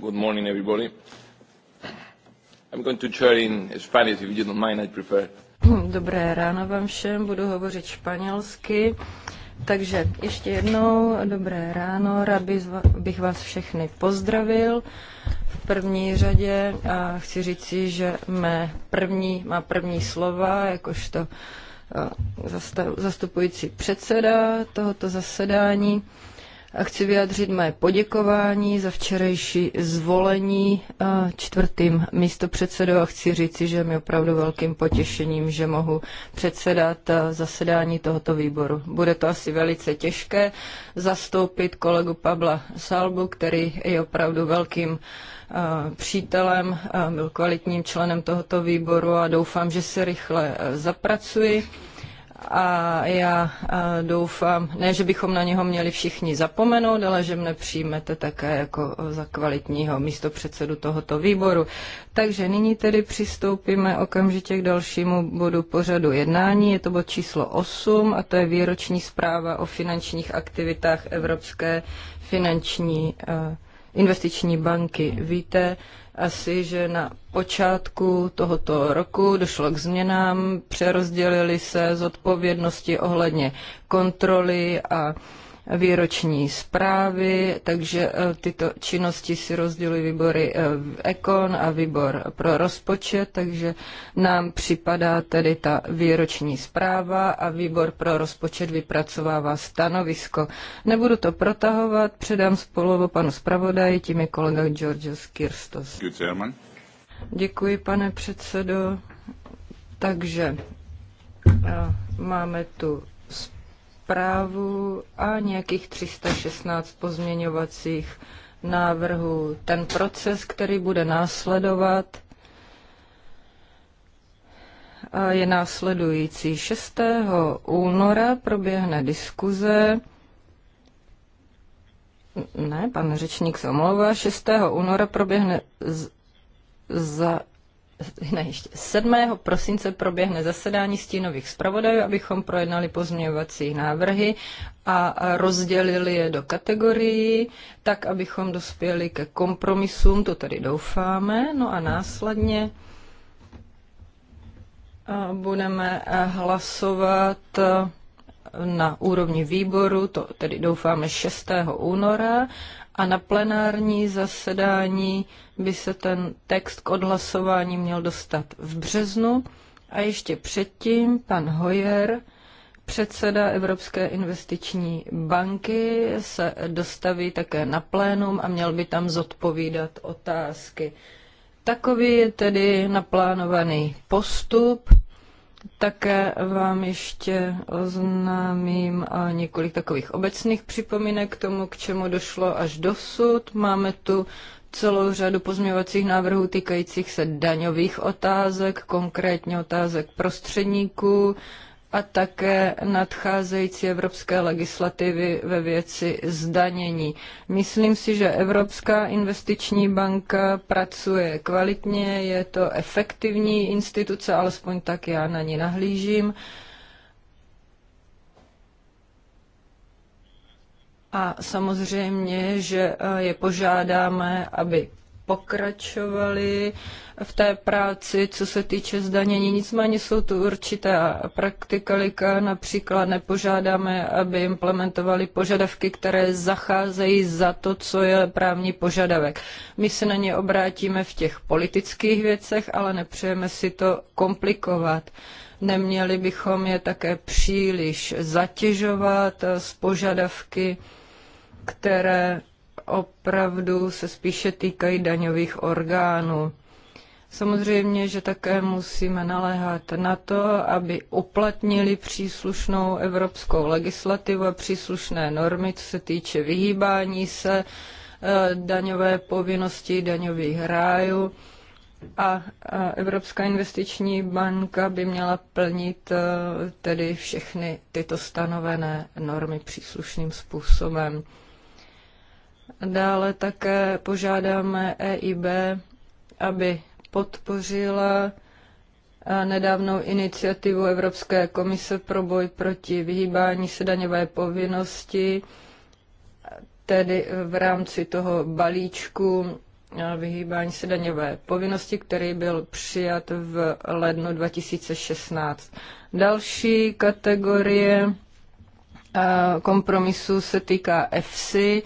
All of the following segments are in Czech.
Good morning, everybody. I'm going to chair in Spanish, if you don't mind, I prefer. Dobré ráno vám všem, budu hovořit španělsky. Takže ještě jednou dobré ráno, rád bych vás všechny pozdravil. V první řadě a chci říci, že mé první, má první slova, jakožto eh, zastupující předseda tohoto zasedání. A Chci vyjádřit mé poděkování za včerejší zvolení čtvrtým místopředsedou a chci říci, že je mi opravdu velkým potěšením, že mohu předsedat zasedání tohoto výboru. Bude to asi velice těžké zastoupit kolegu Pabla Salbu, který je opravdu velkým přítelem, byl kvalitním členem tohoto výboru a doufám, že se rychle zapracuji a já doufám, ne, že bychom na něho měli všichni zapomenout, ale že mne přijmete také jako za kvalitního místopředsedu tohoto výboru. Takže nyní tedy přistoupíme okamžitě k dalšímu bodu pořadu jednání. Je to bod číslo 8 a to je výroční zpráva o finančních aktivitách Evropské finanční investiční banky. Víte, asi, že na počátku tohoto roku došlo k změnám, přerozdělili se z odpovědnosti ohledně kontroly a výroční zprávy, takže e, tyto činnosti si rozdělují výbory Ekon a výbor pro rozpočet, takže nám připadá tedy ta výroční zpráva a výbor pro rozpočet vypracovává stanovisko. Nebudu to protahovat, předám spolovo panu zpravodaji, tím je kolega Georgios Kirstos. Děkuji, pane předsedo. Takže e, máme tu zprávu a nějakých 316 pozměňovacích návrhů. Ten proces, který bude následovat, je následující. 6. února proběhne diskuze. Ne, pan řečník se omlouvá. 6. února proběhne za ne, ještě 7. prosince proběhne zasedání stínových zpravodajů, abychom projednali pozměňovací návrhy a rozdělili je do kategorií, tak abychom dospěli ke kompromisům, to tady doufáme, no a následně budeme hlasovat na úrovni výboru, to tedy doufáme 6. února, a na plenární zasedání by se ten text k odhlasování měl dostat v březnu. A ještě předtím pan Hoyer, předseda Evropské investiční banky, se dostaví také na plénum a měl by tam zodpovídat otázky. Takový je tedy naplánovaný postup. Také vám ještě oznámím eh, několik takových obecných připomínek k tomu, k čemu došlo až dosud. Máme tu celou řadu pozměvacích návrhů týkajících se daňových otázek, konkrétně otázek prostředníků, a také nadcházející evropské legislativy ve věci zdanění. Myslím si, že Evropská investiční banka pracuje kvalitně, je to efektivní instituce, alespoň tak já na ní nahlížím. A samozřejmě, že eh, je požádáme, aby pokračovali v té práci, co se týče zdanění. Nicméně jsou tu určité praktikalika, například nepožádáme, aby implementovali požadavky, které zacházejí za to, co je právní požadavek. My se na ně obrátíme v těch politických věcech, ale nepřejeme si to komplikovat. Neměli bychom je také příliš zatěžovat eh, s požadavky, které opravdu se spíše týkají daňových orgánů. Samozřejmě, že také musíme naléhat na to, aby uplatnili příslušnou evropskou legislativu a příslušné normy, co se týče vyhýbání se e, daňové povinnosti daňových rájů. A Evropská investiční banka by měla plnit e, tedy všechny tyto stanovené normy příslušným způsobem. Dále také požádáme EIB, aby podpořila eh, nedávnou iniciativu Evropské komise pro boj proti vyhýbání se daňové povinnosti, tedy v rámci toho balíčku eh, vyhýbání se daňové povinnosti, který byl přijat v lednu 2016. Další kategorie eh, kompromisu se týká EFSI,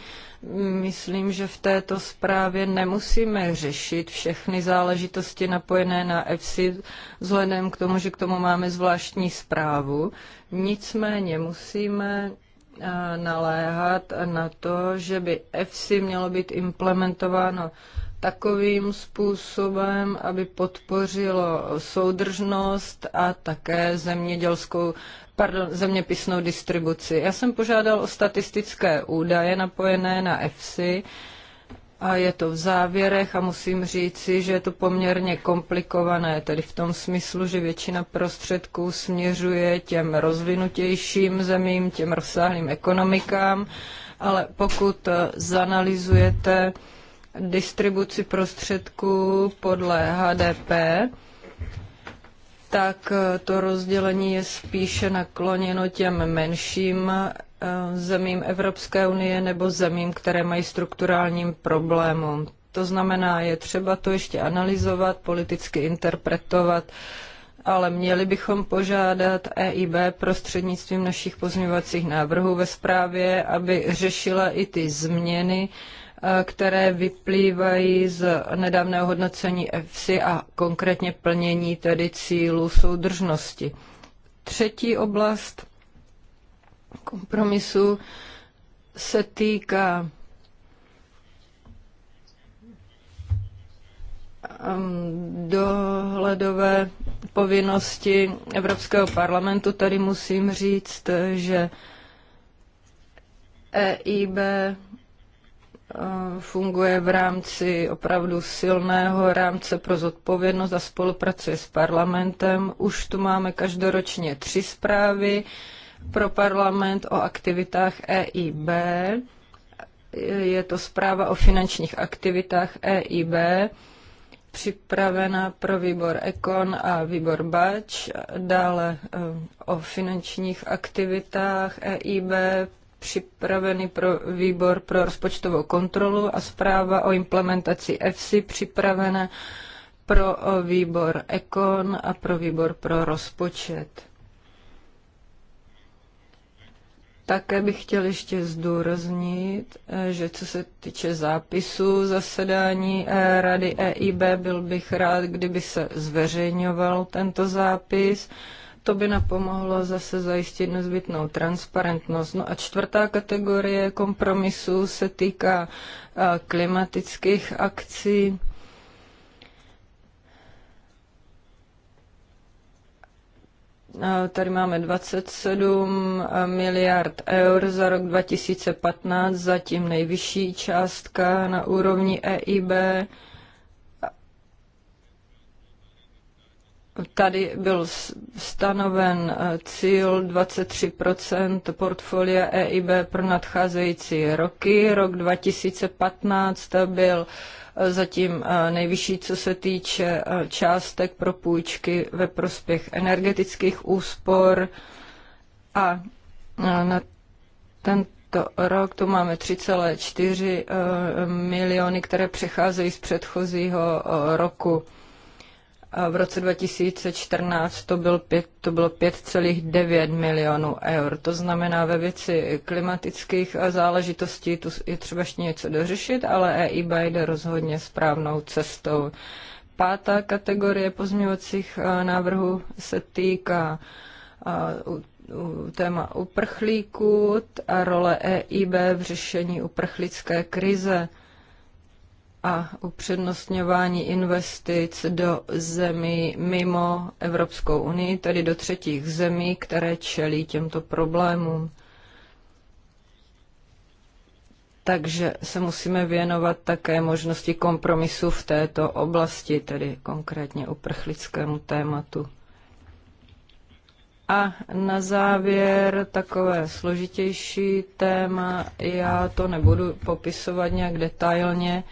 Myslím, že v této zprávě nemusíme řešit všechny záležitosti napojené na EFSI, vzhledem k tomu, že k tomu máme zvláštní zprávu. Nicméně musíme eh, naléhat na to, že by EFSI mělo být implementováno takovým způsobem, aby podpořilo soudržnost a také zemědělskou, pardon, zeměpisnou distribuci. Já jsem požádal o statistické údaje napojené na EFSI a je to v závěrech a musím říci, že je to poměrně komplikované, tedy v tom smyslu, že většina prostředků směřuje těm rozvinutějším zemím, těm rozsáhlým ekonomikám, ale pokud zanalizujete distribuci prostředků podle HDP, tak eh, to rozdělení je spíše nakloněno těm menším eh, zemím Evropské unie nebo zemím, které mají strukturálním problémům. To znamená, je třeba to ještě analyzovat, politicky interpretovat, ale měli bychom požádat EIB prostřednictvím našich pozměňovacích návrhů ve zprávě, aby řešila i ty změny Eh, které vyplývají z nedávného hodnocení EFSI a konkrétně plnění tedy cílů soudržnosti. Třetí oblast kompromisu se týká ehm, dohledové povinnosti Evropského parlamentu. Tady musím říct, že EIB Eh, funguje v rámci opravdu silného rámce pro zodpovědnost a spolupracuje s parlamentem. Už tu máme každoročně tři zprávy pro parlament o aktivitách EIB. Eh, je to zpráva o finančních aktivitách EIB, připravena pro výbor Ekon a výbor Bač, dále eh, o finančních aktivitách EIB připraveny pro výbor pro rozpočtovou kontrolu a zpráva o implementaci EFSI připravena pro výbor Econ a pro výbor pro rozpočet. Také bych chtěl ještě zdůraznit, že co se týče zápisu zasedání eh, Rady EIB, byl bych rád, kdyby se zveřejňoval tento zápis to by napomohlo zase zajistit nezbytnou transparentnost. No a čtvrtá kategorie kompromisů se týká klimatických akcí. Tady máme 27 miliard eur za rok 2015, zatím nejvyšší částka na úrovni EIB. Tady byl stanoven eh, cíl 23 portfolia EIB pro nadcházející roky. Rok 2015 byl eh, zatím eh, nejvyšší, co se týče částek pro půjčky ve prospěch energetických úspor. A na tento rok tu máme 3,4 miliony, které přecházejí z předchozího roku. V roce 2014 to, byl to bylo 5,9 milionů eur. To znamená, ve věci klimatických záležitostí tu je třeba ještě něco dořešit, ale EIB jde rozhodně správnou cestou. Pátá kategorie pozměňovacích eh, návrhů se týká eh, téma uprchlíků a role EIB v řešení uprchlické krize a upřednostňování investic do zemí mimo Evropskou unii, tedy do třetích zemí, které čelí těmto problémům. Takže se musíme věnovat také možnosti kompromisu v této oblasti, tedy konkrétně uprchlickému tématu. A na závěr takové složitější téma, já to nebudu popisovat nějak detailně,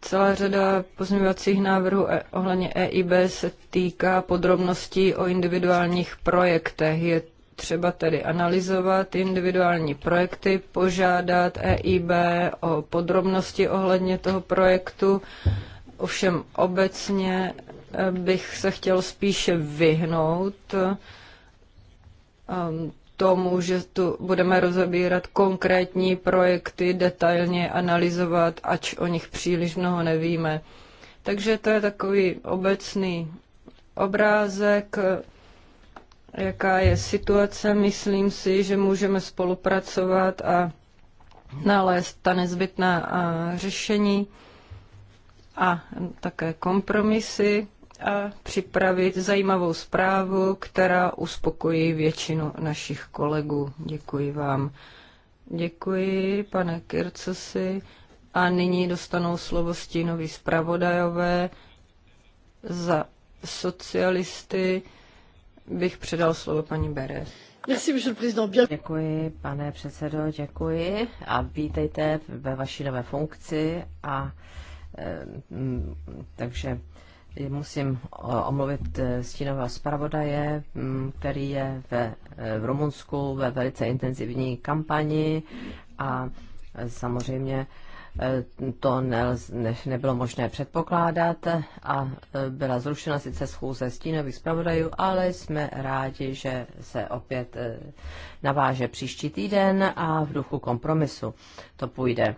Celá řada pozměňovacích návrhů e- ohledně EIB se týká podrobností o individuálních projektech. Je třeba tedy analyzovat individuální projekty, požádat EIB o podrobnosti ohledně toho projektu. Ovšem obecně eh, bych se chtěl spíše vyhnout ehm, tomu, že tu budeme rozebírat konkrétní projekty, detailně analyzovat, ač o nich příliš mnoho nevíme. Takže to je takový obecný obrázek, jaká je situace. Myslím si, že můžeme spolupracovat a nalézt ta nezbytná řešení a také kompromisy a připravit zajímavou zprávu, která uspokojí většinu našich kolegů. Děkuji vám. Děkuji, pane Kircesi. A nyní dostanou slovo stínoví zpravodajové za socialisty. Bych předal slovo paní Beres. Děkuji, pane předsedo, děkuji a vítejte ve vaší nové funkci. A, e, m, takže musím eh, omluvit eh, stínová zpravodaje, mm, který je ve, eh, v Rumunsku ve velice intenzivní kampani a samozřejmě to ne, ne, nebylo možné předpokládat a byla zrušena sice schůze stínových zpravodajů, ale jsme rádi, že se opět naváže příští týden a v duchu kompromisu to půjde.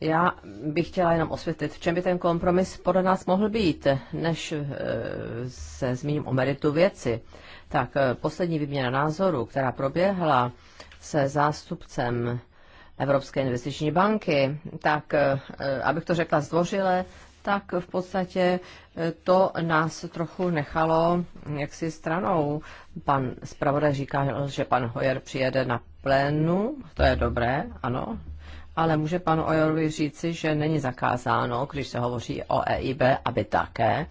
Já bych chtěla jenom osvětlit, v čem by ten kompromis podle nás mohl být, než eh, se zmíním o meritu věci. Tak eh, poslední výměna názoru, která proběhla se zástupcem Evropské investiční banky, tak eh, abych to řekla zdvořile, tak v podstatě to nás trochu nechalo jaksi stranou. Pan zpravodaj říká, že pan Hoyer přijede na plénu, to je dobré, ano, ale může panu Ojorovi říci, že není zakázáno, když se hovoří o EIB, aby také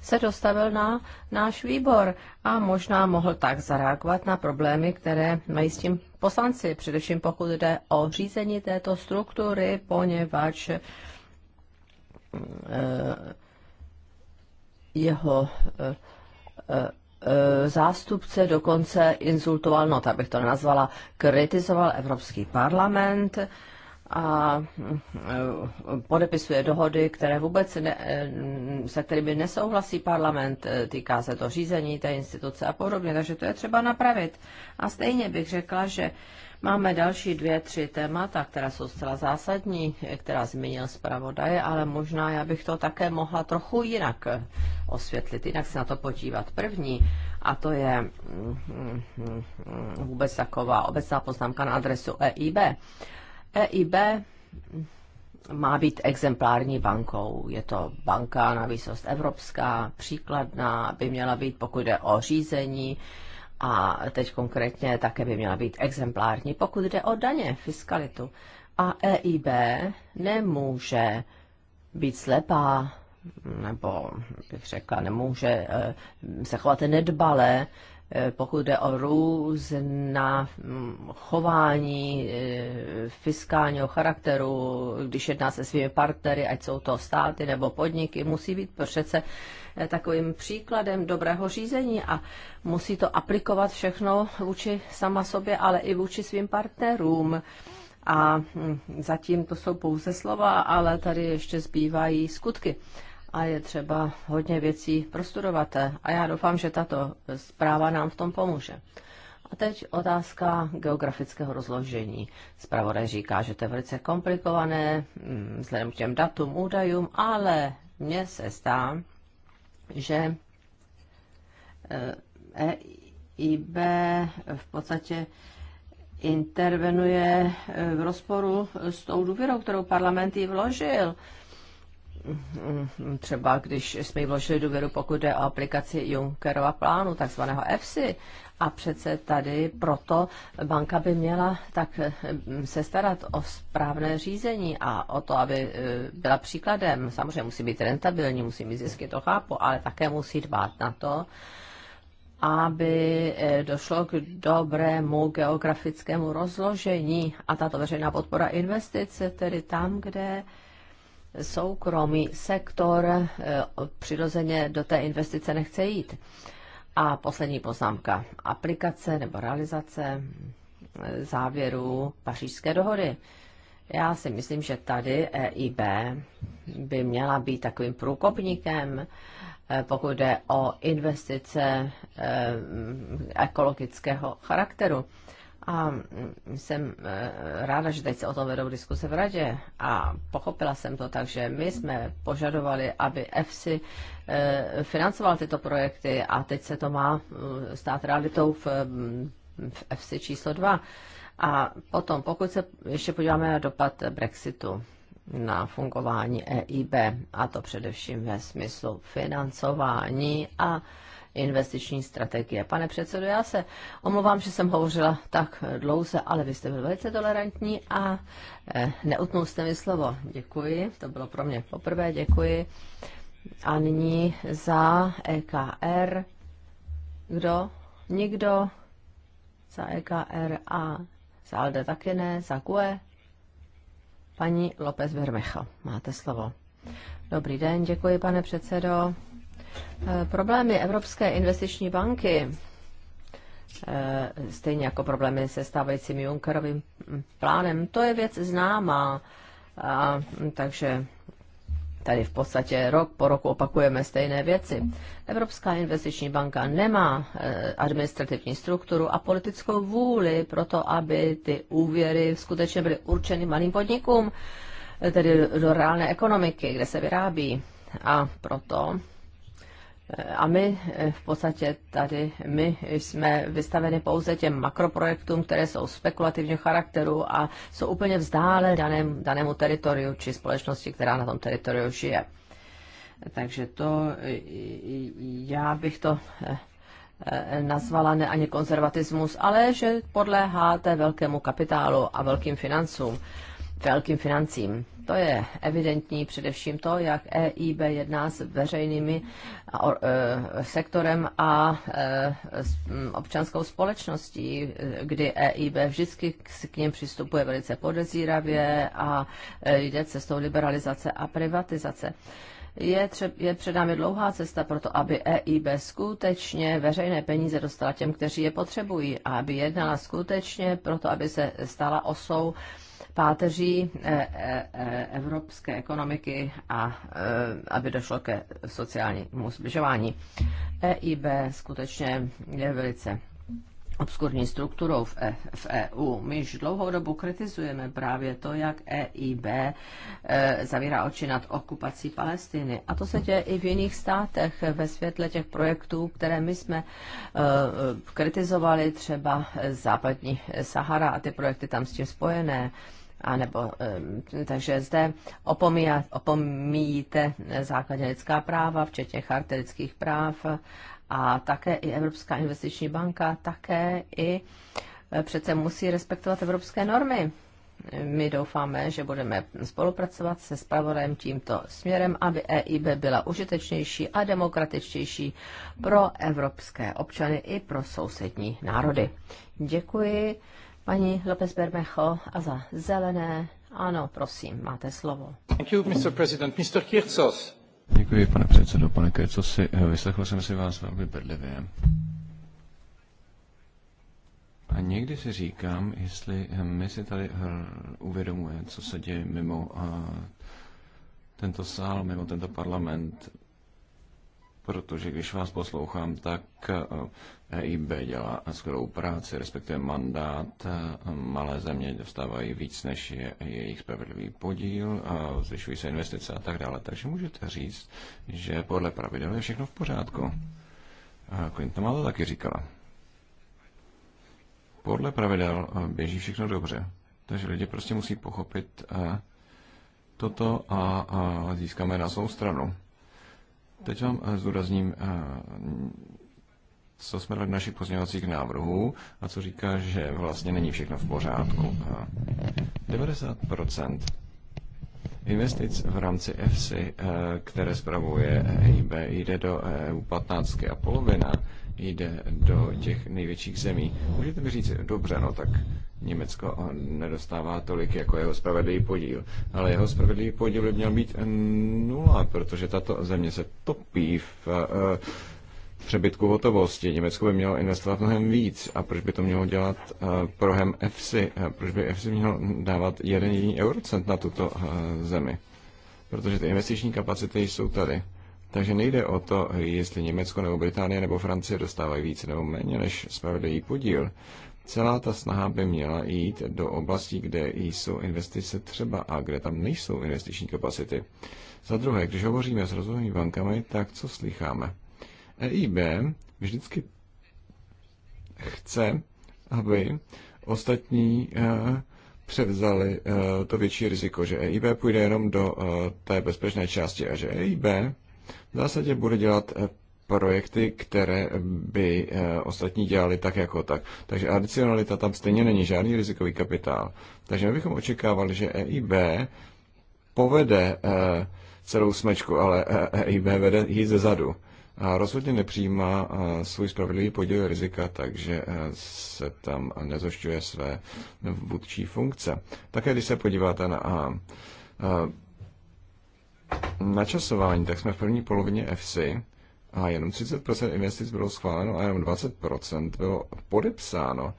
se dostavil na náš výbor a možná mohl tak zareagovat na problémy, které mají s tím poslanci, především pokud jde o řízení této struktury, poněvadž eh, jeho eh, eh, zástupce dokonce insultoval, no tak bych to nazvala, kritizoval Evropský parlament, a eh, podepisuje dohody, které vůbec ne, eh, se kterými nesouhlasí parlament, eh, týká se to řízení té instituce a podobně, takže to je třeba napravit. A stejně bych řekla, že máme další dvě, tři témata, která jsou zcela zásadní, která zmínil zpravodaj, ale možná já bych to také mohla trochu jinak osvětlit, jinak se na to podívat. První, a to je mm, mm, mm, vůbec taková obecná poznámka na adresu EIB EIB má být exemplární bankou. Je to banka na výsost evropská, příkladná, by měla být, pokud jde o řízení, a teď konkrétně také by měla být exemplární, pokud jde o daně, fiskalitu. A EIB nemůže být slepá, nebo bych řekla, nemůže eh, se chovat nedbalé Eh, pokud jde o různá mm, chování eh, fiskálního charakteru, když jedná se svými partnery, ať jsou to státy nebo podniky, musí být přece eh, takovým příkladem dobrého řízení a musí to aplikovat všechno vůči sama sobě, ale i vůči svým partnerům. A mm, zatím to jsou pouze slova, ale tady ještě zbývají skutky a je třeba hodně věcí prostudovat. A já doufám, že tato zpráva nám v tom pomůže. A teď otázka geografického rozložení. Zpravodaj říká, že to je velice komplikované, mm, vzhledem k těm datům, údajům, ale mně se stá, že EIB eh, e v podstatě intervenuje eh, v rozporu s tou důvěrou, kterou parlament jí vložil třeba když jsme jí vložili důvěru, pokud jde o aplikaci Junckerova plánu, takzvaného EFSI, a přece tady proto banka by měla tak mm, se starat o správné řízení a o to, aby e, byla příkladem. Samozřejmě musí být rentabilní, musí mít zisky, to chápu, ale také musí dbát na to, aby e, došlo k dobrému geografickému rozložení a tato veřejná podpora investice tedy tam, kde soukromý sektor eh, přirozeně do té investice nechce jít. A poslední poznámka. Aplikace nebo realizace eh, závěru pařížské dohody. Já si myslím, že tady EIB by měla být takovým průkopníkem, eh, pokud jde o investice ekologického charakteru. A jsem eh, ráda, že teď se o tom vedou diskuse v radě a pochopila jsem to tak, že my jsme požadovali, aby EFSI eh, financoval tyto projekty a teď se to má eh, stát realitou v, mm, v EFSI číslo 2. A potom, pokud se ještě podíváme na dopad Brexitu na fungování EIB, a to především ve smyslu financování a investiční strategie. Pane předsedo, já se omlouvám, že jsem hovořila tak dlouze, ale vy jste byl velice tolerantní a eh, neutnul jste mi slovo. Děkuji, to bylo pro mě poprvé, děkuji. A nyní za EKR. Kdo? Nikdo? Za EKR a za ALDE taky ne, za QE. Paní López Vermecha, máte slovo. Dobrý den, děkuji, pane předsedo. Eh, problémy Evropské investiční banky, eh, stejně jako problémy se stávajícím Junckerovým hm, plánem, to je věc známá. A, hm, takže tady v podstatě rok po roku opakujeme stejné věci. Evropská investiční banka nemá eh, administrativní strukturu a politickou vůli pro to, aby ty úvěry skutečně byly určeny malým podnikům, tedy do reálné ekonomiky, kde se vyrábí. A proto a my eh, v podstatě tady, my jsme vystaveni pouze těm makroprojektům, které jsou spekulativního charakteru a jsou úplně vzdále daném, danému teritoriu či společnosti, která na tom teritoriu žije. Takže to eh, já bych to eh, nazvala ne ani konzervatismus, ale že podléháte velkému kapitálu a velkým financům velkým financím. To je evidentní především to, jak EIB jedná s veřejnými e, sektorem a e, občanskou společností, kdy EIB vždycky k ním přistupuje velice podezíravě a e, jde cestou liberalizace a privatizace. Je, tře- je před námi dlouhá cesta pro to, aby EIB skutečně veřejné peníze dostala těm, kteří je potřebují a aby jednala skutečně pro to, aby se stala osou uh, páteří eh, eh, eh, evropské ekonomiky a aby došlo ke sociálnímu zbližování. EIB skutečně je velice obskurní strukturou v, e, v EU. My již dlouhou dobu kritizujeme právě to, jak EIB e, zavírá oči nad okupací Palestiny. A to se děje i v jiných státech ve světle těch projektů, které my jsme e, kritizovali, třeba západní Sahara a ty projekty tam s tím spojené. E, a nebo, takže zde opomíjíte základní lidská práva, včetně charty lidských práv a také i Evropská investiční banka, také i e, přece musí respektovat evropské normy. My doufáme, že budeme spolupracovat se spravodajem tímto směrem, aby EIB byla užitečnější a demokratičtější pro evropské občany i pro sousední národy. Děkuji. Paní López Bermecho a za zelené. Ano, prosím, máte slovo. Thank you, Mr. President. Mr. Kircos. Děkuji, pane předsedo. Pane Kircosi, eh, vyslechl jsem si vás velmi bedlivě. A někdy si říkám, jestli eh, my si tady eh, uvědomujeme, co se děje mimo tento sál, mimo tento parlament, protože když vás poslouchám, tak EIB dělá skvělou práci, respektive mandát. Malé země dostávají víc, než je jejich spravedlivý podíl, zvyšují se investice a tak dále. Takže můžete říct, že podle pravidel je všechno v pořádku. Clintonová to taky říkala. Podle pravidel běží všechno dobře. Takže lidi prostě musí pochopit eh, toto a získáme na svou stranu. Teď vám eh, zúrazním. Eh, co jsme dali našich pozměňovacích návrhů a co říká, že vlastně není všechno v pořádku. A 90% investic v rámci EFSI, eh, které spravuje EIB, jde do EU 15 a polovina jde do těch největších zemí. Můžete mi říct, dobře, no tak Německo nedostává tolik jako jeho spravedlivý podíl, ale jeho spravedlivý podíl by měl být nula, protože tato země se topí v eh, přebytku hotovosti. Německo by mělo investovat mnohem víc. A proč by to mělo dělat eh, prohem EFSI? Eh, proč by EFSI mělo dávat jeden jediný eurocent na tuto eh, zemi? Protože ty investiční kapacity jsou tady. Takže nejde o to, jestli Německo nebo Británie nebo Francie dostávají více nebo méně než spravedlivý podíl. Celá ta snaha by měla jít do oblastí, kde jsou investice třeba a kde tam nejsou investiční kapacity. Za druhé, když hovoříme s rozvojovými bankami, tak co slycháme? EIB vždycky chce, aby ostatní e, převzali e, to větší riziko, že EIB půjde jenom do e, té bezpečné části a že EIB v zásadě bude dělat projekty, které by ostatní dělali tak jako tak. Takže adicionalita tam stejně není žádný rizikový kapitál. Takže my bychom očekávali, že EIB povede celou smečku, ale EIB vede ji ze zadu a rozhodně nepřijímá svůj spravedlivý podíl rizika, takže se tam nezošťuje své vůdčí funkce. Také když se podíváte na načasování, tak jsme v první polovině FC a jenom 30% investic bylo schváleno a jenom 20% bylo podepsáno.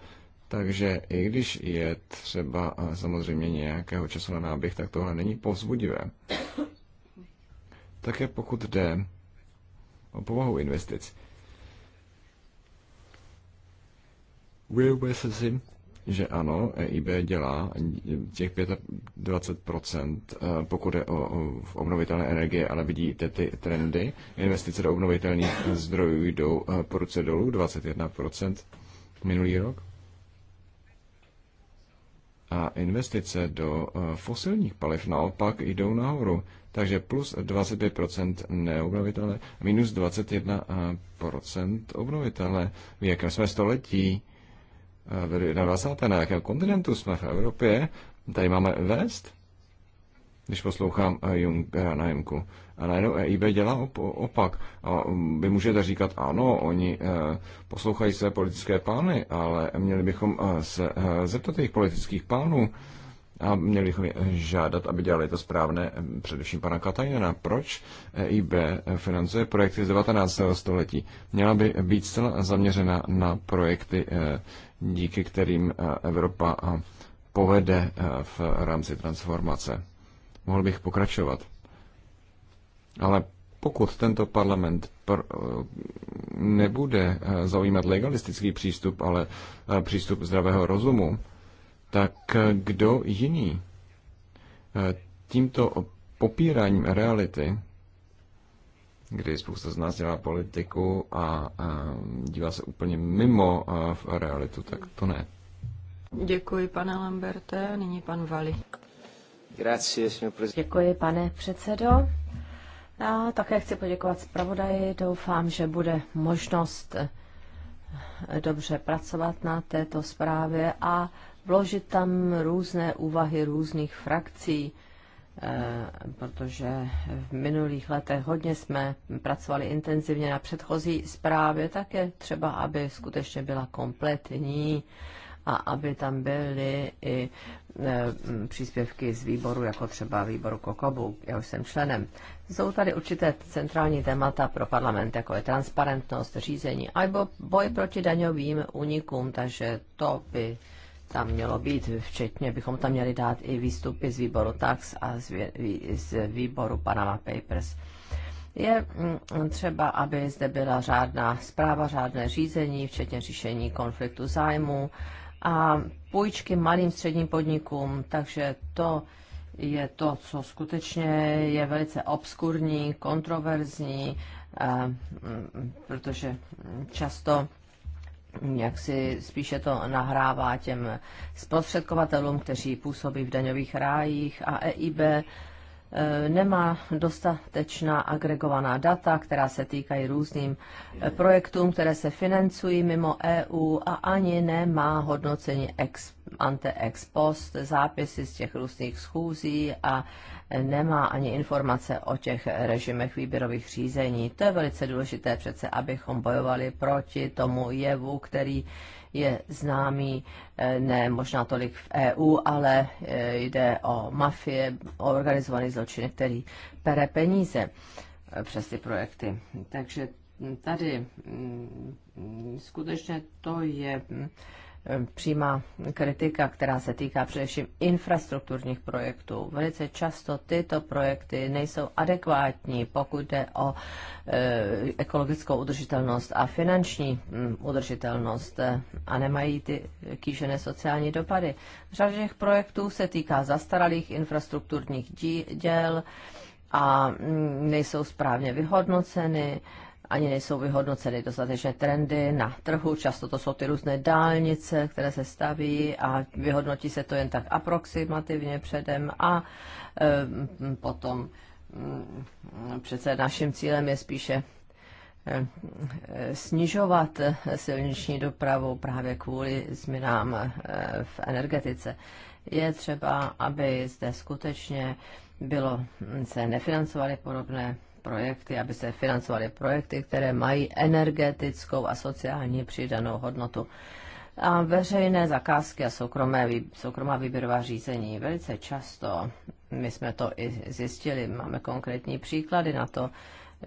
Takže i když je třeba samozřejmě nějakého času na náběh, tak tohle není povzbudivé. Také pokud jde o povahu investic. Uvědomuje se si, že ano, EIB dělá těch 25%, eh, pokud je o obnovitelné energie, ale vidíte ty trendy. Investice do obnovitelných zdrojů jdou eh, po ruce dolů, 21% minulý rok. A investice do eh, fosilních paliv naopak jdou nahoru. Takže plus 25% neobnovitelné, minus 21% obnovitelné. V jakém jsme století? Eh, na 20. na jakém kontinentu jsme v Evropě? Tady máme vést, když poslouchám eh, Junkera na Jemku. A najednou EIB dělá op- opak. A vy můžete říkat, ano, oni eh, poslouchají své politické pány, ale měli bychom se zeptat jejich politických pánů, a měli bychom žádat, aby dělali to správné, především pana Katajana. Proč EIB financuje projekty z 19. století? Měla by být zcela zaměřena na projekty, eh, díky kterým eh, Evropa eh, povede v rámci transformace. Mohl bych pokračovat. Ale pokud tento parlament pr- nebude zaujímat legalistický přístup, ale přístup zdravého rozumu, tak eh, kdo jiný eh, tímto popíráním reality, kdy spousta z nás dělá politiku a, a dívá se úplně mimo a eh, v realitu, tak to ne. Děkuji, pane Lamberte. Nyní pan Vali. Děkuji, pane předsedo. Já také chci poděkovat zpravodaji. Doufám, že bude možnost dobře pracovat na této zprávě a vložit tam různé úvahy různých frakcí, eh, protože v minulých letech hodně jsme pracovali intenzivně na předchozí zprávě, tak je třeba, aby skutečně byla kompletní a aby tam byly i eh, příspěvky z výboru, jako třeba výboru Kokobu, já jsem členem. Jsou tady určité centrální témata pro parlament, jako je transparentnost, řízení, nebo boj proti daňovým únikům, takže to by tam mělo být, včetně bychom tam měli dát i výstupy z výboru tax a z výboru Panama Papers. Je mm, třeba, aby zde byla řádná zpráva, řádné řízení, včetně řešení konfliktu zájmu a půjčky malým středním podnikům, takže to je to, co skutečně je velice obskurní, kontroverzní, eh, mm, mm, protože často jak si spíše to nahrává těm zprostředkovatelům, kteří působí v daňových rájích a EIB eh, nemá dostatečná agregovaná data, která se týkají různým eh, projektům, které se financují mimo EU a ani nemá hodnocení ex ante ex post, zápisy z těch různých schůzí a nemá ani informace o těch režimech výběrových řízení. To je velice důležité přece, abychom bojovali proti tomu jevu, který je známý eh, ne možná tolik v EU, ale eh, jde o mafie, o organizovaný zločin, který pere peníze eh, přes ty projekty. Takže tady mm, skutečně to je mm, přímá kritika, která se týká především infrastrukturních projektů. Velice často tyto projekty nejsou adekvátní, pokud jde o eh, ekologickou udržitelnost a finanční mm, udržitelnost eh, a nemají ty kýžené sociální dopady. Řada těch projektů se týká zastaralých infrastrukturních děl a mm, nejsou správně vyhodnoceny ani nejsou vyhodnoceny dostatečné trendy na trhu, často to jsou ty různé dálnice, které se staví a vyhodnotí se to jen tak aproximativně předem a e, potom e, přece naším cílem je spíše eh, snižovat silniční dopravu právě kvůli změnám eh, v energetice. Je třeba, aby zde skutečně bylo, mm, se nefinancovaly podobné projekty, aby se financovaly projekty, které mají energetickou a sociální přidanou hodnotu. A veřejné zakázky a soukromé, soukromá výběrová řízení. Velice často, my jsme to i zjistili, máme konkrétní příklady na to,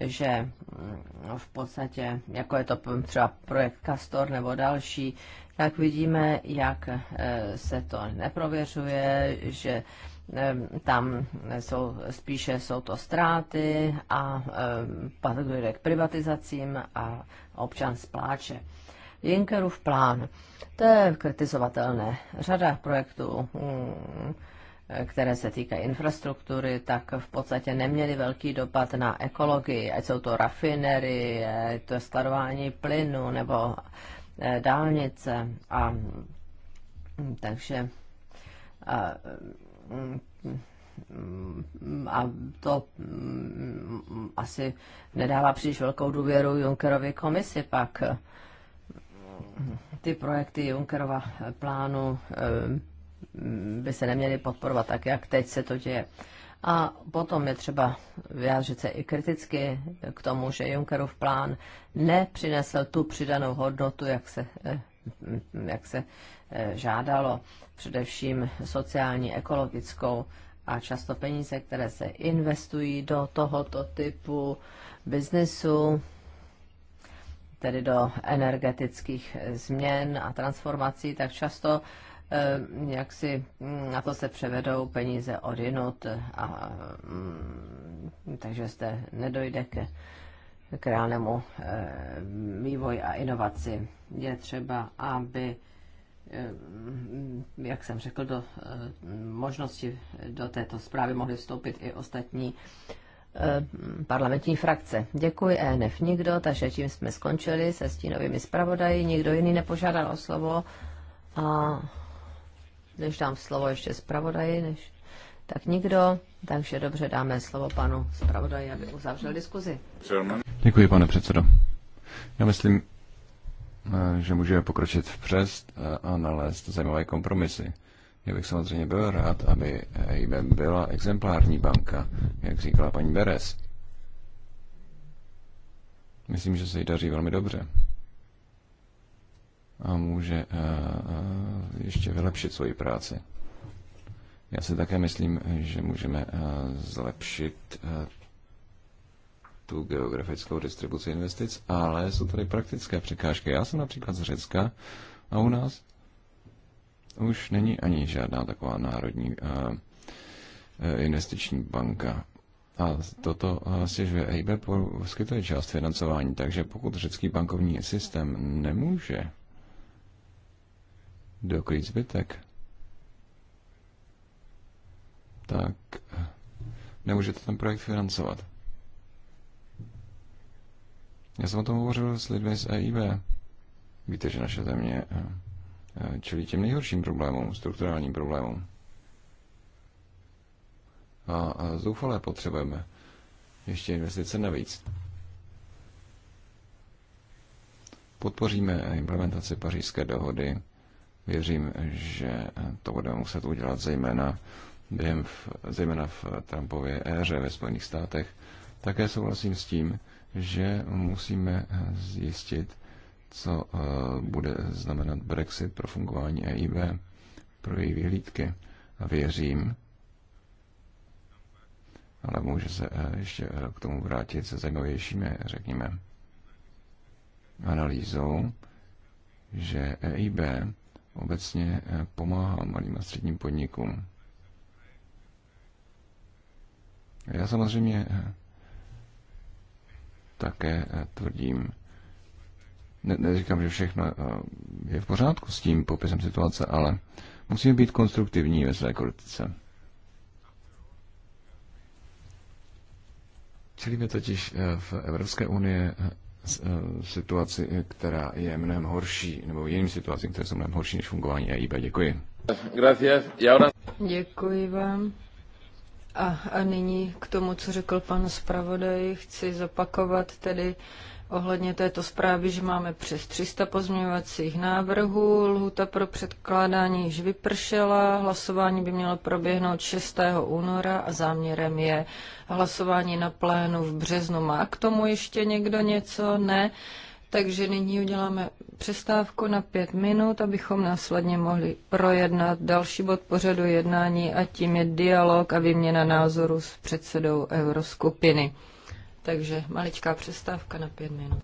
že mm, v podstatě, jako je to třeba projekt Castor nebo další, tak vidíme, jak eh, se to neprověřuje, že tam jsou, spíše jsou to ztráty a pak dojde k privatizacím a občan spláče. Junckerův plán, to je kritizovatelné. Řada projektů, mm, které se týkají infrastruktury, tak v podstatě neměly velký dopad na ekologii, ať jsou to rafinery, to je skladování plynu nebo e, dálnice. A, takže a, a to mm, asi nedává příliš velkou důvěru Junckerovi komisi pak. Ty projekty Junckerova plánu eh, by se neměly podporovat tak, jak teď se to děje. A potom je třeba vyjádřit se i kriticky k tomu, že Junckerův plán nepřinesl tu přidanou hodnotu, jak se, eh, jak se eh, žádalo především sociální, ekologickou a často peníze, které se investují do tohoto typu biznesu, tedy do energetických změn a transformací, tak často eh, jak si mm, na to se převedou peníze od a, mm, takže zde nedojde ke, k reálnému eh, vývoji a inovaci. Je třeba, aby Eh, jak jsem řekl, do eh, možnosti do této zprávy mohly vstoupit i ostatní eh, parlamentní frakce. Děkuji, ENF nikdo, takže tím jsme skončili se stínovými zpravodaji, nikdo jiný nepožádal o slovo a než dám slovo ještě zpravodaji, než... tak nikdo, takže dobře dáme slovo panu zpravodaji, aby uzavřel diskuzi. Děkuji, pane předsedo. Já myslím, Eh, že můžeme pokročit vpřes eh, a nalézt zajímavé kompromisy. Já bych samozřejmě byl rád, aby EIB byla exemplární banka, jak říkala paní Beres. Myslím, že se jí daří velmi dobře. A může eh, ještě vylepšit svoji práci. Já si také myslím, že můžeme zlepšit tu geografickou distribuci investic, ale jsou tady praktické překážky. Já jsem například z Řecka a u nás už není ani žádná taková národní eh, eh, investiční banka. A toto eh, stěžuje EIB poskytuje část financování, takže pokud řecký bankovní systém nemůže dokrýt zbytek, tak nemůžete ten projekt financovat. Já jsem o tom hovořil s lidmi z EIB. Víte, že naše země eh, eh, čelí těm nejhorším problémům, strukturálním problémům. A, zoufalé potřebujeme ještě investice navíc. Podpoříme implementaci pařížské dohody. Věřím, že eh, to budeme muset udělat zejména, během v, zejména v Trumpově éře ve Spojených státech. Také souhlasím s tím, že musíme zjistit, co eh, bude znamenat Brexit pro fungování EIB, pro její vyhlídky. A věřím, ale může se eh, ještě eh, k tomu vrátit se zajímavějšími, řekněme, analýzou, že EIB obecně pomáhá malým a středním podnikům. Já samozřejmě také eh, tvrdím, ne, neříkám, že všechno eh, je v pořádku s tím popisem situace, ale musíme být konstruktivní ve své kritice. Čelíme totiž eh, v Evropské unii situaci, která je mnohem horší, nebo jiným situacím, které jsou mnohem horší než fungování EIB. Děkuji. Děkuji vám. A, a nyní k tomu, co řekl pan zpravodaj, chci zopakovat tedy ohledně této zprávy, že máme přes 300 pozměňovacích návrhů, lhuta pro předkládání již vypršela, hlasování by mělo proběhnout 6. února a záměrem je hlasování na plénu v březnu. Má k tomu ještě někdo něco? Ne. Takže nyní uděláme přestávku na pět minut, abychom následně mohli projednat další bod pořadu jednání a tím je dialog a výměna názoru s předsedou Euroskupiny. Takže maličká přestávka na pět minut.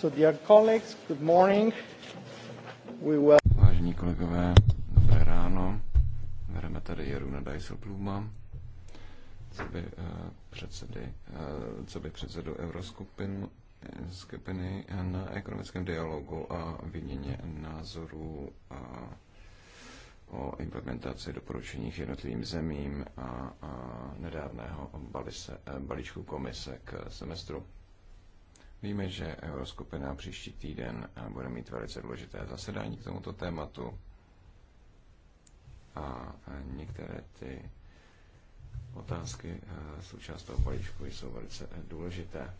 So dear colleagues, good morning. We will... Vážení kolegové, dobré ráno. Bereme tady Jaruna Dijsselbluma, co by, uh, předsedy, uh, co by předsedu Euroskupin eh, skupiny na ekonomickém dialogu a výměně názorů a o implementaci doporučení jednotlivým zemím a, a nedávného balise, balíčku komise k semestru. Víme, že Euroskupina příští týden eh, bude mít velice důležité zasedání k tomuto tématu a eh, některé ty otázky eh, součást toho balíčku jsou velice důležité.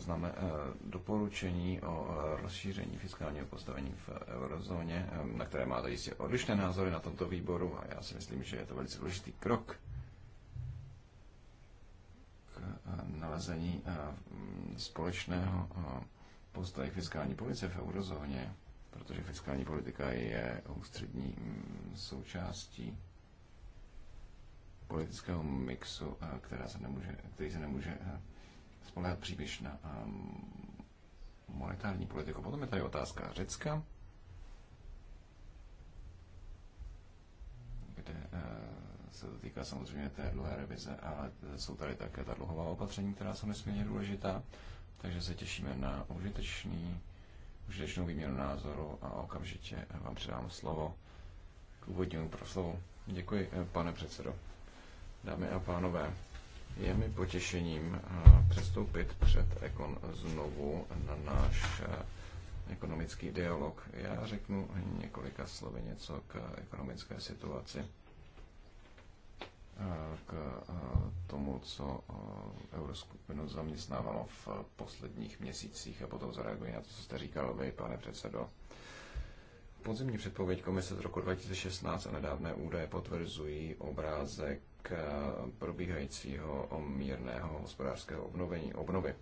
znamen, eh, doporučení o eh, rozšíření fiskálního postavení v eh, eurozóně, na které máte jistě odlišné názory na tomto výboru a já si myslím, že je to velice důležitý krok k nalezení společného postoje fiskální politice v eurozóně, protože fiskální politika je ústřední mm, součástí politického mixu, která se nemůže, který se nemůže spolehat příliš na um, monetární politiku. Potom je tady otázka Řecka, kde eh, se to týká samozřejmě té dlouhé revize, ale jsou tady také ta dlouhová opatření, která jsou nesmírně důležitá, takže se těšíme na užitečný, užitečnou výměnu názoru a okamžitě vám předám slovo k úvodnímu proslovu. Děkuji, eh, pane předsedo. Dámy a pánové, je mi potěšením eh, přestoupit před Ekon znovu na náš eh, ekonomický dialog. Já řeknu několika slovy něco k ekonomické situaci, eh, k tomu, co Euroskupinu zaměstnávalo v posledních měsících a potom zareaguji na to, co jste říkal vy, pane předsedo. Podzimní předpověď komise z roku 2016 a nedávné údaje potvrzují obrázek k eh, probíhajícího mírného hospodářského obnovení, obnovy.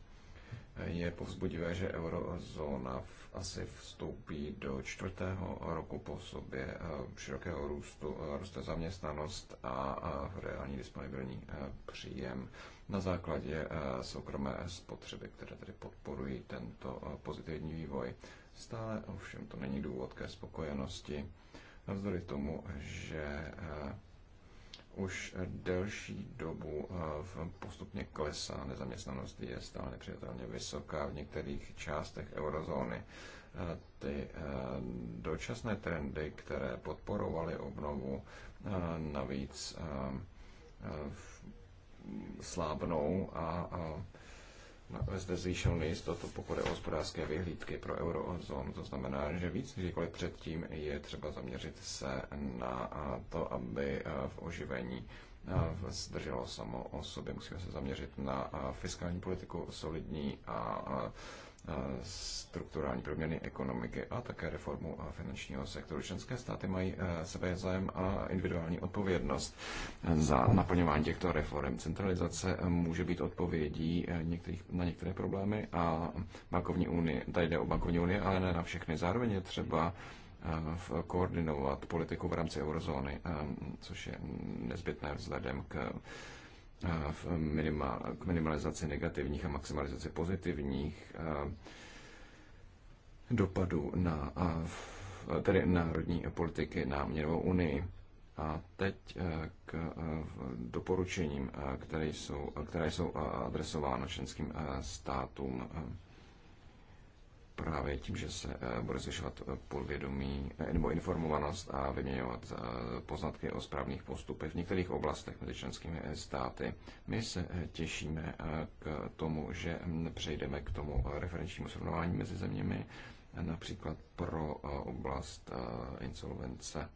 Je povzbudivé, že eurozóna v asi vstoupí do čtvrtého roku po sobě eh, širokého růstu, eh, roste zaměstnanost a reální disponibilní příjem na základě soukromé spotřeby, které tedy podporují tento pozitivní vývoj. Stále ovšem to není důvod ke spokojenosti, navzdory tomu, že už delší dobu eh, postupně klesá. Nezaměstnanost je stále nepřijatelně vysoká v některých částech eurozóny. Eh, ty eh, dočasné trendy, které podporovaly obnovu, navíc slábnou a, a zde no, zvýšil nejistotu, pokud je o hospodářské vyhlídky pro eurozónu. To znamená, že víc než kolik předtím je třeba zaměřit se na to, aby v oživení zdrželo samo o sobě. Musíme se zaměřit na fiskální politiku solidní a Eh, strukturální proměny ekonomiky a také reformu eh, finančního sektoru. Členské státy mají eh, sebe zájem a individuální odpovědnost za naplňování těchto reform. Centralizace může být odpovědí některých, na některé problémy a bankovní unie, tady jde o bankovní unii, ale ne na všechny. Zároveň je třeba koordinovat politiku v rámci eurozóny, což je nezbytné vzhledem k v minima, k minimalizaci negativních a maximalizaci pozitivních eh, dopadů na tedy národní politiky na měnovou unii. A teď eh, k eh, doporučením, které jsou, které jsou adresována členským státům právě tím, že se eh, bude zvyšovat eh, podvědomí eh, nebo informovanost a vyměňovat poznatky o správných postupech v některých oblastech mezi členskými státy. My se těšíme k tomu, že hm, přejdeme k tomu referenčnímu srovnování mezi zeměmi, například pro oblast insolvence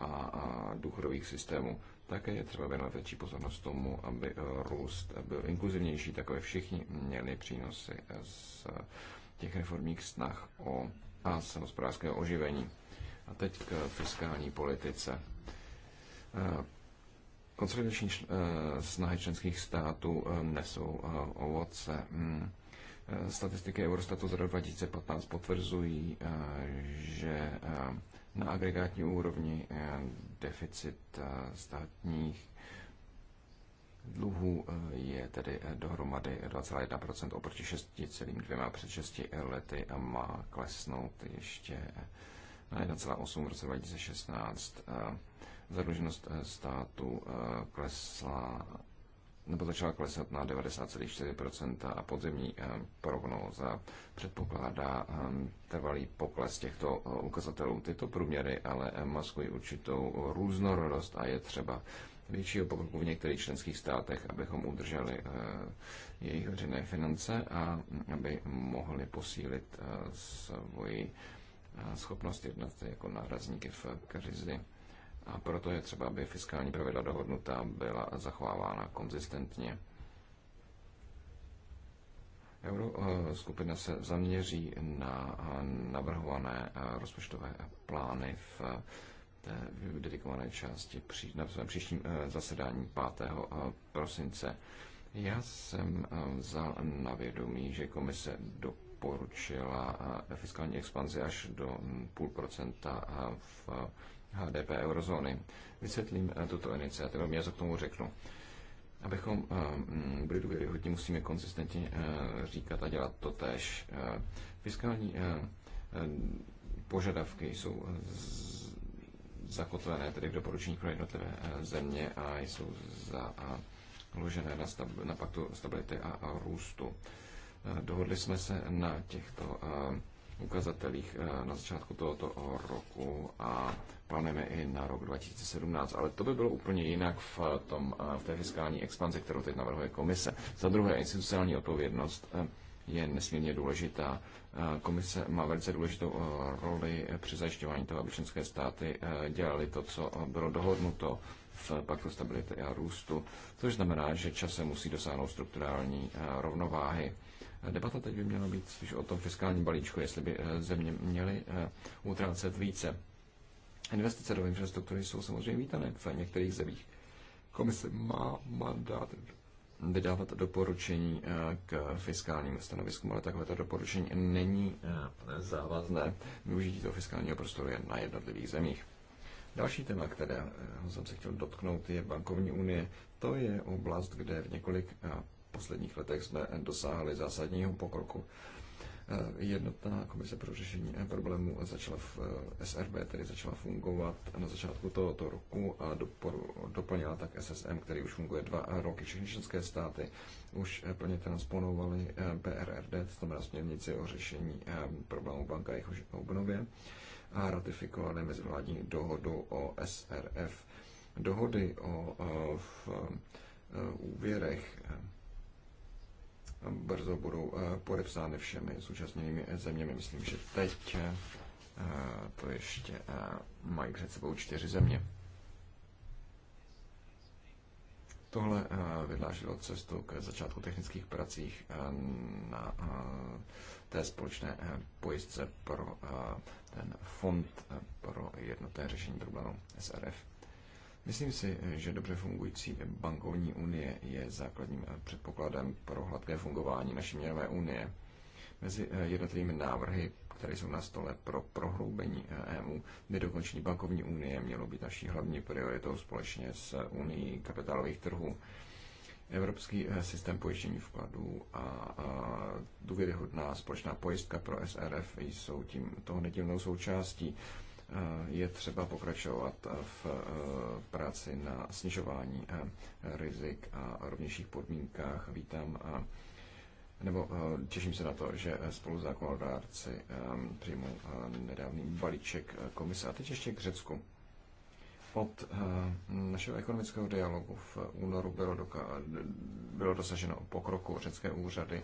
a důchodových systémů. Také je třeba věnovat větší pozornost tomu, aby růst byl inkluzivnější, takové všichni měli přínosy z těch reformních snah o a z oživení. A teď k fiskální politice. E, konsolidační e, snahy členských států e, nesou ovoce. Mm, statistiky Eurostatu z roku 2015 potvrzují, že na agregátní úrovni deficit státních dluhů eh, je tedy eh, dohromady 2,1% oproti 6,2 před 6 lety a má klesnout ještě eh, na 1,8 v roce 2016. Zadluženost státu klesla nebo začala klesat na 90,4% a podzemní prognóza předpokládá trvalý pokles těchto ukazatelů. Tyto průměry ale maskují určitou různorodost a je třeba většího pokroku v některých členských státech, abychom udrželi eh, jejich veřejné finance a aby mohli posílit eh, svoji eh, schopnost jednat jako nárazníky v krizi. A proto je třeba, aby fiskální pravidla dohodnutá byla zachovávána konzistentně. Euro skupina se zaměří na navrhované rozpočtové plány v té dedikované části při, na svém příštím eh, zasedání 5. Eh, prosince. Já jsem eh, vzal na vědomí, že komise doporučila fiskální expanzi až do hm, půl procenta v HDP eurozóny. Vysvětlím tuto iniciativu, se k tomu řeknu. Abychom hm, byli důvěryhodní, musíme konsistentně říkat a dělat to tež. Fiskální požadavky jsou z zakotvené tedy v doporučení pro jednotlivé eh, země a jsou založené na, stab, na paktu stability a, a růstu. Eh, dohodli jsme se na těchto eh, ukazatelích na začátku tohoto roku a plánujeme i na rok 2017, ale to by bylo úplně jinak v, tom, v té fiskální expanzi, kterou teď navrhuje komise. Za druhé, institucionální odpovědnost je nesmírně důležitá. Eh, komise má velice důležitou eh, roli při zajišťování toho, aby členské státy eh, dělali to, co bylo dohodnuto v paktu stability a růstu, což znamená, že časem musí dosáhnout strukturální rovnováhy. Debata teď by měla být spíš o tom fiskálním balíčku, jestli by země měly utrácet více. Investice do infrastruktury jsou samozřejmě vítané v některých zemích. Komise má mandát vydávat doporučení eh, k fiskálním stanoviskům, ale takové to doporučení není eh, závazné. Využití toho fiskálního prostoru je na jednotlivých zemích. Další téma, které eh, jsem se chtěl dotknout, je bankovní unie. To je oblast, kde v několik posledních letech jsme dosáhli zásadního pokroku. Eh, jednotná komise pro řešení eh, problémů začala v eh, SRB, tedy začala fungovat na začátku tohoto roku a doplnila tak SSM, který už funguje dva roky. Všechny členské státy už plně transponovaly PRRD, to znamená směrnici o řešení problémů banka a jejich obnově a ratifikovali mezivládní dohodu o SRF. Dohody o, v, v, úvěrech brzo budou eh, podepsány všemi zúčastněnými zeměmi. Myslím, že teď eh, to ještě eh, mají před sebou čtyři země. Tohle vydlážilo cestu k začátku technických pracích na té společné pojistce pro ten fond pro jednotné řešení problémů SRF. Myslím si, že dobře fungující bankovní unie je základním předpokladem pro hladké fungování naší měnové unie. Mezi eh, jednotlivými návrhy, které jsou na stole pro prohloubení EMU, eh, e by dokončení bankovní unie mělo být naší hlavní prioritou společně s Unii kapitálových trhů. Evropský eh, systém pojištění vkladů a, důvěryhodná společná pojistka pro SRF jsou tím toho nedílnou součástí. Eh, je třeba pokračovat v eh, práci na snižování eh, rizik a rovnějších podmínkách. Vítám a nebo těším se na to, že spolu zákonodárci přijmou nedávný balíček komise. A teď ještě k Řecku. Od našeho ekonomického dialogu v únoru bylo, doka- bylo dosaženo pokroku řecké úřady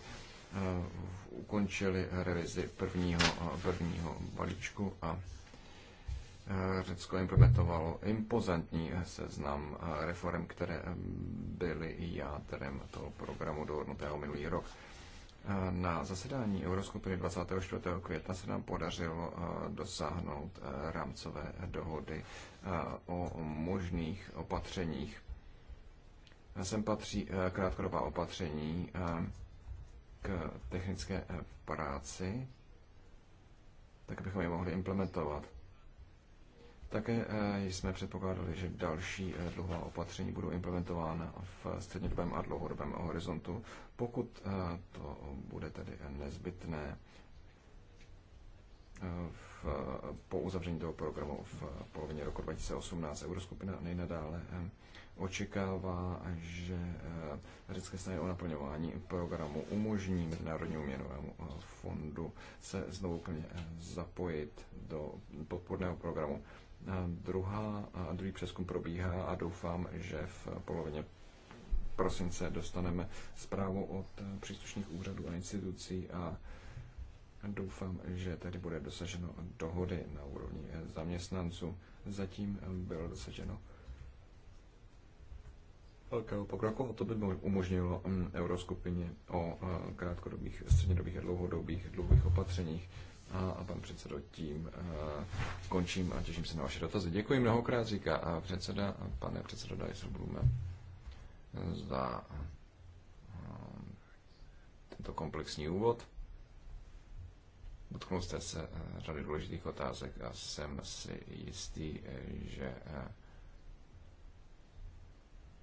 ukončili revizi prvního, prvního balíčku a Řecko implementovalo impozantní seznam eh, reform, které eh, byly jádrem toho programu dohodnutého minulý rok. Eh, na zasedání Euroskupiny 24. května se nám podařilo dosáhnout rámcové dohody o možných opatřeních. Sem patří krátkodobá opatření k technické práci, tak abychom je mohli implementovat. Také eh, jsme předpokládali, že další eh, dlouhá opatření budou implementována v střednědobém a dlouhodobém horizontu, pokud eh, to bude tedy nezbytné v, po uzavření toho programu v polovině roku 2018. Euroskupina nejnadále očekává, že řecké snahy o naplňování programu umožní Mezinárodnímu měnovému fondu se znovu plně zapojit do podporného programu Druhá, a druhý přeskum probíhá a doufám, že v polovině prosince dostaneme zprávu od příslušných úřadů a institucí a doufám, že tady bude dosaženo dohody na úrovni zaměstnanců. Zatím bylo dosaženo velkého pokroku a to by umožnilo mm, euroskupině o krátkodobých, střednědobých a dlouhodobých, dlouhých opatřeních a, a pan předsedo, tím a, končím a těším se na vaše dotazy. Děkuji mnohokrát, říká a předseda, a pane předsedo Dijsselblume, za a, tento komplexní úvod. Dotknul jste se řady důležitých otázek a jsem si jistý, e, že e,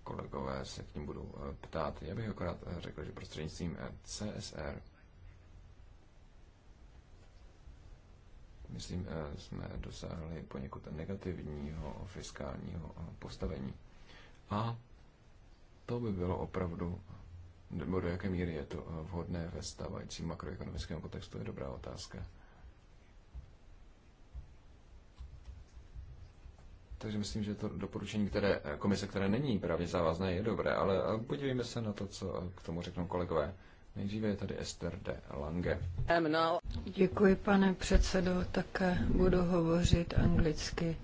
kolegové se k ním budou e, ptát. Já bych akorát řekl, že prostřednictvím CSR myslím, eh, jsme dosáhli poněkud negativního fiskálního eh, postavení. A to by bylo opravdu, nebo do jaké míry je to eh, vhodné ve stávajícím makroekonomickém kontextu, je dobrá otázka. Takže myslím, že to doporučení které, komise, které není právě závazné, je dobré, ale podívejme se na to, co k tomu řeknou kolegové. Nejdříve je tady Ester de Lange. Děkuji, pane předsedo, také budu hovořit anglicky.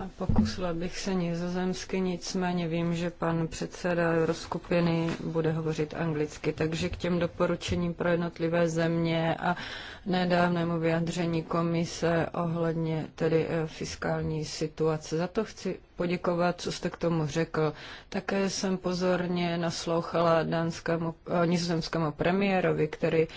A pokusila bych se nizozemsky, nicméně vím, že pan předseda Euroskupiny bude hovořit anglicky, takže k těm doporučením pro jednotlivé země a nedávnému vyjadření komise ohledně tedy eh, fiskální situace. Za to chci poděkovat, co jste k tomu řekl. Také jsem pozorně naslouchala dánskému, eh, nizozemskému premiérovi, který eh,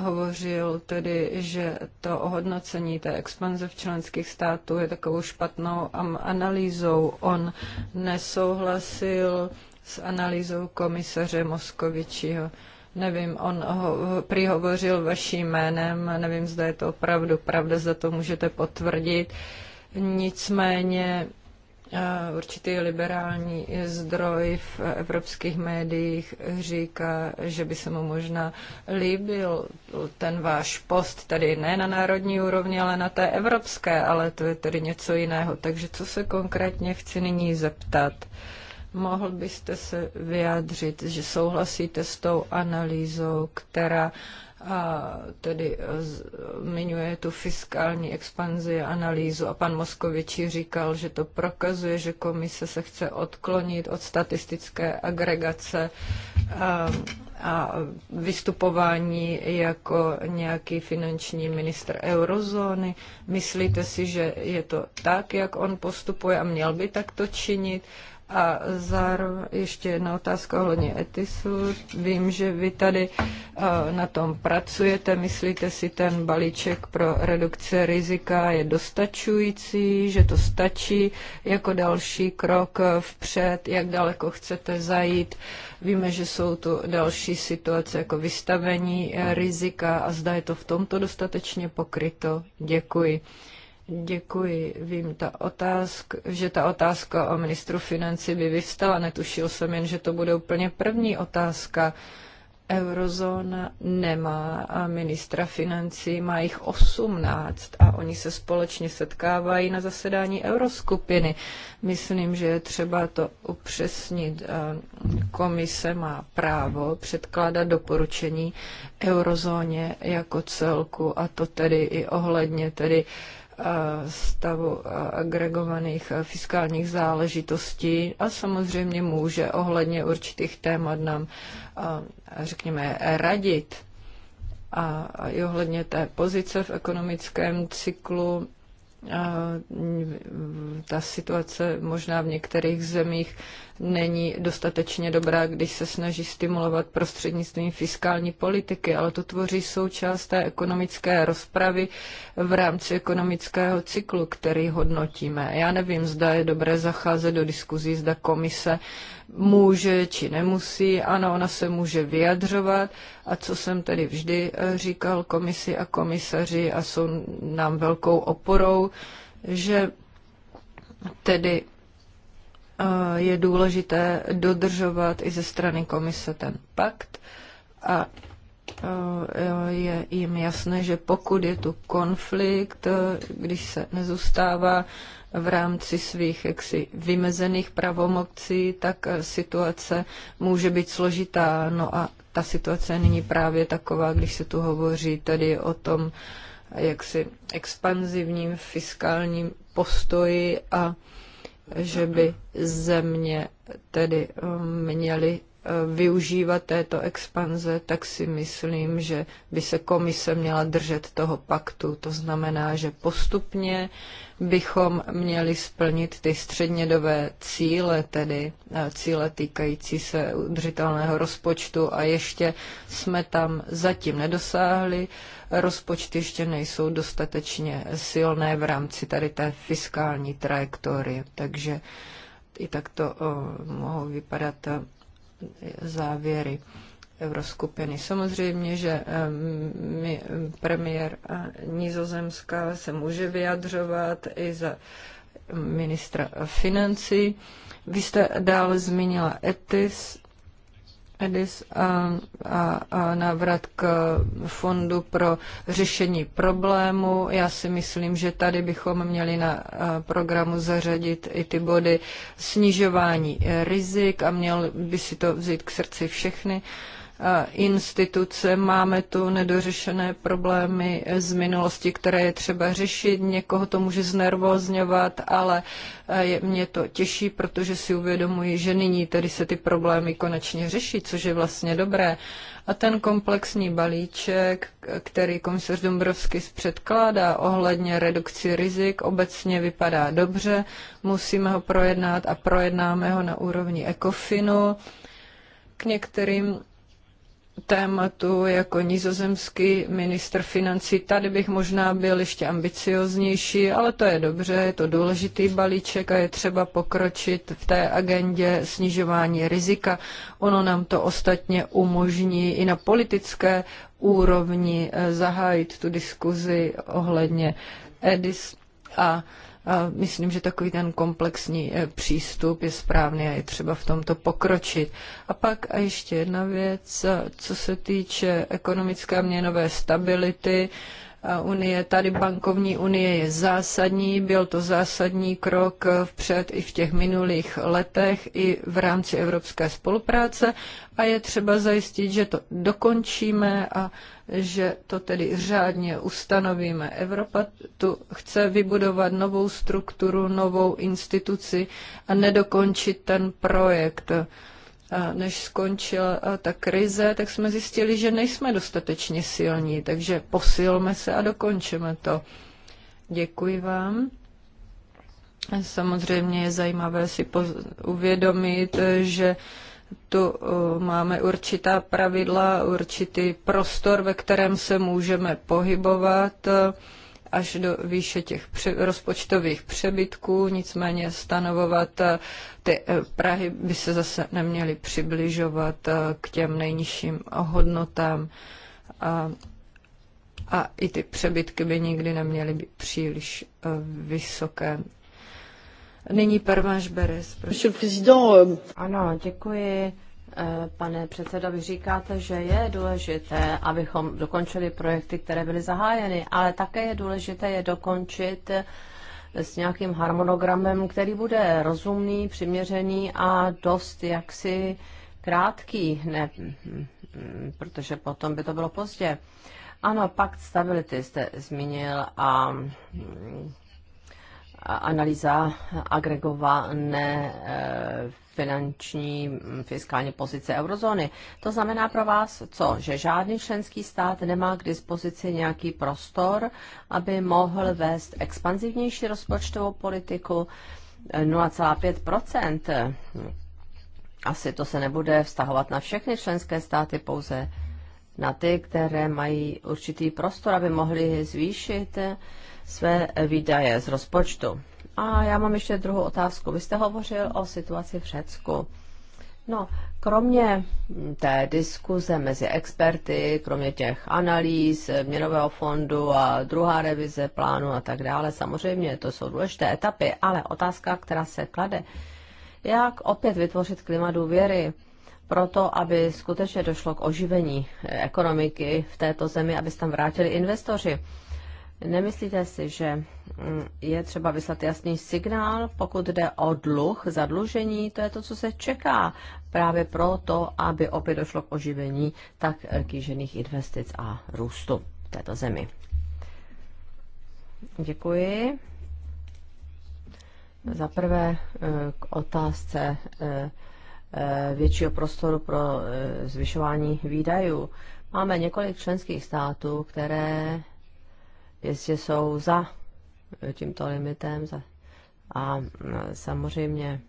hovořil tedy, že to ohodnocení té expanze v členských států je takovou špatnou analýzou. On nesouhlasil s analýzou komisaře Moskovičího. Nevím, on ho, přihovořil vaším jménem, nevím, zda je to opravdu pravda, zda to můžete potvrdit. Nicméně určitý liberální zdroj v evropských médiích říká, že by se mu možná líbil ten váš post, tedy ne na národní úrovni, ale na té evropské, ale to je tedy něco jiného. Takže co se konkrétně chci nyní zeptat? Mohl byste se vyjádřit, že souhlasíte s tou analýzou, která a tedy e, zmiňuje tu fiskální expanzi a analýzu a pan Moskoviči říkal, že to prokazuje, že komise se chce odklonit od statistické agregace a, ehm, a vystupování jako nějaký finanční minister eurozóny. Myslíte si, že je to tak, jak on postupuje a měl by takto činit? A zároveň ještě jedna otázka ohledně ETISu. Vím, že vy tady eh, na tom pracujete. Myslíte si, ten balíček pro redukce rizika je dostačující, že to stačí jako další krok eh, vpřed, jak daleko chcete zajít. Víme, že jsou tu další situace jako vystavení eh, rizika a zda je to v tomto dostatečně pokryto. Děkuji. Děkuji. Vím, ta otázk, že ta otázka o ministru financí by vyvstala. Netušil jsem jen, že to bude úplně první otázka. Eurozóna nemá a ministra financí, má jich 18 a oni se společně setkávají na zasedání euroskupiny. Myslím, že je třeba to upřesnit. Komise má právo předkládat doporučení eurozóně jako celku a to tedy i ohledně tedy stavu agregovaných fiskálních záležitostí a samozřejmě může ohledně určitých témat nám, řekněme, radit. A i ohledně té pozice v ekonomickém cyklu, ta situace možná v některých zemích není dostatečně dobrá, když se snaží stimulovat prostřednictvím fiskální politiky, ale to tvoří součást té ekonomické rozpravy v rámci ekonomického cyklu, který hodnotíme. Já nevím, zda je dobré zacházet do diskuzí, zda komise může či nemusí. Ano, ona se může vyjadřovat a co jsem tedy vždy eh, říkal komisi a komisaři a jsou nám velkou oporou, že tedy je důležité dodržovat i ze strany komise ten pakt a je jim jasné, že pokud je tu konflikt, e, když se nezůstává v rámci svých jaksi vymezených pravomocí, tak e, situace může být složitá. No a ta situace není právě taková, když se tu hovoří tedy o tom e, jaksi expanzivním fiskálním postoji a že by země tedy eh, měly využívat této expanze, tak si myslím, že by se komise měla držet toho paktu. To znamená, že postupně bychom měli splnit ty střednědové cíle, tedy eh, cíle týkající se udržitelného rozpočtu a ještě jsme tam zatím nedosáhli. Rozpočty ještě nejsou dostatečně silné v rámci tady té fiskální trajektorie, takže i tak to o, eh, mohou vypadat eh, závěry euroskupiny. Samozřejmě, že mi, premiér Nizozemska se může vyjadřovat i za ministra financí. Vy jste dále zmínila ETIS, Edis a, a, a návrat k fondu pro řešení problému. Já si myslím, že tady bychom měli na programu zařadit i ty body snižování rizik a měl by si to vzít k srdci všechny instituce. Máme tu nedořešené problémy z minulosti, které je třeba řešit. Někoho to může znervozňovat, ale e, je, mě to těší, protože si uvědomuji, že nyní tedy se ty problémy konečně řeší, což je vlastně dobré. A ten komplexní balíček, který komisař Dombrovský předkládá ohledně redukci rizik, obecně vypadá dobře. Musíme ho projednat a projednáme ho na úrovni ECOFINu. K některým tématu jako nizozemský ministr financí. Tady bych možná byl ještě ambicioznější, ale to je dobře, je to důležitý balíček a je třeba pokročit v té agendě snižování rizika. Ono nám to ostatně umožní i na politické úrovni eh, zahájit tu diskuzi ohledně EDIS a Myslím, že takový ten komplexní eh, přístup je správný a je třeba v tomto pokročit. A pak a ještě jedna věc, eh, co se týče ekonomické a měnové stability, unie. Tady bankovní unie je zásadní, byl to zásadní krok vpřed i v těch minulých letech, i v rámci evropské spolupráce a je třeba zajistit, že to dokončíme a že to tedy řádně ustanovíme. Evropa tu chce vybudovat novou strukturu, novou instituci a nedokončit ten projekt než skončila ta krize, tak jsme zjistili, že nejsme dostatečně silní, takže posilme se a dokončeme to. Děkuji vám. Samozřejmě je zajímavé si uvědomit, že tu uh, máme určitá pravidla, určitý prostor, ve kterém se můžeme pohybovat až do výše těch pře- rozpočtových přebytků, nicméně stanovovat eh, ty eh, Prahy by se zase neměly přibližovat eh, k těm nejnižším hodnotám a, a i ty přebytky by nikdy neměly být příliš vysoké. Nyní Permáš Beres. Prosím. Euh, ano, děkuji pane předsedo, vy říkáte, že je důležité, abychom dokončili projekty, které byly zahájeny, ale také je důležité je dokončit s nějakým harmonogramem, který bude rozumný, přiměřený a dost jaksi krátký, ne, protože potom by to bylo pozdě. Ano, pakt stability jste zmínil a analýza agregované eh, finanční mm, fiskální pozice eurozóny. To znamená pro vás co? Že žádný členský stát nemá k dispozici nějaký prostor, aby mohl vést expanzivnější rozpočtovou politiku 0,5 eh, Asi to se nebude vztahovat na všechny členské státy, pouze na ty, které mají určitý prostor, aby mohly zvýšit eh, své výdaje z rozpočtu. A já mám ještě druhou otázku. Vy jste hovořil o situaci v Řecku. No, kromě té diskuze mezi experty, kromě těch analýz měnového fondu a druhá revize plánu a tak dále, samozřejmě to jsou důležité etapy, ale otázka, která se klade, jak opět vytvořit klima důvěry pro to, aby skutečně došlo k oživení ekonomiky v této zemi, aby se tam vrátili investoři Nemyslíte si, že mm, je třeba vyslat jasný signál, pokud jde o dluh, zadlužení, to je to, co se čeká právě proto, aby opět došlo k oživení tak kýžených investic a růstu v této zemi. Děkuji. Za prvé eh, k otázce eh, eh, většího prostoru pro zvyšování výdajů. Máme několik členských států, které jestli jsou za tímto limitem. Za, a no, samozřejmě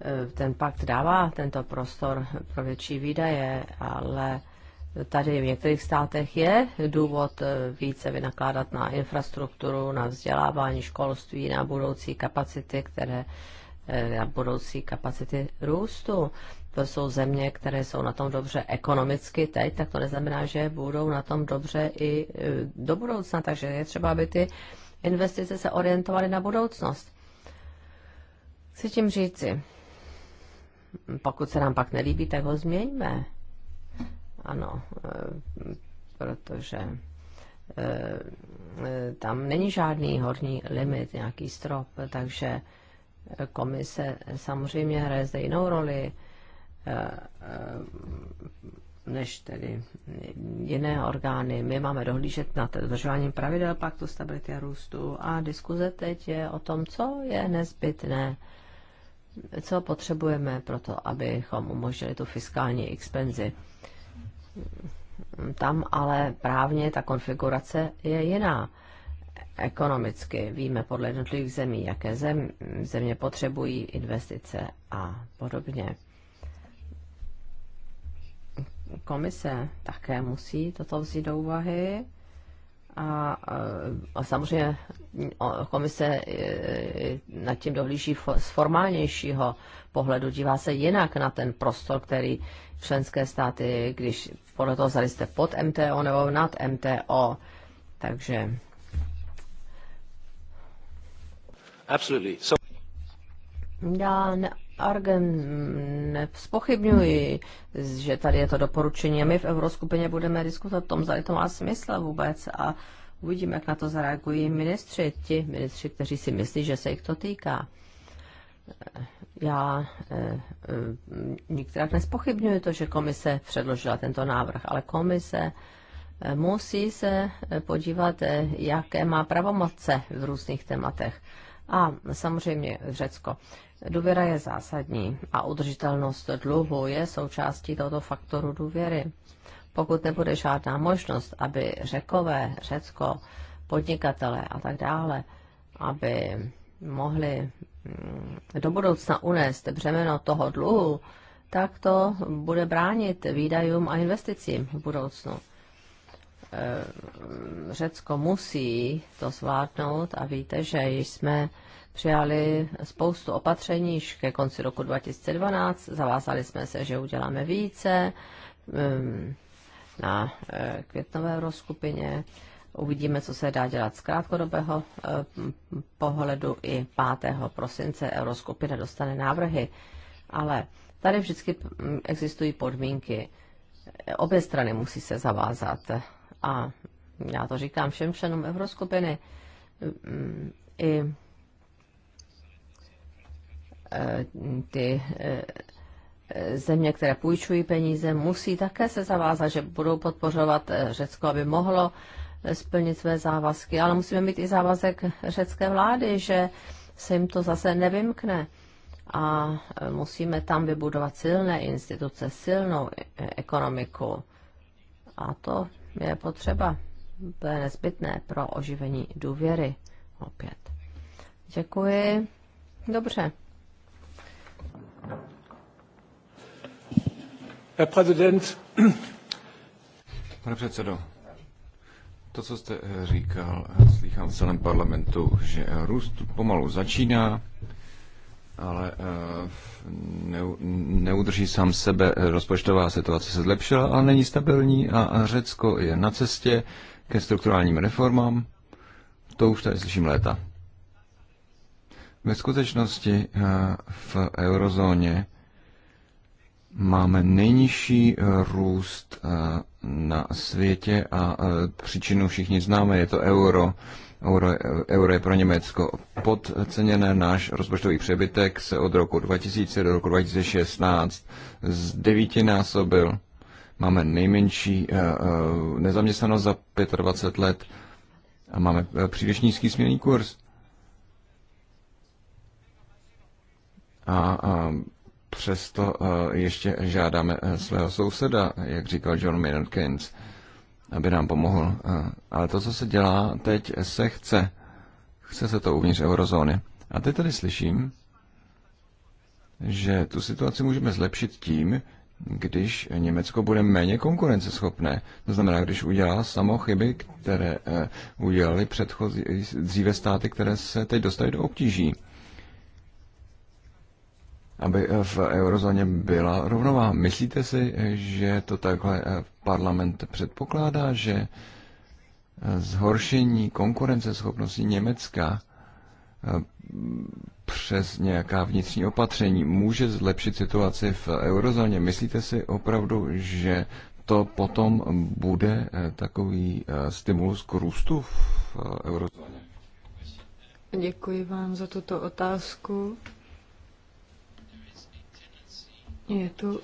e, ten pakt dává tento prostor pro větší výdaje, ale tady v některých státech je důvod e, více vynakládat na infrastrukturu, na vzdělávání školství, na budoucí kapacity, které e, na budoucí kapacity růstu to jsou země, které jsou na tom dobře ekonomicky teď, tak to neznamená, že budou na tom dobře i e, do budoucna. Takže je třeba, aby ty investice se orientovaly na budoucnost. Chci tím říci, pokud se nám pak nelíbí, tak ho změňme. Ano, e, protože e, tam není žádný horní limit, nějaký strop, takže komise samozřejmě hraje zde jinou roli Eh, než tedy jiné orgány. My máme dohlížet na dodržování pravidel paktu stability a růstu a diskuze teď je o tom, co je nezbytné, co potřebujeme pro to, abychom umožnili tu fiskální expenzi. Tam ale právně ta konfigurace je jiná. Ekonomicky víme podle jednotlivých zemí, jaké země potřebují investice a podobně komise také musí toto vzít do úvahy. A, eh, a samozřejmě mm, komise eh, nad tím dohlíží z formálnějšího pohledu, dívá se jinak na ten prostor, který členské státy, když podle toho zali jste pod MTO nebo nad MTO, takže... Absolutely. So... Já ne, Argen, spochybňuji, že tady je to doporučení. My v Euroskupině budeme diskutovat o tom, zda to má smysl vůbec a uvidíme, jak na to zareagují ministři, ti ministři, kteří si myslí, že se jich to týká. Já eh, eh, nikterak nespochybňuji to, že komise předložila tento návrh, ale komise eh, musí se podívat, jaké má pravomoce v různých tématech. A samozřejmě Řecko. Důvěra je zásadní a udržitelnost dluhu je součástí tohoto faktoru důvěry. Pokud nebude žádná možnost, aby řekové, Řecko, podnikatele a tak dále, aby mohli mm, do budoucna unést břemeno toho dluhu, tak to bude bránit výdajům a investicím v budoucnu. E, Řecko musí to zvládnout a víte, že jsme přijali spoustu opatření již ke konci roku 2012. Zavázali jsme se, že uděláme více um, na eh, květnové rozkupině. Uvidíme, co se dá dělat z krátkodobého eh, pohledu. I 5. prosince Euroskupina dostane návrhy. Ale tady vždycky hm, existují podmínky. Obě strany musí se zavázat. A já to říkám všem členům Euroskupiny. Hm, I Eh, ty eh, země, které půjčují peníze, musí také se zavázat, že budou podpořovat eh, Řecko, aby mohlo splnit své závazky, ale musíme mít i závazek řecké vlády, že se jim to zase nevymkne. A musíme tam vybudovat silné instituce, silnou ekonomiku. A to je potřeba. To je nezbytné pro oživení důvěry. Opět. Děkuji. Dobře. Herr Präsident. Pane předsedo, to, co jste eh, říkal, eh, slychám v celém parlamentu, že eh, růst pomalu začíná, ale neudrží sám sebe. Rozpočtová situace se zlepšila, ale není stabilní a Řecko je na cestě ke strukturálním reformám. To už tady slyším léta. Ve skutečnosti eh, v eurozóně máme nejnižší eh, růst eh, na světě a příčinu všichni známe, je to euro. Euro, euro je pro Německo podceněné. Náš rozpočtový přebytek se od roku 2000 do roku 2016 z devítinásobil. Máme nejmenší nezaměstnanost za 25 let a máme příliš nízký směrný kurz. a, a přesto ještě žádáme e, svého souseda, jak říkal John Maynard Keynes, aby nám pomohl. Ale to, co se dělá teď, se chce. Chce se to uvnitř eurozóny. A teď tady slyším, že tu situaci můžeme zlepšit tím, když Německo bude méně konkurenceschopné. To znamená, když udělá samo chyby, které e, udělali předchozí, dříve státy, které se teď dostaly do obtíží aby eh, v eurozóně byla rovnováha. Myslíte si, že to takhle eh, parlament předpokládá, že eh, zhoršení konkurenceschopnosti Německa přes nějaká vnitřní opatření může zlepšit situaci v eurozóně. Myslíte si opravdu, že to potom bude takový stimulus k růstu v eurozóně? Děkuji vám za tuto otázku. Je tu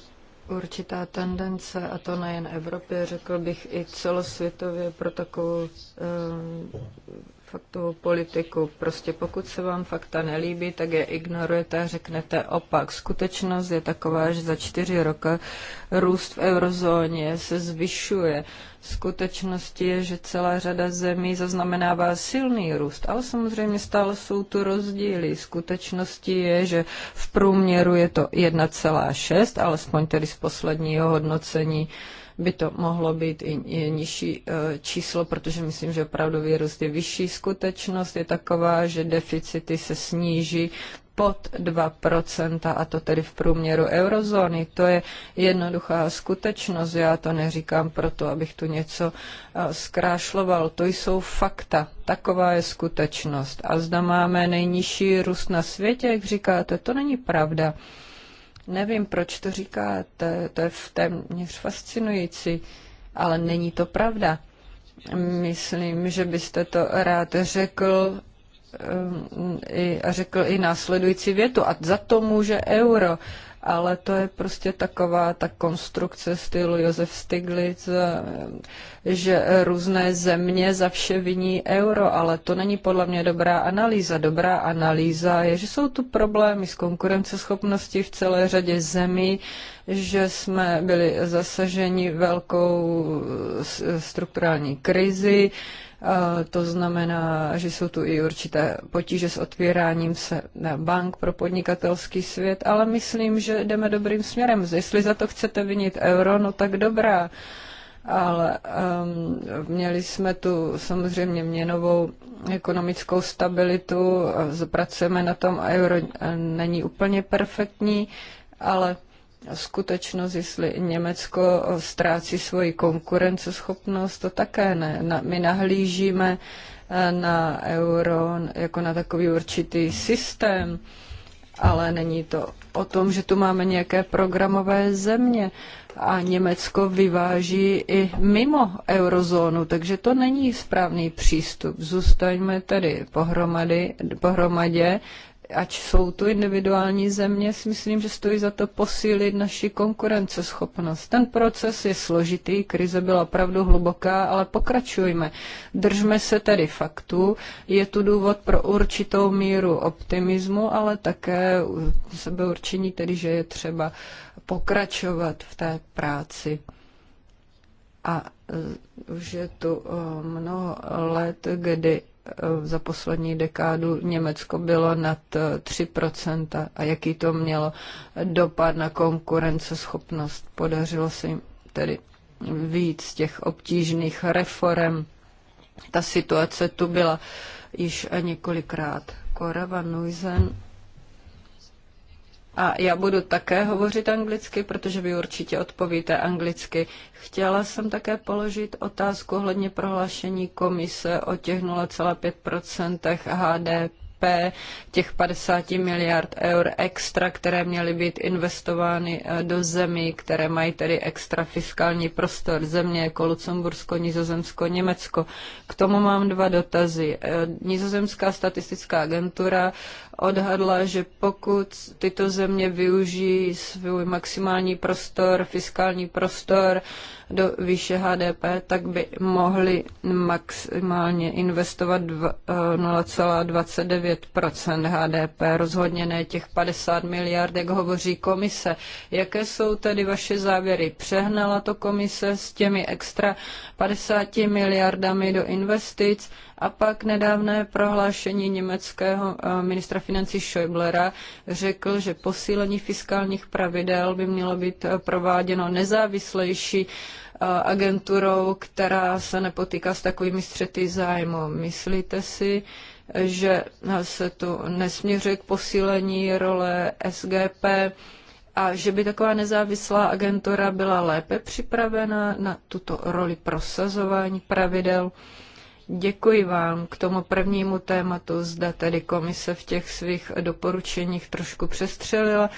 určitá tendence, a to nejen Evropě, řekl bych i celosvětově, pro takovou um, faktovou politiku. Prostě pokud se vám fakta nelíbí, tak je ignorujete a řeknete opak. Skutečnost je taková, že za čtyři roky růst v eurozóně se zvyšuje. Skutečností je, že celá řada zemí zaznamenává silný růst, ale samozřejmě stále jsou tu rozdíly. Skutečností je, že v průměru je to 1,6, alespoň tedy z posledního hodnocení uh, by to mohlo být i nižší e, číslo, protože myslím, že opravdu růst je vyšší. Skutečnost je taková, že deficity se sníží pod 2%, a to tedy v průměru eurozóny. To je jednoduchá skutečnost, já to neříkám proto, abych tu něco e, zkrášloval. To jsou fakta, taková je skutečnost. A zda máme nejnižší růst na světě, jak říkáte, to není pravda. Nevím, proč to říkáte, to je v téměř fascinující, ale není to pravda. Myslím, že byste to rád řekl um, i, a řekl i následující větu. A za to může euro ale to je prostě taková ta konstrukce stylu Josef Stiglitz, eh, že různé země za vše viní euro, ale to není podle mě dobrá analýza. Dobrá analýza je, že jsou tu problémy s konkurenceschopností v celé řadě zemí, že jsme byli zasaženi velkou eh, strukturální krizi, to znamená, že jsou tu i určité potíže s otvíráním se na bank pro podnikatelský svět, ale myslím, že jdeme dobrým směrem. Jestli za to chcete vinit euro, no tak dobrá. Ale um, měli jsme tu samozřejmě měnovou ekonomickou stabilitu, zapracujeme na tom, euro e, není úplně perfektní, ale skutečnost, jestli Německo ztrácí svoji konkurenceschopnost, to také ne. Na, my nahlížíme eh, na euro jako na takový určitý systém, ale není to o tom, že tu máme nějaké programové země a Německo vyváží i mimo eurozónu, takže to není správný přístup. Zůstaňme tedy pohromady, pohromadě, ať jsou tu individuální země, si myslím, že stojí za to posílit naši konkurenceschopnost. Ten proces je složitý, krize byla opravdu hluboká, ale pokračujme. Držme se tedy faktu, je tu důvod pro určitou míru optimismu, ale také sebeurčení, tedy že je třeba pokračovat v té práci. A e, už je tu e, mnoho let, kdy Eh, za poslední dekádu Německo bylo nad 3% eh, a jaký to mělo dopad na konkurenceschopnost. Podařilo se jim tedy víc těch obtížných reform. Ta situace tu byla již několikrát. Korava Nuizen a já budu také hovořit anglicky, protože vy určitě odpovíte anglicky. Chtěla jsem také položit otázku ohledně prohlášení komise o těch 0,5 HDP HDP, těch 50 miliard eur extra, které měly být investovány eh, do zemí, které mají tedy extra fiskální prostor, země jako Lucembursko, Nizozemsko, Německo. K tomu mám dva dotazy. Eh, Nizozemská statistická agentura odhadla, že pokud tyto země využijí svůj maximální prostor, fiskální prostor, do výše HDP, tak by mohli maximálně investovat 0,29 eh, HDP, rozhodně ne těch 50 miliard, jak hovoří komise. Jaké jsou tedy vaše závěry? Přehnala to komise s těmi extra 50 miliardami do investic? A pak nedávné prohlášení německého eh, ministra financí Schäublera řekl, že posílení fiskálních pravidel by mělo být eh, prováděno nezávislejší agenturou, která se nepotýká s takovými střety zájmu. Myslíte si, že se to nesměřuje k posílení role SGP a že by taková nezávislá agentura byla lépe připravena na tuto roli prosazování pravidel? Děkuji vám k tomu prvnímu tématu, zda tedy komise v těch svých doporučeních trošku přestřelila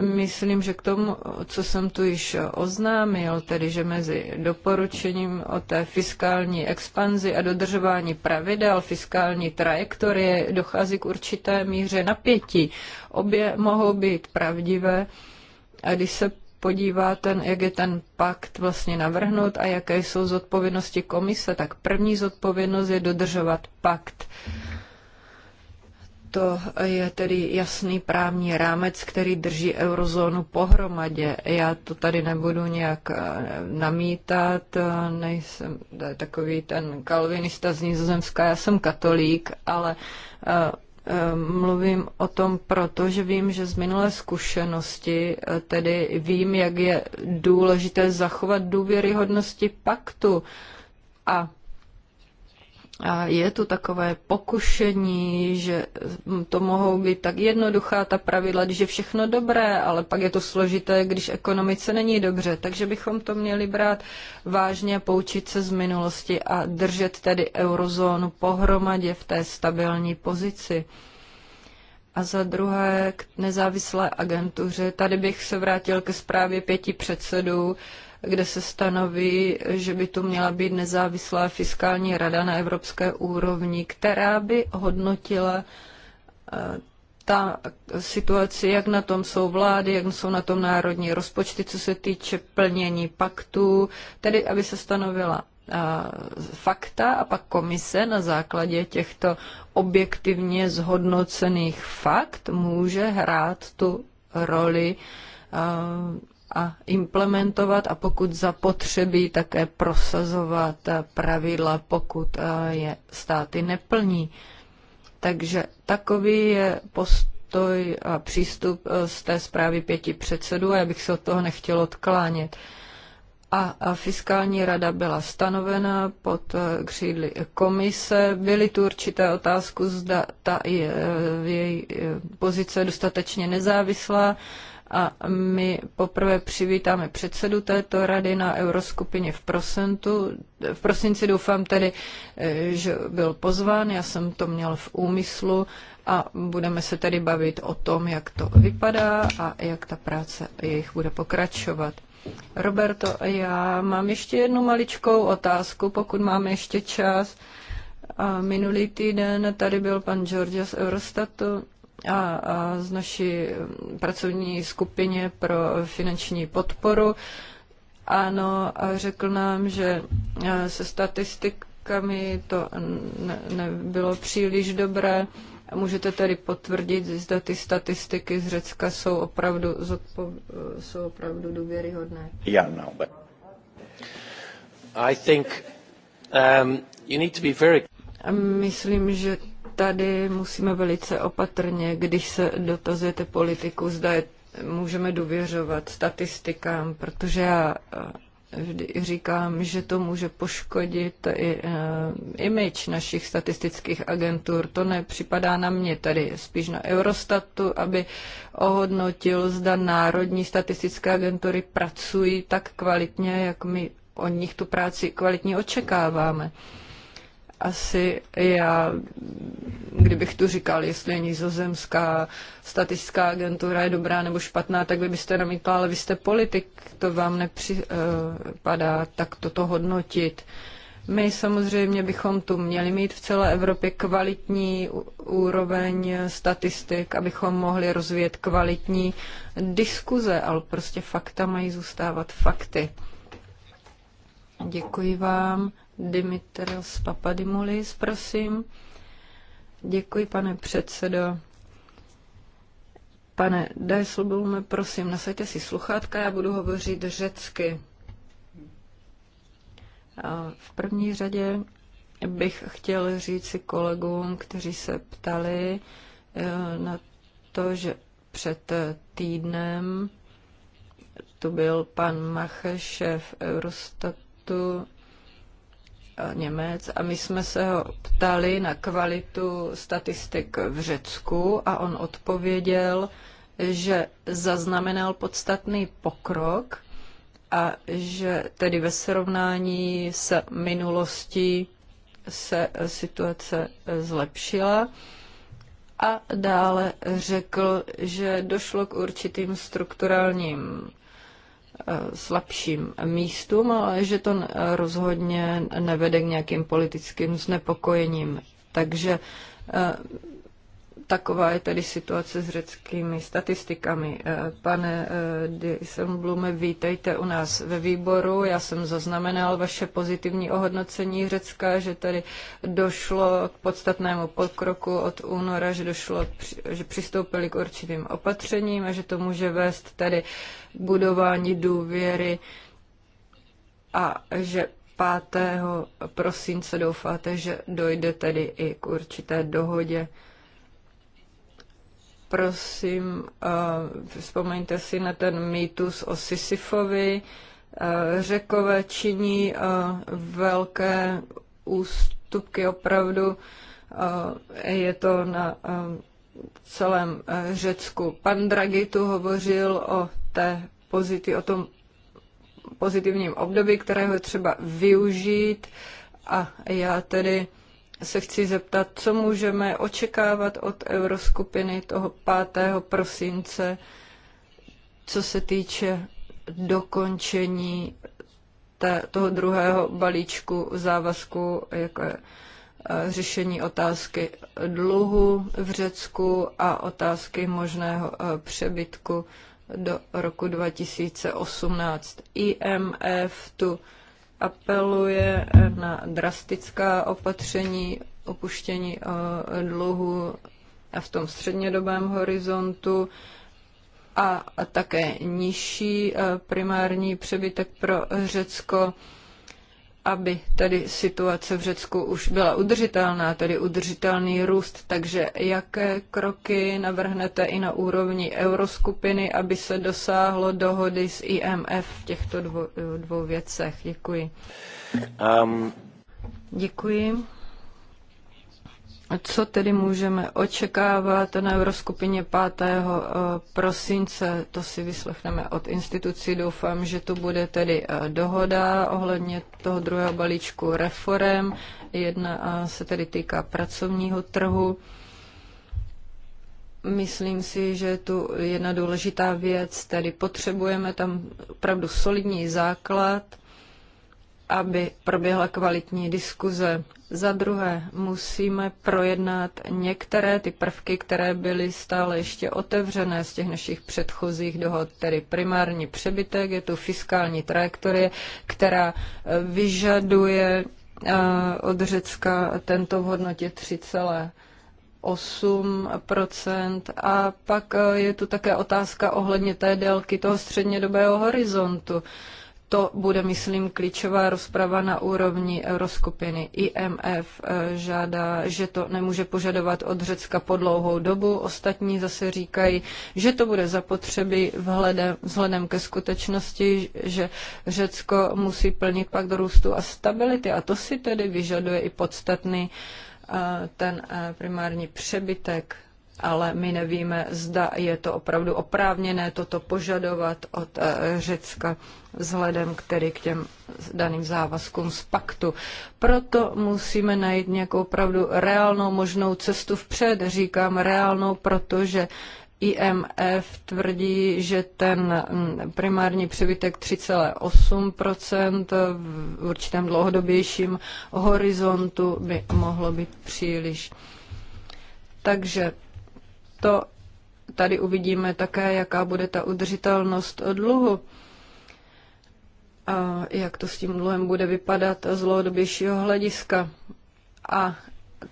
Myslím, že k tomu, co jsem tu již oznámil, tedy že mezi doporučením o té fiskální expanzi a dodržování pravidel fiskální trajektorie dochází k určité míře napětí. Obě mohou být pravdivé a když se podíváte, jak je ten pakt vlastně navrhnut a jaké jsou zodpovědnosti komise, tak první zodpovědnost je dodržovat pakt. Hmm to je tedy jasný právní rámec, který drží eurozónu pohromadě. Já to tady nebudu nějak eh, namítat, eh, nejsem takový ten kalvinista z Nizozemska, já jsem katolík, ale eh, Mluvím o tom protože vím, že z minulé zkušenosti tedy vím, jak je důležité zachovat důvěryhodnosti paktu. A a je tu takové pokušení, že hm, to mohou být tak jednoduchá ta pravidla, když je všechno dobré, ale pak je to složité, když ekonomice není dobře. Takže bychom to měli brát vážně, poučit se z minulosti a držet tedy eurozónu pohromadě v té stabilní pozici. A za druhé k nezávislé agentuře. Tady bych se vrátil ke zprávě pěti předsedů kde se stanoví, že by tu měla být nezávislá fiskální rada na evropské úrovni, která by hodnotila eh, ta situace, jak na tom jsou vlády, jak jsou na tom národní rozpočty, co se týče plnění paktů, tedy aby se stanovila eh, fakta a pak komise na základě těchto objektivně zhodnocených fakt může hrát tu roli eh, a implementovat a pokud zapotřebí také prosazovat pravidla, pokud eh, je státy neplní. Takže takový je postoj a přístup eh, z té zprávy pěti předsedů a já bych se od toho nechtěl odklánět. A fiskální rada byla stanovena pod eh, křídly komise. Byly tu určité otázky, zda ta je, její pozice je dostatečně nezávislá a my poprvé přivítáme předsedu této rady na euroskupině v, prosentu. v prosinci. Doufám tedy, eh, že byl pozván, já jsem to měl v úmyslu a budeme se tedy bavit o tom, jak to vypadá a jak ta práce jejich bude pokračovat. Roberto, já mám ještě jednu maličkou otázku, pokud máme ještě čas. A minulý týden tady byl pan Georgia z Eurostatu a, a z naší mm, pracovní skupině pro finanční podporu. Ano, a řekl nám, že e, se statistikami to nebylo ne příliš dobré. Můžete tedy potvrdit, zda ty statistiky z Řecka jsou opravdu, zodpo, e, jsou opravdu důvěryhodné? Yeah, no, but I think um, you need to be very... Myslím, že tady musíme velice opatrně, když se dotazujete politiku, zda je, můžeme důvěřovat statistikám, protože já eh, vždy říkám, že to může poškodit i eh, image našich statistických agentur. To nepřipadá na mě tady, spíš na Eurostatu, aby ohodnotil, zda národní statistické agentury pracují tak kvalitně, jak my od nich tu práci kvalitně očekáváme. Uh, asi já, kdybych tu říkal, jestli je nizozemská statistická agentura je dobrá nebo špatná, tak vy byste namítla, ale vy jste politik, to vám nepřipadá eh, tak toto hodnotit. My samozřejmě bychom tu měli mít v celé Evropě kvalitní úroveň statistik, abychom mohli rozvíjet kvalitní diskuze, ale prostě fakta mají zůstávat fakty. Děkuji vám. Dimitros Papadimulis, prosím. Děkuji, pane předsedo. Pane Dijsselblume, prosím, nasaďte si sluchátka, já budu hovořit řecky. A v první řadě bych chtěl říci kolegům, kteří se ptali eh, na to, že před týdnem tu byl pan Macheš, šéf Eurostatu, Němec a my jsme se ho ptali na kvalitu statistik v Řecku a on odpověděl, že zaznamenal podstatný pokrok a že tedy ve srovnání s minulostí se situace zlepšila. A dále řekl, že došlo k určitým strukturálním Eh, slabším místům, ale že to rozhodně nevede k nějakým politickým znepokojením. Takže eh, Taková je tedy situace s řeckými statistikami. Eh, pane eh, Dyselblume, vítejte u nás ve výboru. Já jsem zaznamenal vaše pozitivní ohodnocení Řecka, že tady došlo k podstatnému pokroku od února, že, došlo, že přistoupili k určitým opatřením a že to může vést tady k budování důvěry a že 5. prosince doufáte, že dojde tedy i k určité dohodě prosím, eh, vzpomeňte si na ten mýtus o Sisyfovi. Eh, Řekové činí eh, velké ústupky opravdu. Je to na celém Řecku. Pan Draghi tu hovořil o, té pozity, o tom pozitivním období, kterého je třeba využít. A já tedy se chci zeptat, co můžeme očekávat od Euroskupiny toho 5. prosince, co se týče dokončení té, toho druhého balíčku závazku, jako je e, řešení otázky dluhu v Řecku a otázky možného e, přebytku do roku 2018. IMF tu apeluje na drastická opatření opuštění eh, dluhu a v tom střednědobém horizontu a, a také nižší eh, primární přebytek pro Řecko aby tady situace v Řecku už byla udržitelná, tedy udržitelný růst. Takže jaké kroky navrhnete i na úrovni euroskupiny, aby se dosáhlo dohody s IMF v těchto dvou, dvou věcech? Děkuji. Um. Děkuji. Co tedy můžeme očekávat na Euroskupině 5. Eh, prosince? To si vyslechneme od institucí. Doufám, že to bude tedy eh, dohoda ohledně toho druhého balíčku reform. Jedna eh, se tedy týká pracovního trhu. Myslím si, že je tu jedna důležitá věc, tedy potřebujeme tam opravdu solidní základ – aby proběhla kvalitní diskuze. Za druhé, musíme projednat některé ty prvky, které byly stále ještě otevřené z těch našich předchozích dohod, tedy primární přebytek, je tu fiskální trajektorie, která e, vyžaduje e, od Řecka tento v hodnotě 3, 8 a pak e, je tu také otázka ohledně té délky toho střednědobého horizontu to bude, myslím, klíčová rozprava na úrovni euroskupiny. IMF eh, žádá, že to nemůže požadovat od Řecka po dlouhou dobu. Ostatní zase říkají, že to bude zapotřebí vhledem, vzhledem ke skutečnosti, že Řecko musí plnit pak do růstu a stability. A to si tedy vyžaduje i podstatný eh, ten eh, primární přebytek ale my nevíme, zda je to opravdu oprávněné toto požadovat od eh, Řecka vzhledem k, tedy k těm daným závazkům z paktu. Proto musíme najít nějakou opravdu reálnou možnou cestu vpřed. Říkám reálnou, protože IMF tvrdí, že ten mm, primární přebytek 3,8 v určitém dlouhodobějším horizontu by mohlo být příliš. Takže to tady uvidíme také, jaká bude ta udržitelnost dluhu a jak to s tím dluhem bude vypadat z dlouhodobějšího hlediska. A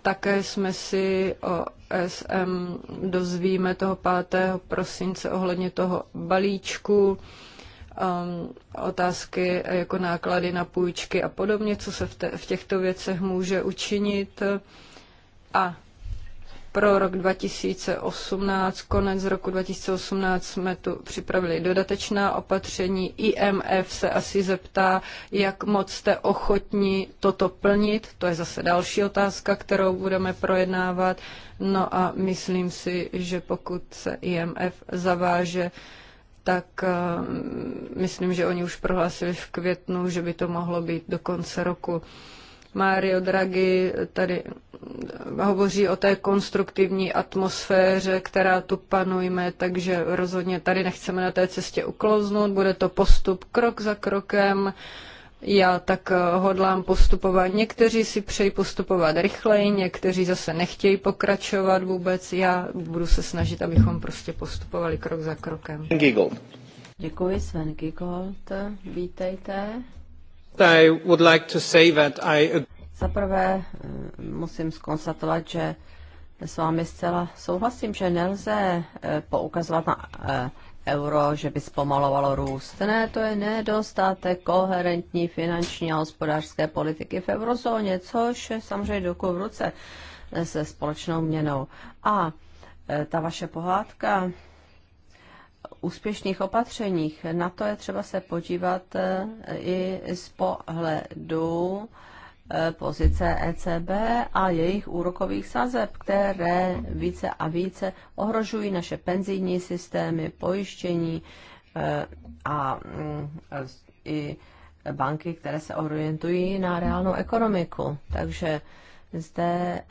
také jsme si o SM dozvíme toho 5. prosince ohledně toho balíčku, um, otázky jako náklady na půjčky a podobně, co se v, te, v těchto věcech může učinit. A pro rok 2018. Konec roku 2018 jsme tu připravili dodatečná opatření. IMF se asi zeptá, jak moc jste ochotni toto plnit. To je zase další otázka, kterou budeme projednávat. No a myslím si, že pokud se IMF zaváže, tak eh, myslím, že oni už prohlásili v květnu, že by to mohlo být do konce roku. Mario Draghi tady hovoří o té konstruktivní atmosféře, která tu panujeme, takže rozhodně tady nechceme na té cestě uklouznout, bude to postup krok za krokem. Já tak hodlám postupovat. Někteří si přejí postupovat rychleji, někteří zase nechtějí pokračovat vůbec. Já budu se snažit, abychom prostě postupovali krok za krokem. Děkuji, Sven Gigold. Vítejte. Za prvé eh, musím skonstatovat, že s vámi zcela souhlasím, že nelze eh, poukazovat na eh, euro, že by zpomalovalo růst. Ne, to je nedostatek koherentní finanční a hospodářské politiky v eurozóně, což samozřejmě jde v ruce se společnou měnou. A ta vaše pohádka úspěšných opatřeních. Na to je třeba se podívat e, i z pohledu e, pozice ECB a jejich úrokových sazeb, které více a více ohrožují naše penzijní systémy, pojištění e, a mm, i banky, které se orientují na reálnou ekonomiku. Takže zde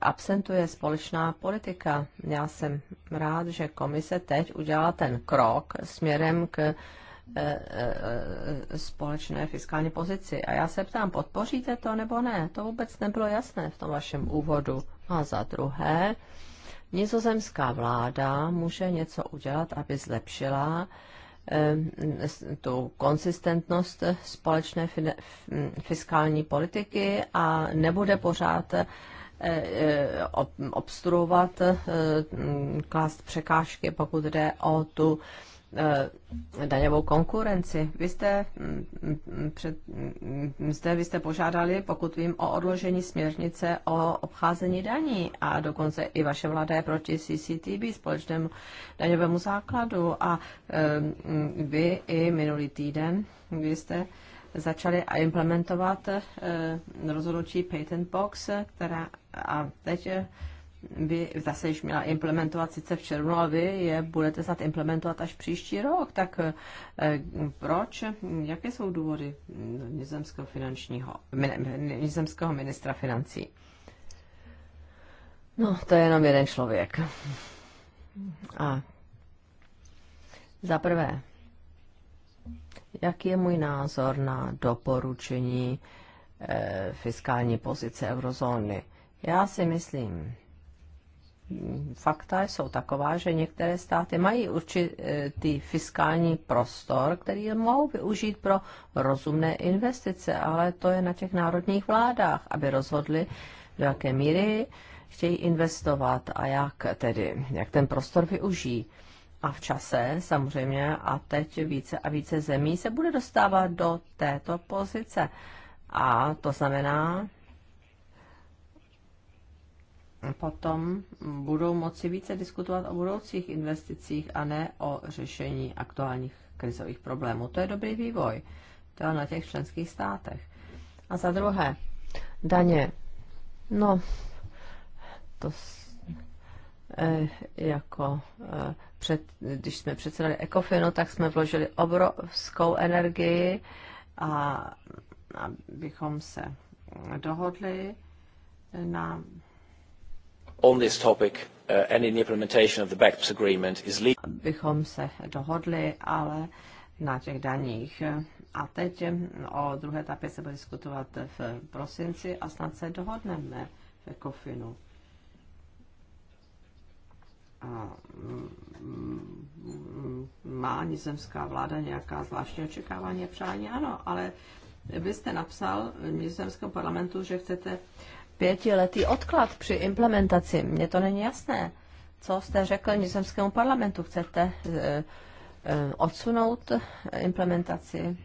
absentuje společná politika. Já jsem rád, že komise teď udělala ten krok směrem k eh, eh, společné fiskální pozici. A já se ptám, podpoříte to nebo ne? To vůbec nebylo jasné v tom vašem úvodu. No a za druhé, nizozemská vláda může něco udělat, aby zlepšila Eh, tu konsistentnost společné fiskální politiky a nebude pořád eh, eh, obstruovat, klást překážky, pokud jde o tu Eh, daňovou konkurenci. Vy jste, mm, mm, před, mm, jste, vy jste požádali, pokud vím, o odložení směrnice o obcházení daní a dokonce i vaše vláda je proti CCTB, společnému daňovému základu a eh, vy i minulý týden, vy jste začali implementovat eh, rozhodnutí Patent Box, která a teď vy zase již měla implementovat sice v červnu, ale vy je budete snad implementovat až příští rok. Tak eh, proč? Jaké jsou důvody nizemského, finančního, nizemského ministra financí? No, to je jenom jeden člověk. A za prvé, jaký je můj názor na doporučení e, fiskální pozice eurozóny? Já si myslím, fakta jsou taková, že některé státy mají určitý fiskální prostor, který mohou využít pro rozumné investice, ale to je na těch národních vládách, aby rozhodli, do jaké míry chtějí investovat a jak tedy, jak ten prostor využijí. A v čase samozřejmě a teď více a více zemí se bude dostávat do této pozice. A to znamená, potom budou moci více diskutovat o budoucích investicích a ne o řešení aktuálních krizových problémů. To je dobrý vývoj. To je na těch členských státech. A za druhé, daně. No, to e, jako e, před, když jsme předsedali Ecofinu, tak jsme vložili obrovskou energii a abychom se dohodli na on this topic uh, and in the implementation of the BEPS agreement is legal. Bychom se dohodli, ale na těch daních. A teď mm, o druhé etapě se bude diskutovat v prosinci a snad se dohodneme v kofinu. A mm, mm, má nizemská vláda nějaká zvláštní očekávání a přání? Ano, ale vy jste napsal v nizemském parlamentu, že chcete pětiletý odklad při implementaci. Mně to není jasné. Co jste řekl nizozemskému parlamentu? Chcete eh, eh, odsunout implementaci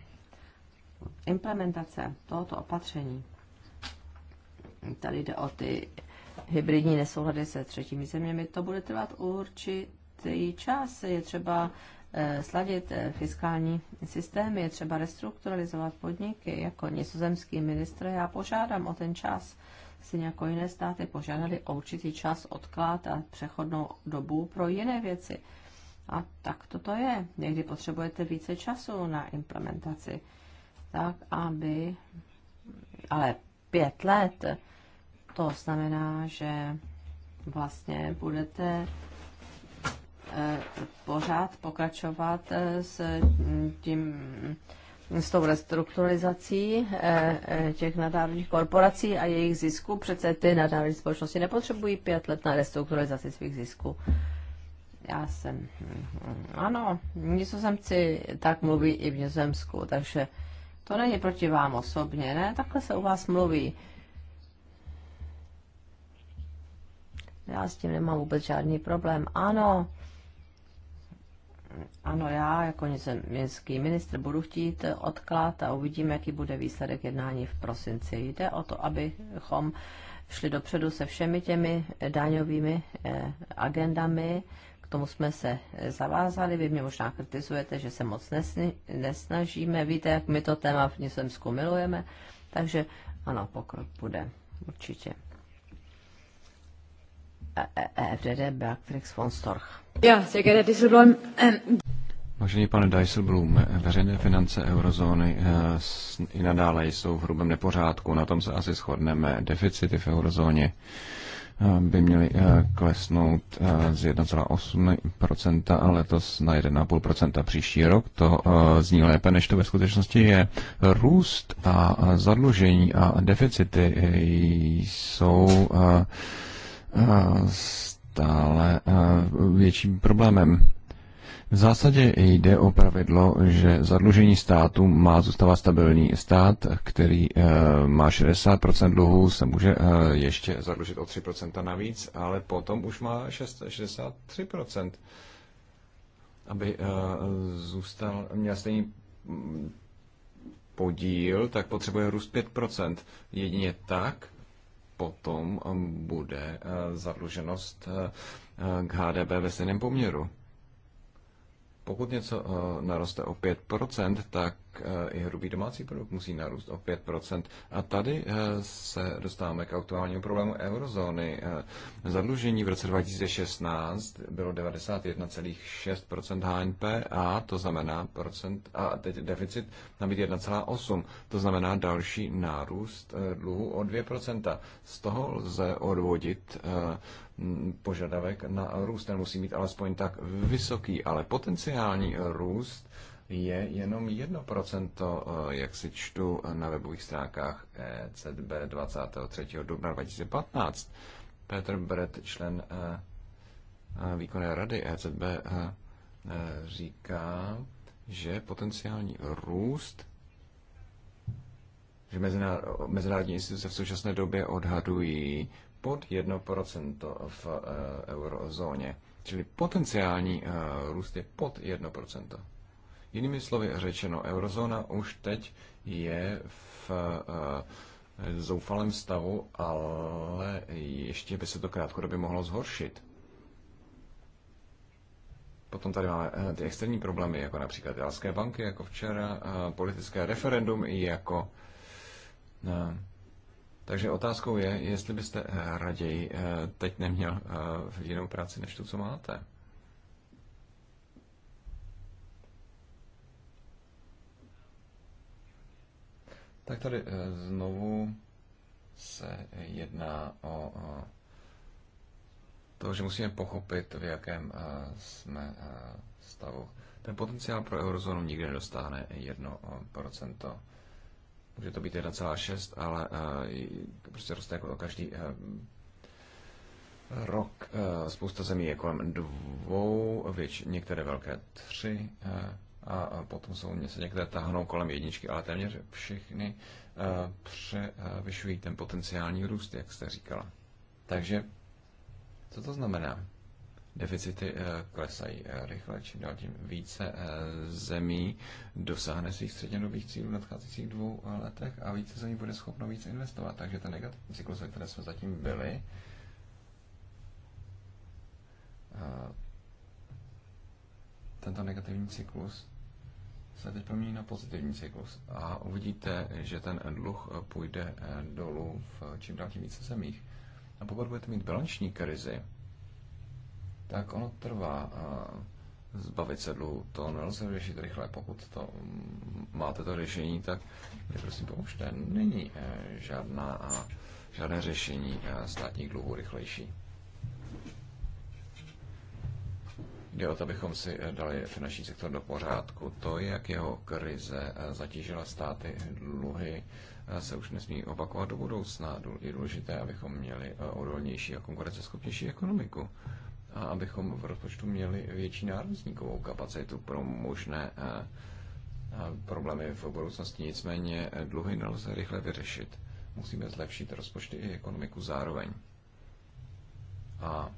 implementace tohoto opatření. Tady jde o ty hybridní nesouhlady se třetími zeměmi. To bude trvat určitý čas. Je třeba eh, sladit fiskální systémy, je třeba restrukturalizovat podniky. Jako nizozemský ministr já požádám o ten čas, si jako jiné státy, požádali o určitý čas odklad a přechodnou dobu pro jiné věci. A tak toto je. Někdy potřebujete více času na implementaci, tak aby, ale pět let, to znamená, že vlastně budete eh, pořád pokračovat eh, s mm, tím s tou restrukturalizací eh, eh, těch nadárodních korporací a jejich zisků. Přece ty nadárodní společnosti nepotřebují pět let na restrukturalizaci svých zisků. Já jsem, hm, ano, nizozemci tak mluví i v Nizozemsku, takže to není proti vám osobně, ne? Takhle se u vás mluví. Já s tím nemám vůbec žádný problém. Ano, ano, já jako nizozemský ministr budu chtít odklad a uvidíme, jaký bude výsledek jednání v prosinci. Jde o to, abychom šli dopředu se všemi těmi daňovými eh, agendami, k tomu jsme se eh, zavázali. Vy mě možná kritizujete, že se moc nesnažíme. Víte, jak my to téma v Nizozemsku milujeme. Takže ano, pokrok bude určitě. EFDD e e Beatrix von Storch. Ja, sehr geehrter Dieselblom. Vážený pane Dijsselbloom, veřejné finance eurozóny eh, i nadále jsou v hrubém nepořádku, na tom se asi shodneme. Deficity v eurozóně eh, by měly eh, klesnout z 1,8% letos na 1,5% příští rok. To zní lépe, než to ve skutečnosti je. Růst a zadlužení a deficity jsou stále větším problémem. V zásadě jde o pravidlo, že zadlužení státu má zůstávat stabilní. Stát, který e, má 60% dluhu, se může e, ještě zadlužit o 3% navíc, ale potom už má 6, 63%, aby e, zůstal, měl stejný podíl, tak potřebuje růst 5%. Jedině tak potom eh, bude eh, zadluženost eh, k HDP ve stejném poměru pokud něco eh, naroste o 5%, tak eh, i hrubý domácí produkt musí narůst o 5%. A tady eh, se dostáváme k aktuálnímu problému eurozóny. Zadlužení v roce 2016 bylo 91,6% HNP a to znamená procent, a teď deficit na být 1,8. To znamená další nárůst dluhu o 2%. Z toho lze odvodit Mm, požadavek na růst. Ten musí mít alespoň tak vysoký, ale potenciální růst je jenom 1%, eh, jak si čtu eh, na webových stránkách ECB 23. dubna 2015. Petr Brett, člen eh, výkonné rady ECB, říká, že potenciální růst že mezinárodní instituce v současné době odhadují pod 1% v eh, eurozóně. Čili potenciální eh, růst je pod 1%. Jinými slovy řečeno, eurozóna už teď je v eh, zoufalém stavu, ale ještě by se to krátkodobě mohlo zhoršit. Potom tady máme ty externí problémy, jako například italské banky, jako včera, politické referendum, i jako takže otázkou je, jestli byste eh, raději eh, teď neměl eh, jinou práci než tu, co máte. Tak tady znovu se jedná o to, že musíme pochopit, v jakém jsme stavu. Ten potenciál pro eurozónu nikdy nedostáhne 1%. Může to být 1,6, ale eh, prostě roste jako každý eh, rok. Eh, spousta zemí je kolem dvou, věč, některé velké tři a potom jsou se některé tahnou kolem jedničky, ale téměř všechny převyšují ten potenciální růst, jak jste říkala. Takže co to znamená? Deficity eh, klesají eh, rychle, čím dál tím více eh, zemí dosáhne svých střednědobých cílů v nadcházejících dvou letech a více zemí bude schopno víc investovat. Takže ten negativní cyklus, ve které jsme zatím byli, tento negativní cyklus se teď promění na pozitivní cyklus a uvidíte, že ten dluh půjde dolů v čím dál tím více zemích. A pokud budete mít bilanční krizi, tak ono trvá zbavit se dluhu. To nelze řešit rychle. Pokud to máte to řešení, tak mi prosím pomožte. Není eh, žádná, žádné řešení eh, státních dluhů rychlejší. Jde o to, abychom si eh, dali finanční sektor do pořádku. To, jak jeho krize zatížila státy dluhy, se už nesmí opakovat do budoucna. Je důležité, abychom měli odolnější a konkurenceschopnější ekonomiku a abychom v rozpočtu měli větší nárůstníkovou kapacitu pro možné eh, eh, problémy v budoucnosti. Nicméně eh, dluhy nelze rychle vyřešit. Musíme zlepšit rozpočty i ekonomiku zároveň. A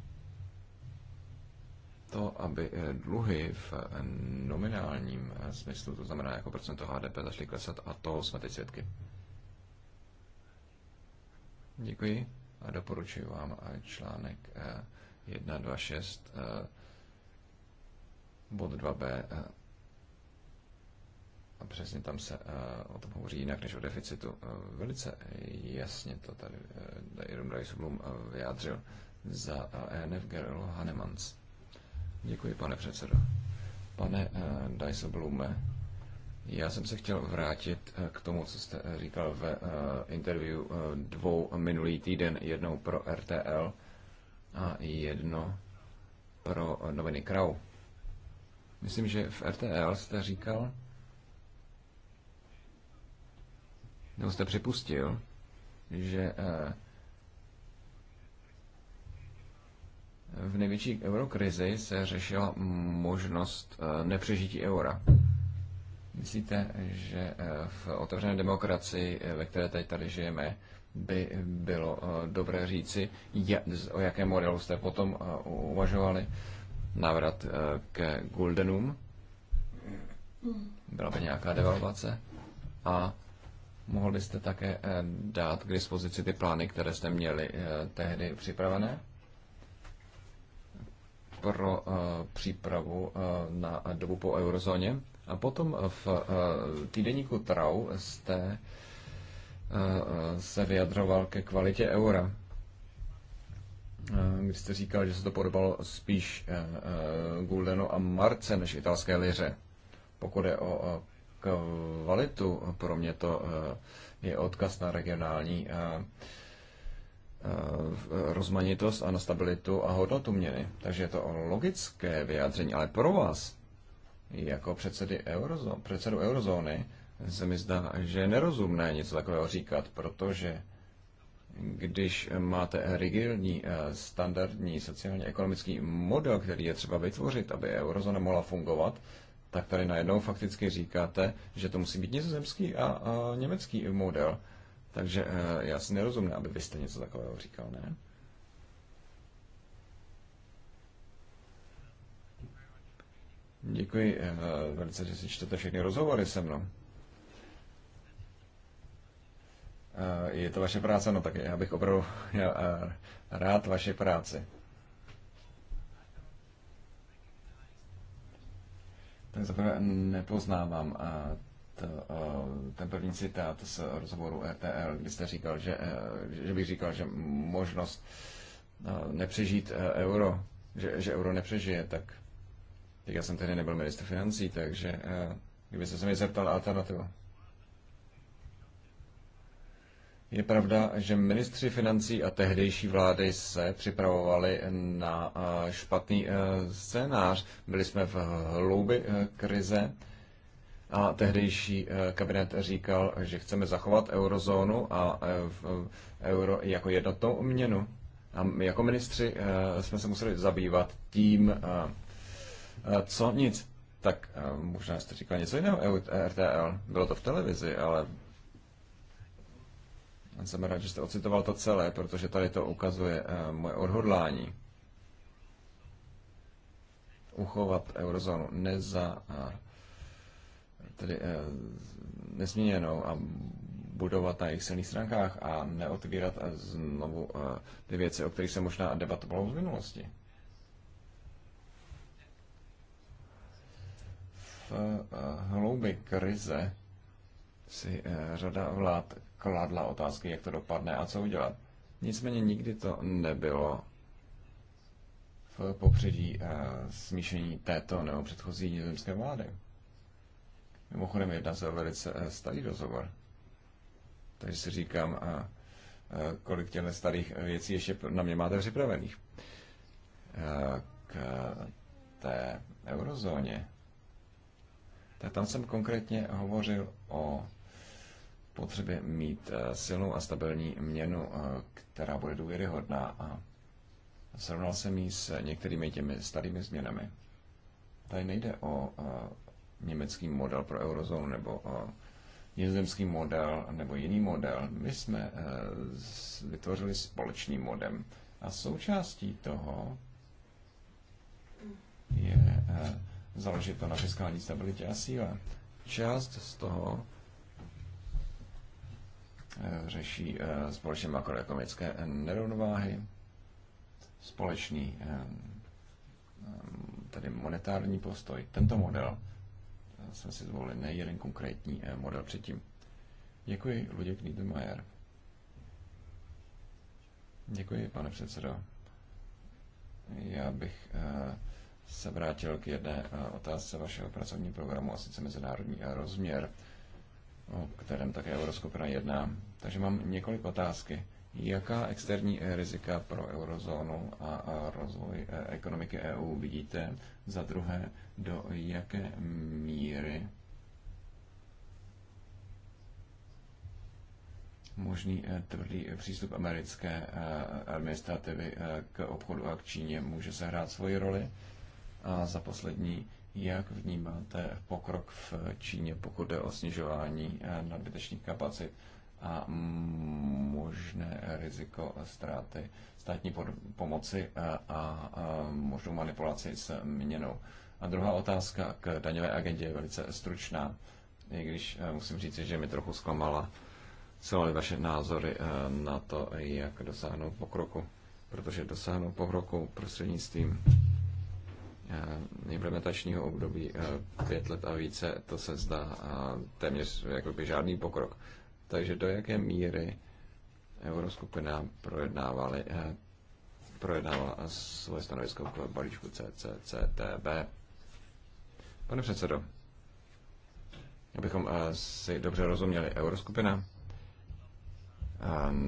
to, aby dluhy v nominálním smyslu, to znamená jako procento HDP, začaly klesat a toho jsme teď svědky. Děkuji a doporučuji vám článek 126 eh, bod 2b eh, a přesně tam se eh, o tom hovoří jinak než o deficitu. Velice jasně to tady Iron Dijsselblum vyjádřil za ENF e Gerl Hanemans. Děkuji, pane předsedo. Pane Dijsselblume, já jsem se chtěl vrátit k tomu, co jste říkal ve interview dvou minulý týden, jednou pro RTL – a jedno pro noviny Krau. Myslím, že v RTL jste říkal, nebo jste připustil, že eh, v největší eurokrizi se řešila možnost eh, nepřežití eura. Myslíte, že eh, v otevřené demokracii, ve které teď tady žijeme, by bylo eh, dobré říci, o jakém modelu jste potom eh, uvažovali návrat eh, ke Guldenům. Byla by nějaká devalvace a mohl byste také dát k dispozici ty plány, které jste měli tehdy připravené pro přípravu na dobu po eurozóně. A potom v týdeníku Trau jste Eh, se vyjadřoval ke kvalitě eura. Eh, když jste říkal, že se to podobalo spíš eh, guldenu a marce než italské liře. Pokud je o kvalitu, pro mě to je odkaz na regionální rozmanitost a na stabilitu a hodnotu měny. Takže je to logické vyjádření, ale pro vás, jako předsedy eurozó- předsedu eurozóny, se mi zdá, že je nerozumné něco takového říkat, protože když máte rigidní eh, standardní sociálně-ekonomický model, který je třeba vytvořit, aby eurozona mohla fungovat, tak tady najednou fakticky říkáte, že to musí být nizozemský a, a německý model. Takže eh, já si nerozumím, aby vy jste něco takového říkal, ne? Děkuji eh, velice, že si čtete všechny rozhovory se mnou. Eh, je to vaše práce? No tak já bych opravdu měl eh, rád vaše práci. Tak zaprvé nepoznávám eh, to, ten první citát z rozhovoru RTL, kdy jste říkal, že, že bych říkal, že možnost nepřežít euro, že, že euro nepřežije, tak, tak já jsem tehdy nebyl ministr financí, takže kdybyste se mi zeptal alternativu. Je pravda, že ministři financí a tehdejší vlády se připravovali na eh, špatný eh, scénář. Byli jsme v hloubi eh, krize a tehdejší kabinet říkal, že chceme zachovat eurozónu a euro jako jednotnou měnu. A my jako ministři jsme se museli zabývat tím, co nic. Tak možná jste říkal něco jiného, RTL. E Bylo to v televizi, ale jsem rád, že jste ocitoval to celé, protože tady to ukazuje eh, moje odhodlání uchovat eurozónu neza, tedy eh, nezměněnou a budovat na jejich silných stránkách a neotvírat eh, znovu ty věci, o kterých se možná debatovalo v minulosti. V hloubi krize si řada vlád kladla otázky, jak to dopadne a co udělat. Nicméně nikdy to nebylo v popředí eh, smíšení této nebo předchozí nizozemské vlády. Mimochodem jedná se o velice eh, starý rozhovor. Takže si říkám, uh, kolik těchto starých věcí ještě na mě máte připravených. K té eurozóně. Tak tam jsem konkrétně hovořil o potřebě mít eh, silnou a stabilní měnu, eh, která bude důvěryhodná. A srovnal jsem ji s některými těmi starými změnami. Tady nejde o eh, německý model pro eurozónu nebo nizozemský model nebo jiný model. My jsme vytvořili společný modem a součástí toho je založit to na fiskální stabilitě a síle. Část z toho řeší eh, společně makroekonomické nerovnováhy, společný eh, eh, tedy monetární postoj. Tento model jsem si zvolili, ne jeden konkrétní model předtím. Děkuji, Luděk Niedermayer. Děkuji, pane předsedo. Já bych se vrátil k jedné otázce vašeho pracovního programu, a sice mezinárodní rozměr o kterém také Euroskupina jedná. Takže mám několik otázky. Jaká externí eh, rizika pro eurozónu a rozvoj eh, ekonomiky EU vidíte? Za druhé, do jaké míry možný eh, tvrdý přístup americké administrativy k obchodu a k Číně může sehrát svoji roli? A za poslední, jak vnímáte pokrok v Číně, pokud jde o snižování eh, nadbytečných kapacit a možné riziko ztráty státní pomoci eh, a eh, možnou manipulaci s měnou? A druhá otázka k daňové agendě je velice stručná, i když musím říct, že mi trochu zklamala celé vaše názory na to, jak dosáhnout pokroku. Protože dosáhnout pokroku prostřednictvím Eh, implementačního období eh, pět let a více, to se zdá eh, téměř jako by žádný pokrok. Takže do jaké míry euroskupina projednávali, projednávala svoje stanovisko k balíčku CCCTB? Pane předsedo, abychom si dobře rozuměli, euroskupina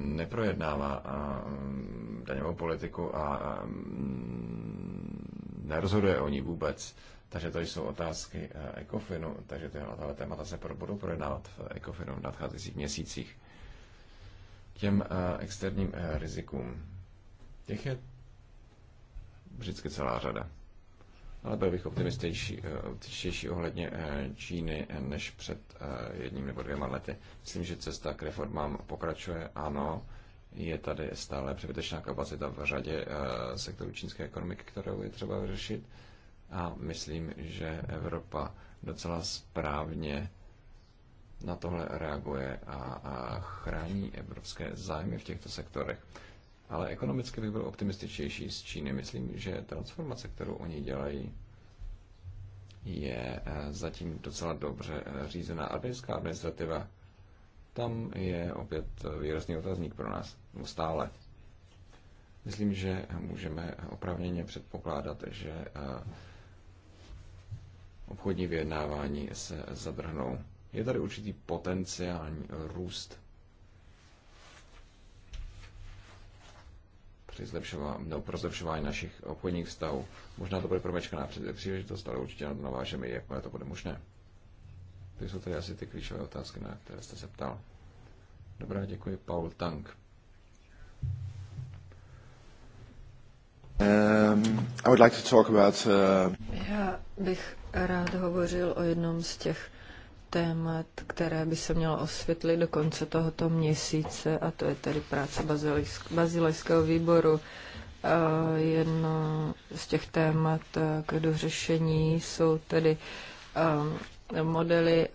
neprojednává mm, daňovou politiku a mm, nerozhoduje o ní vůbec. Takže to jsou otázky e, ECOFINu, takže tyhle témata se budou projednávat v ECOFINu v nadcházejících měsících. Těm e, externím e, rizikům. Těch je vždycky celá řada ale byl bych optimističtější, eh, optimističtější ohledně eh, Číny eh, než před jedním nebo dvěma lety. Myslím, že cesta k reformám pokračuje, ano, je tady stále přebytečná kapacita v řadě sektorů čínské ekonomiky, kterou je třeba vyřešit a myslím, že Evropa docela správně na tohle reaguje a, a chrání evropské zájmy v těchto sektorech. Ale ekonomicky bych byl optimističtější z Číny. Myslím, že transformace, kterou oni dělají, je eh, zatím docela dobře eh, řízená. Americká administrativa, tam je opět eh, výrazný otazník pro nás, no stále. Myslím, že můžeme opravněně předpokládat, že obchodní vyjednávání se zadrhnou. Je tady určitý potenciální růst při zlepšování, no, pro zlepšování našich obchodních vztahů. Možná to bude promečkaná příležitost, ale určitě na to navážeme, jakmile to bude možné. To jsou tady asi ty klíčové otázky, na které jste se ptal. Dobrá, děkuji. Paul Tank. Um, I would like to talk about, uh... Já bych rád hovořil o jednom z těch témat, které by se mělo osvětlit do konce tohoto měsíce, a to je tedy práce bazilejského výboru. E, jedno z těch témat e, k dořešení jsou tedy e, modely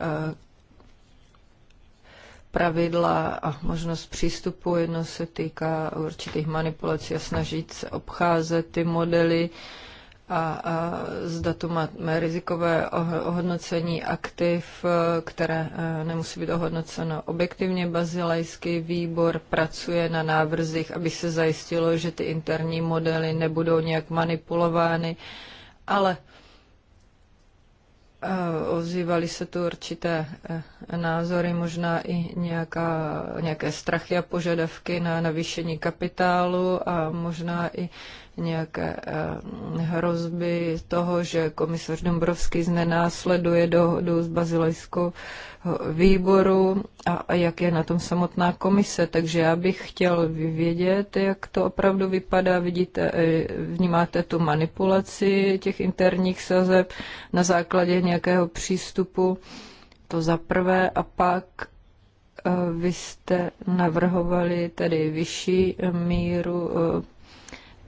pravidla a možnost přístupu. Jedno se týká určitých manipulací a snažit se obcházet ty modely a, a zda to má, má rizikové ohodnocení aktiv, eh, které eh, nemusí být ohodnoceno objektivně. Bazilejský výbor pracuje na návrzích, aby se zajistilo, že ty interní modely nebudou nějak manipulovány, ale eh, ozývaly se tu určité názory, možná i nějaká, nějaké strachy a požadavky na navýšení kapitálu a možná i nějaké eh, hrozby toho, že komisař Dombrovský znenásleduje dohodu z bazilejskou výboru a, a jak je na tom samotná komise. Takže já bych chtěl vědět, jak to opravdu vypadá. Vidíte, eh, vnímáte tu manipulaci těch interních sazeb na základě nějakého přístupu. To za prvé a pak eh, vy jste navrhovali tedy vyšší míru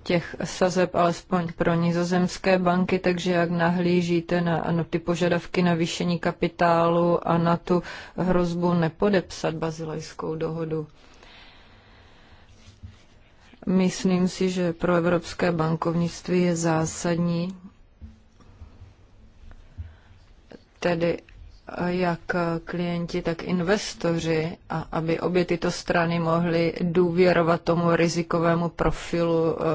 těch sazeb alespoň pro nizozemské banky, takže jak nahlížíte na, na ty požadavky na vyšení kapitálu a na tu hrozbu nepodepsat bazilejskou dohodu? Myslím si, že pro evropské bankovnictví je zásadní tedy jak klienti, tak investoři, a aby obě tyto strany mohly důvěrovat tomu rizikovému profilu, eh,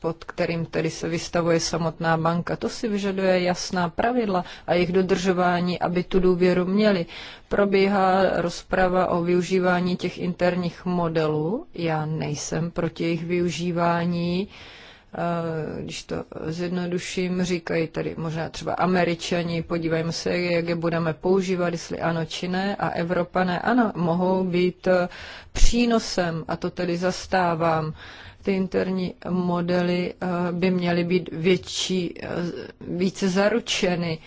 pod kterým tedy se vystavuje samotná banka. To si vyžaduje jasná pravidla a jejich dodržování, aby tu důvěru měli. Probíhá rozprava o využívání těch interních modelů. Já nejsem proti jejich využívání když to zjednoduším, říkají tady možná třeba američani, podívejme se, jak je budeme používat, jestli ano či ne, a Evropané ano, mohou být eh, přínosem, a to tedy zastávám. Ty interní modely eh, by měly být větší, eh, více zaručeny,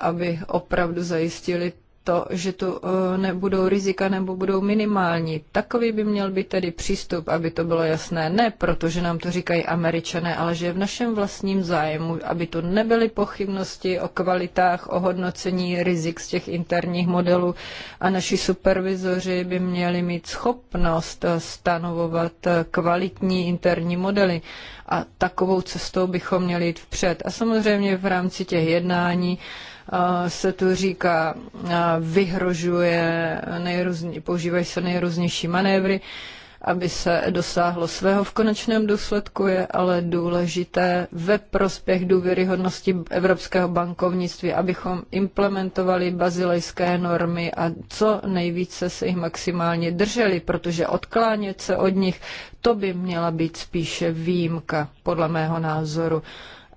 aby opravdu zajistili to, že tu eh, nebudou rizika nebo budou minimální. Takový by měl být tedy přístup, aby to bylo jasné. Ne že nám to říkají američané, ale že v našem vlastním zájmu, aby tu nebyly pochybnosti o kvalitách, o hodnocení rizik z těch interních modelů a naši supervizoři by měli mít schopnost eh, stanovovat eh, kvalitní interní modely a takovou cestou bychom měli jít vpřed. A samozřejmě v rámci těch jednání se tu říká, vyhrožuje, nejrůzně, používají se nejrůznější manévry, aby se dosáhlo svého. V konečném důsledku je ale důležité ve prospěch důvěryhodnosti evropského bankovnictví, abychom implementovali bazilejské normy a co nejvíce se jich maximálně drželi, protože odklánět se od nich, to by měla být spíše výjimka, podle mého názoru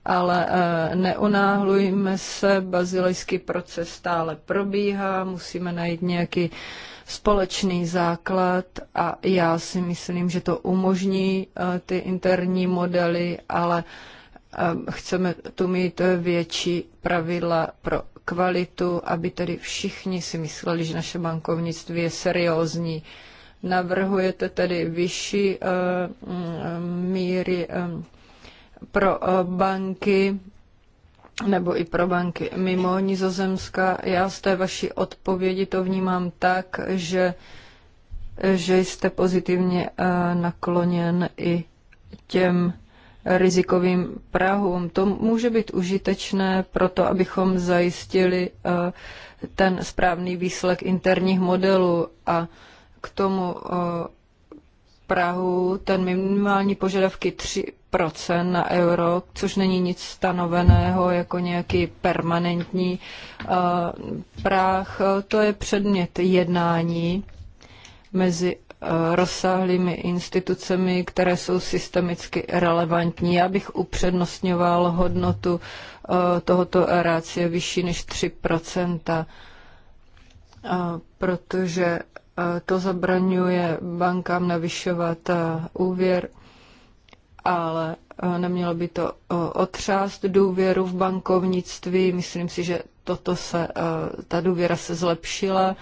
ale eh, neonáhlujme se, bazilejský proces stále probíhá, musíme najít nějaký společný základ a já si myslím, že to umožní eh, ty interní modely, ale eh, chceme tu mít větší pravidla pro kvalitu, aby tedy všichni si mysleli, že naše bankovnictví je seriózní. Navrhujete tedy vyšší míry pro eh, banky nebo i pro banky mimo Nizozemska. Já z té vaší odpovědi to vnímám tak, že, že jste pozitivně eh, nakloněn i těm rizikovým prahům. To může být užitečné pro to, abychom zajistili eh, ten správný výsledek interních modelů a k tomu Prahu ten minimální požadavky 3 procent na euro, což není nic stanoveného jako nějaký permanentní eh, práh. To je předmět jednání mezi eh, rozsáhlými institucemi, které jsou systemicky relevantní. Já bych upřednostňoval hodnotu eh, tohoto rácie vyšší než 3 protože to zabraňuje bankám navyšovat úvěr ale eh, nemělo by to eh, otřást důvěru v bankovnictví. Myslím si, že toto se, eh, ta důvěra se zlepšila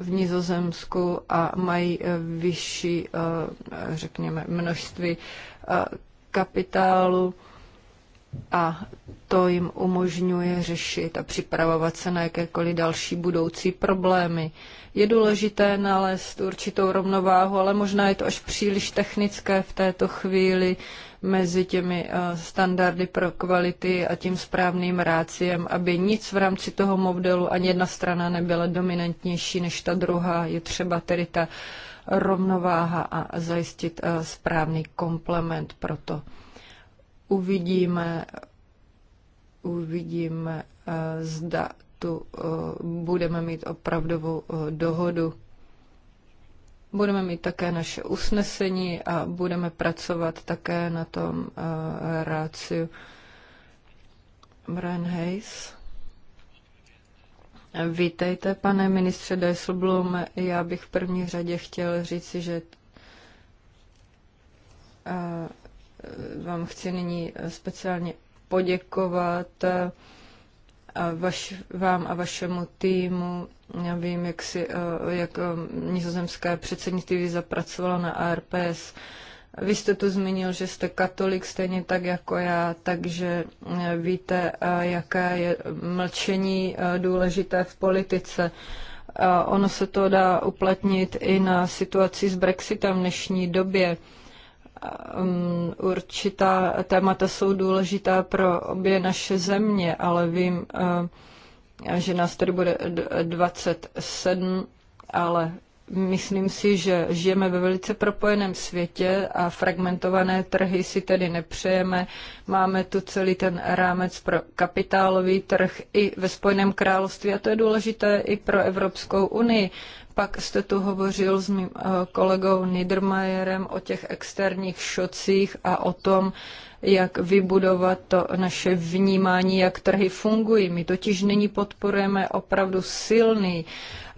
v Nizozemsku a mají vyšší, řekněme, množství kapitálu a to jim umožňuje řešit a připravovat se na jakékoliv další budoucí problémy. Je důležité nalézt určitou rovnováhu, ale možná je to až příliš technické v této chvíli mezi těmi eh, standardy pro kvality a tím správným ráciem, aby nic v rámci toho modelu ani jedna strana nebyla dominantnější než ta druhá. Je třeba tedy ta rovnováha a zajistit eh, správný komplement pro to. Uvidíme, uvidíme, eh, zda tu eh, budeme mít opravdovou eh, dohodu. Budeme mít také naše usnesení a budeme pracovat také na tom eh, ráciu. Brian Hayes. Vítejte, pane ministře Dijsselblum. Já bych v první řadě chtěl říci, že vám chci nyní speciálně poděkovat a vaš, vám a vašemu týmu. Já vím, jak, si, eh, jak eh, nizozemské předsednictví zapracovalo na RPS. Vy jste tu zmínil, že jste katolik stejně tak jako já, takže eh, víte, jaké je mlčení důležité v politice. Ono se to dá uplatnit i na situaci s Brexitem v dnešní době um, určitá témata jsou důležitá pro obě naše země, ale vím, uh, že nás tady bude 27, ale myslím si, že žijeme ve velice propojeném světě a fragmentované trhy si tedy nepřejeme. Máme tu celý ten rámec pro kapitálový trh i ve Spojeném království a to je důležité i pro Evropskou unii. Pak jste tu hovořil s mým eh, kolegou Niedermayerem o těch externích šocích a o tom, jak vybudovat to naše vnímání, jak trhy fungují. My totiž nyní podporujeme opravdu silný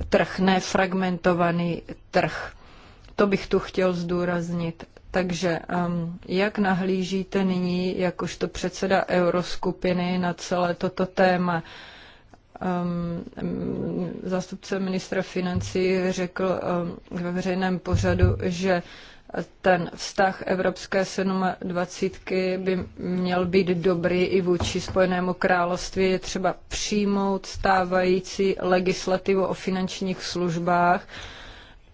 trh, fragmentovaný trh. To bych tu chtěl zdůraznit. Takže um, jak nahlížíte nyní, jakožto předseda euroskupiny, na celé toto téma? Uh, um, zástupce ministra financí řekl um, ve veřejném pořadu, že ten vztah Evropské 27 by měl být dobrý i vůči Spojenému království. Je třeba přijmout stávající legislativu o finančních službách,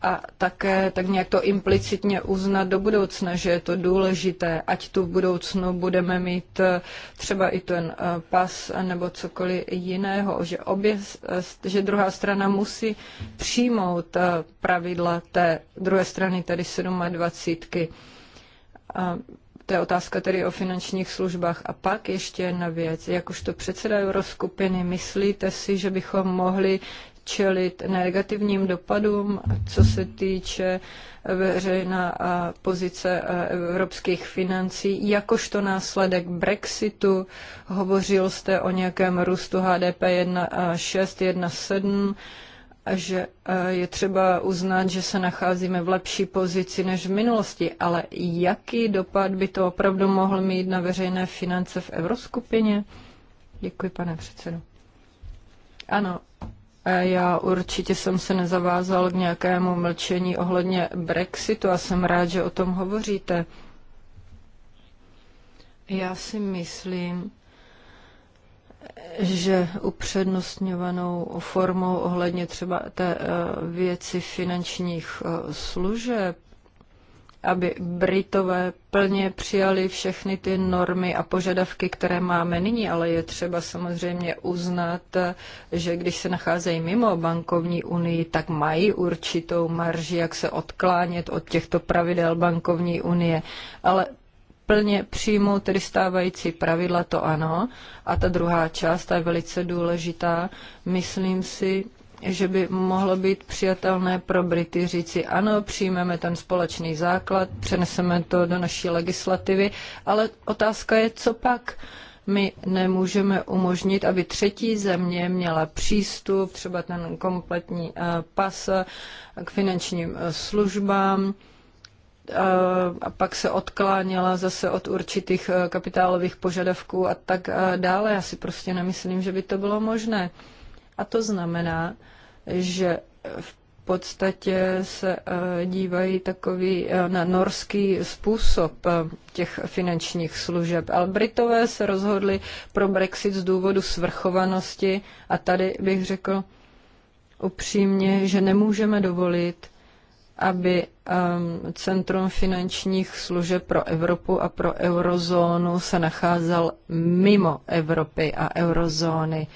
a také tak nějak to implicitně uznat do budoucna, že je to důležité, ať tu v budoucnu budeme mít eh, třeba i ten eh, pas nebo cokoliv jiného, že, obě, eh, že druhá strana musí přijmout pravidla té druhé strany, tedy 27. A to je otázka tedy o finančních službách. A pak ještě jedna věc. Jakožto předseda Euroskupiny, myslíte si, že bychom mohli čelit negativním dopadům, co se týče veřejná pozice evropských financí, jakožto následek Brexitu. Hovořil jste o nějakém růstu HDP 1,6, 1,7 a že je třeba uznat, že se nacházíme v lepší pozici než v minulosti, ale jaký dopad by to opravdu mohl mít na veřejné finance v Evroskupině? Děkuji, pane předsedo. Ano, já určitě jsem se nezavázal k nějakému mlčení ohledně Brexitu a jsem rád, že o tom hovoříte. Já si myslím, že upřednostňovanou formou ohledně třeba té eh, věci finančních eh, služeb aby Britové plně přijali všechny ty normy a požadavky, které máme nyní, ale je třeba samozřejmě uznat, že když se nacházejí mimo bankovní unii, tak mají určitou marži, jak se odklánět od těchto pravidel bankovní unie. Ale plně přijmou tedy stávající pravidla, to ano. A ta druhá část, ta je velice důležitá. Myslím si, že by mohlo být přijatelné pro Brity říci ano, přijmeme ten společný základ, přeneseme to do naší legislativy, ale otázka je, co pak? My nemůžeme umožnit, aby třetí země měla přístup, třeba ten kompletní eh, pas eh, k finančním eh, službám, a pak se odkláněla zase od určitých kapitálových požadavků a tak dále. Já si prostě nemyslím, že by to bylo možné. A to znamená, že v podstatě se eh, dívají takový eh, na norský způsob eh, těch finančních služeb. Ale Britové se rozhodli pro Brexit z důvodu svrchovanosti a tady bych řekl upřímně, že nemůžeme dovolit, aby ehm, Centrum finančních služeb pro Evropu a pro eurozónu se nacházel mimo Evropy a eurozóny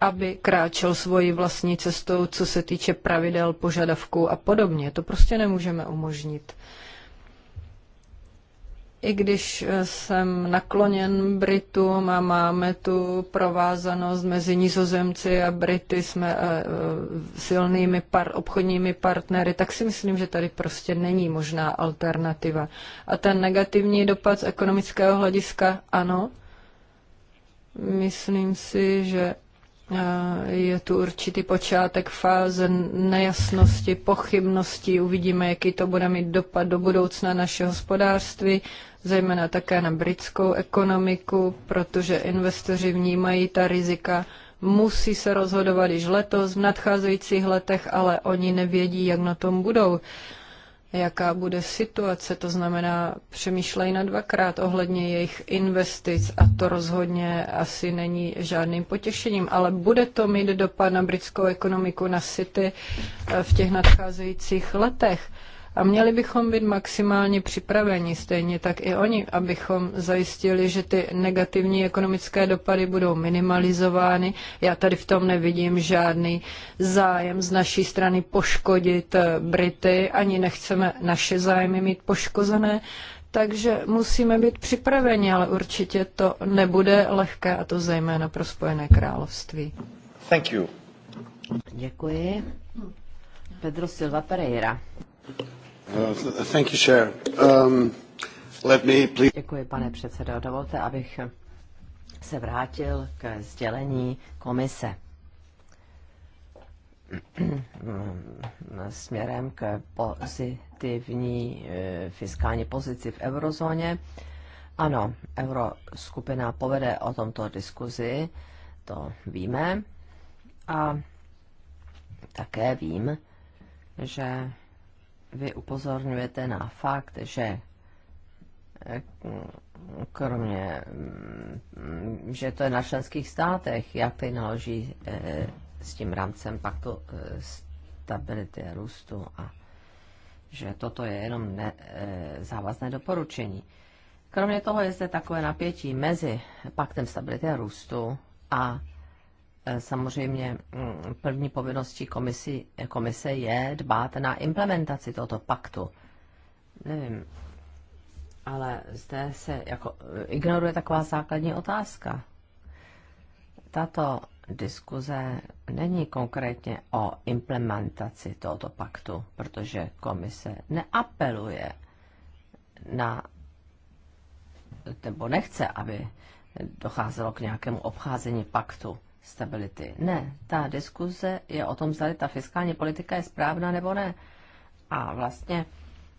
aby kráčel svoji vlastní cestou, co se týče pravidel, požadavků a podobně. To prostě nemůžeme umožnit. I když eh, jsem nakloněn Britům a máme tu provázanost mezi Nizozemci a Brity, jsme eh, eh, silnými par- obchodními partnery, tak si myslím, že tady prostě není možná alternativa. A ten negativní dopad z ekonomického hlediska, ano, myslím si, že je tu určitý počátek fáze nejasnosti, pochybností. Uvidíme, jaký to bude mít dopad do budoucna naše hospodářství, zejména také na britskou ekonomiku, protože investoři vnímají ta rizika. Musí se rozhodovat již letos, v nadcházejících letech, ale oni nevědí, jak na tom budou jaká bude situace, to znamená přemýšlej na dvakrát ohledně jejich investic a to rozhodně asi není žádným potěšením, ale bude to mít dopad na britskou ekonomiku, na City eh, v těch nadcházejících letech. A měli bychom být maximálně připraveni, stejně tak i oni, abychom zajistili, že ty negativní ekonomické dopady budou minimalizovány. Já tady v tom nevidím žádný zájem z naší strany poškodit eh, Brity, ani nechceme naše zájmy mít poškozené, takže musíme být připraveni, ale určitě to nebude lehké, a to zejména pro Spojené království. Thank you. Děkuji. Pedro Silva Pereira. Uh, um, Děkuji, pane předsedo. Dovolte, abych se vrátil k sdělení komise směrem k pozitivní eh, fiskální pozici v eurozóně. Ano, euroskupina povede o tomto diskuzi, to víme. A také vím, že vy upozorňujete na fakt, že eh, kromě, mm, že to je na členských státech, jak ty naloží eh, s tím rámcem paktu eh, stability a růstu a že toto je jenom ne, závazné doporučení. Kromě toho je zde takové napětí mezi paktem stability a růstu a samozřejmě mm, první povinností komisi, komise je dbát na implementaci tohoto paktu. Nevím, ale zde se jako eh, ignoruje taková základní otázka. Tato diskuze není konkrétně o implementaci tohoto paktu, protože komise neapeluje na nebo nechce, aby docházelo k nějakému obcházení paktu stability. Ne, ta diskuze je o tom, zda ta fiskální politika je správná nebo ne. A vlastně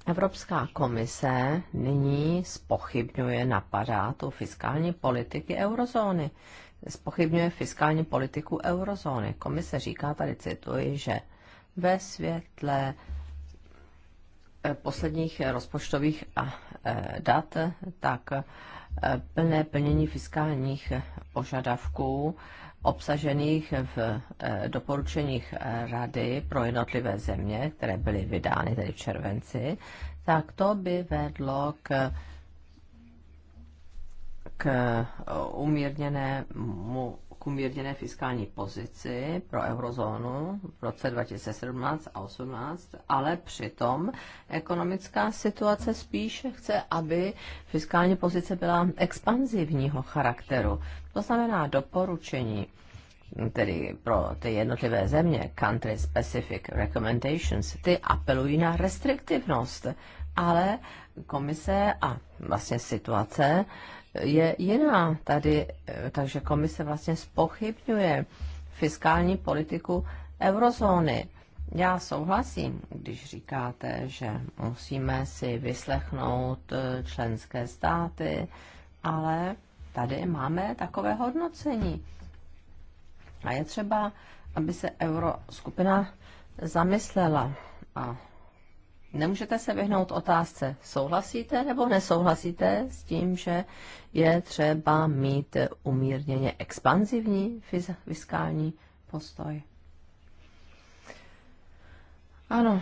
Evropská komise nyní spochybňuje, napadá tu fiskální politiky eurozóny. Spochybňuje fiskální politiku eurozóny. Komise říká, tady cituji, že ve světle eh, posledních rozpočtových eh, dat, tak eh, plné plnění fiskálních požadavků obsažených v eh, doporučeních Rady pro jednotlivé země, které byly vydány tedy v červenci, tak to by vedlo k k umírněnému k umírněné fiskální pozici pro eurozónu v roce 2017 a 2018, ale přitom ekonomická situace spíše chce, aby fiskální pozice byla expanzivního charakteru. To znamená doporučení tedy pro ty jednotlivé země, country specific recommendations, ty apelují na restriktivnost, ale komise a vlastně situace je jiná. Tady, eh, takže komise vlastně spochybňuje fiskální politiku eurozóny. Já souhlasím, když říkáte, že musíme si vyslechnout eh, členské státy, ale tady máme takové hodnocení. A je třeba, aby se euroskupina zamyslela a Nemůžete se vyhnout otázce, souhlasíte nebo nesouhlasíte s tím, že je třeba mít umírněně expanzivní fiskální postoj? Ano,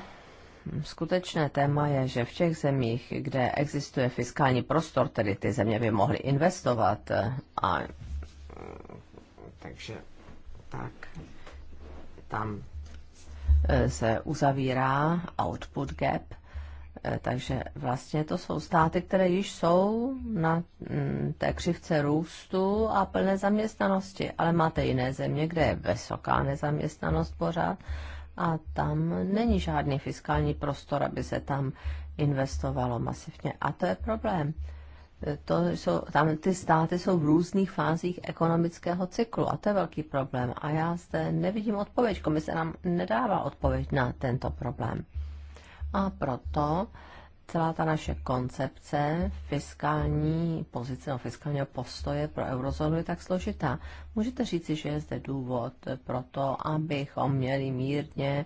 skutečné téma je, že v těch zemích, kde existuje fiskální prostor, tedy ty země by mohly investovat eh, a mm, takže tak tam se uzavírá output gap, eh, takže vlastně to jsou státy, které již jsou na mm, té křivce růstu a plné zaměstnanosti, ale máte jiné země, kde je vysoká nezaměstnanost pořád a tam není žádný fiskální prostor, aby se tam investovalo masivně. A to je problém to jsou, tam ty státy jsou v různých fázích ekonomického cyklu a to je velký problém. A já zde nevidím odpověď. Komise nám nedává odpověď na tento problém. A proto celá ta naše koncepce fiskální pozice no, fiskálního postoje pro eurozónu je tak složitá. Můžete říci, že je zde důvod pro to, abychom měli mírně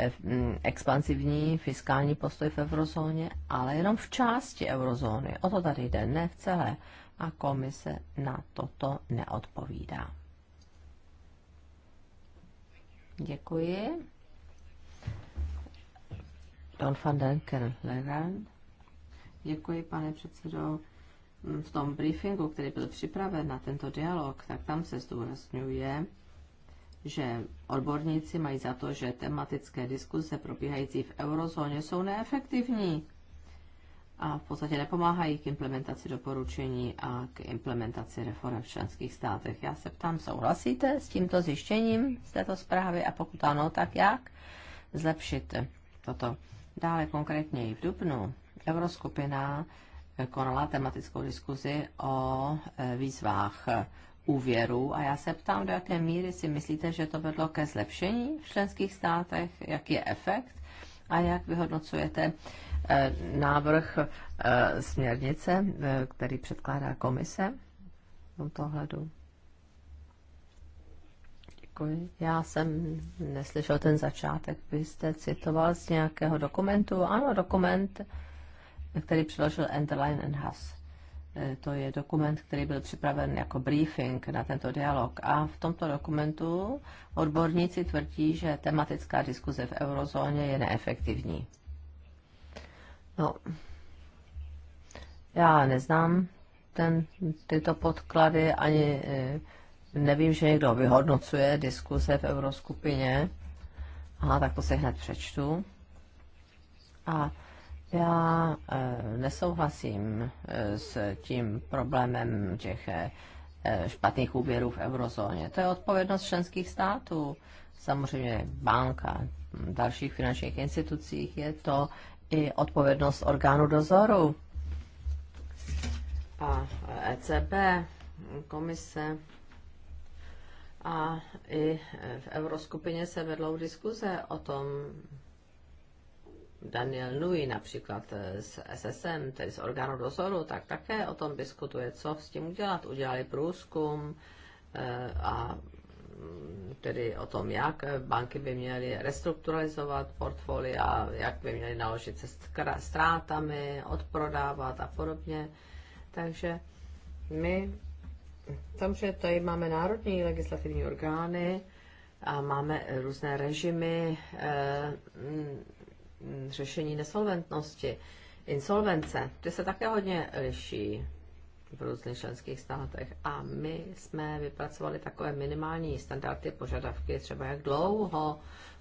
Eh, mm, expansivní fiskální postoj v eurozóně, ale jenom v části eurozóny. O to tady jde, ne v celé. A komise na toto neodpovídá. Děkuji. Don van den Leran. Děkuji, pane předsedo. V tom briefingu, který byl připraven na tento dialog, tak tam se zdůrazňuje, že odborníci mají za to, že tematické diskuse probíhající v eurozóně jsou neefektivní a v podstatě nepomáhají k implementaci doporučení a k implementaci reform v členských státech. Já se ptám, souhlasíte s tímto zjištěním z této zprávy a pokud ano, tak jak zlepšit toto? Dále konkrétně v Dubnu Euroskupina konala tematickou diskuzi o e, výzvách úvěrů a já se ptám, do jaké míry si myslíte, že to vedlo ke zlepšení v členských státech, jaký je efekt a jak vyhodnocujete eh, návrh eh, směrnice, eh, který předkládá komise v tomto ohledu. Já jsem neslyšel ten začátek. Vy jste citoval z nějakého dokumentu. Ano, dokument, který přiložil Enterline and Eh, to je dokument, který byl připraven jako briefing na tento dialog. A v tomto dokumentu odborníci tvrdí, že tematická diskuze v eurozóně je neefektivní. No, já neznám ten, tyto podklady, ani eh, nevím, že někdo vyhodnocuje diskuze v euroskupině. Aha, tak to se hned přečtu. A já eh, nesouhlasím eh, s tím problémem těch eh, špatných úvěrů v eurozóně. To je odpovědnost členských států. Samozřejmě banka, dalších finančních institucích je to i odpovědnost orgánu dozoru. A ECB, e komise a i v euroskupině se vedlou diskuze o tom, Daniel Nui například z eh, SSM, tedy z orgánu dozoru, tak také o tom diskutuje, co s tím udělat. Udělali průzkum eh, a mm, tedy o tom, jak banky by měly restrukturalizovat portfolia, jak by měly naložit se ztrátami, odprodávat a podobně. Takže my, samozřejmě tady máme národní legislativní orgány a máme různé režimy eh, mm, Mm, řešení nesolventnosti, insolvence, ty se také hodně liší v různých členských státech. A my jsme vypracovali takové minimální standardy, požadavky, třeba jak dlouho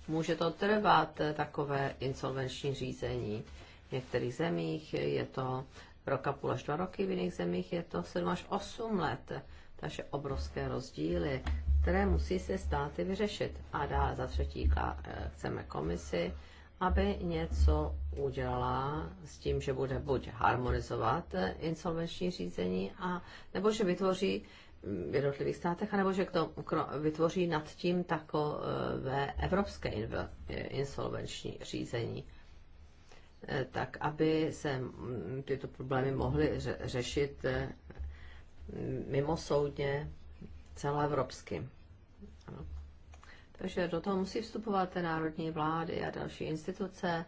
může to trvat eh, takové insolvenční řízení. V některých zemích je to rok a půl až dva roky, v jiných zemích je to 7 až 8 let. Takže obrovské rozdíly, které musí se státy vyřešit. A dá za třetí eh, chceme komisi, aby něco udělala s tím, že bude buď harmonizovat insolvenční řízení, a, nebo že vytvoří mm, v jednotlivých státech, anebo že k tomu, vytvoří nad tím takové evropské insolvenční řízení, eh, tak aby se mm, tyto problémy mohly řešit eh, mimo soudně celoevropsky. Takže do toho musí vstupovat národní vlády a další instituce.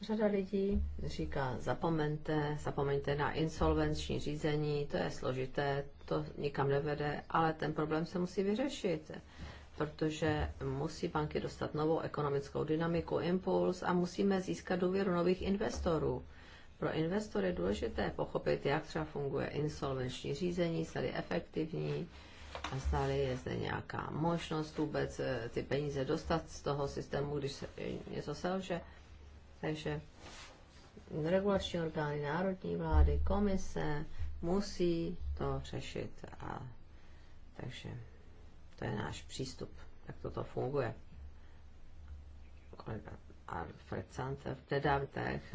Řada lidí říká, zapomeňte, zapomeňte na insolvenční řízení, to je složité, to nikam nevede, ale ten problém se musí vyřešit, protože musí banky dostat novou ekonomickou dynamiku, impuls a musíme získat důvěru nových investorů. Pro investory je důležité pochopit, jak třeba funguje insolvenční řízení, zda je efektivní, a zdali je zde nějaká možnost vůbec eh, ty peníze dostat z toho systému, když se něco selže. Takže regulační orgány, národní vlády, komise musí to řešit. A, takže to je náš přístup, jak toto funguje. Kolega Alfred Santer v nedávných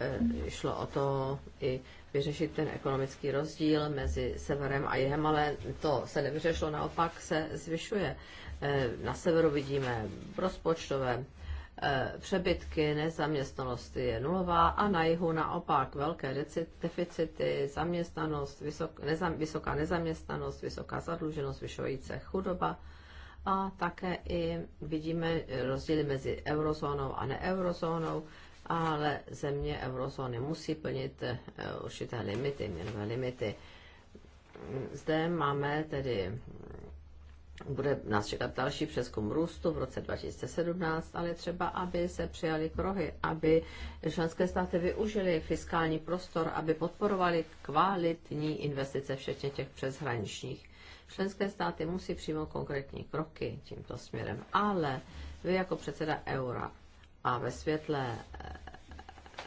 Eh, šlo o to i vyřešit ten ekonomický rozdíl mezi severem a jihem, ale to se nevyřešilo, naopak se zvyšuje. Eh, na severu vidíme rozpočtové eh, přebytky, nezaměstnanost je nulová a na jihu naopak velké deficity, zaměstnanost, vysok, nezam, vysoká nezaměstnanost, vysoká zadluženost, zvyšující chudoba a také i vidíme rozdíly mezi eurozónou a neeurozónou ale země eurozóny musí plnit eh, určité limity, měnové limity. Zde máme tedy, bude nás čekat další přeskum růstu v roce 2017, ale třeba, aby se přijaly krohy, aby členské státy využily fiskální prostor, aby podporovali kvalitní investice, včetně těch přeshraničních. Členské státy musí přijmout konkrétní kroky tímto směrem, ale vy jako předseda Eura a ve světle eh,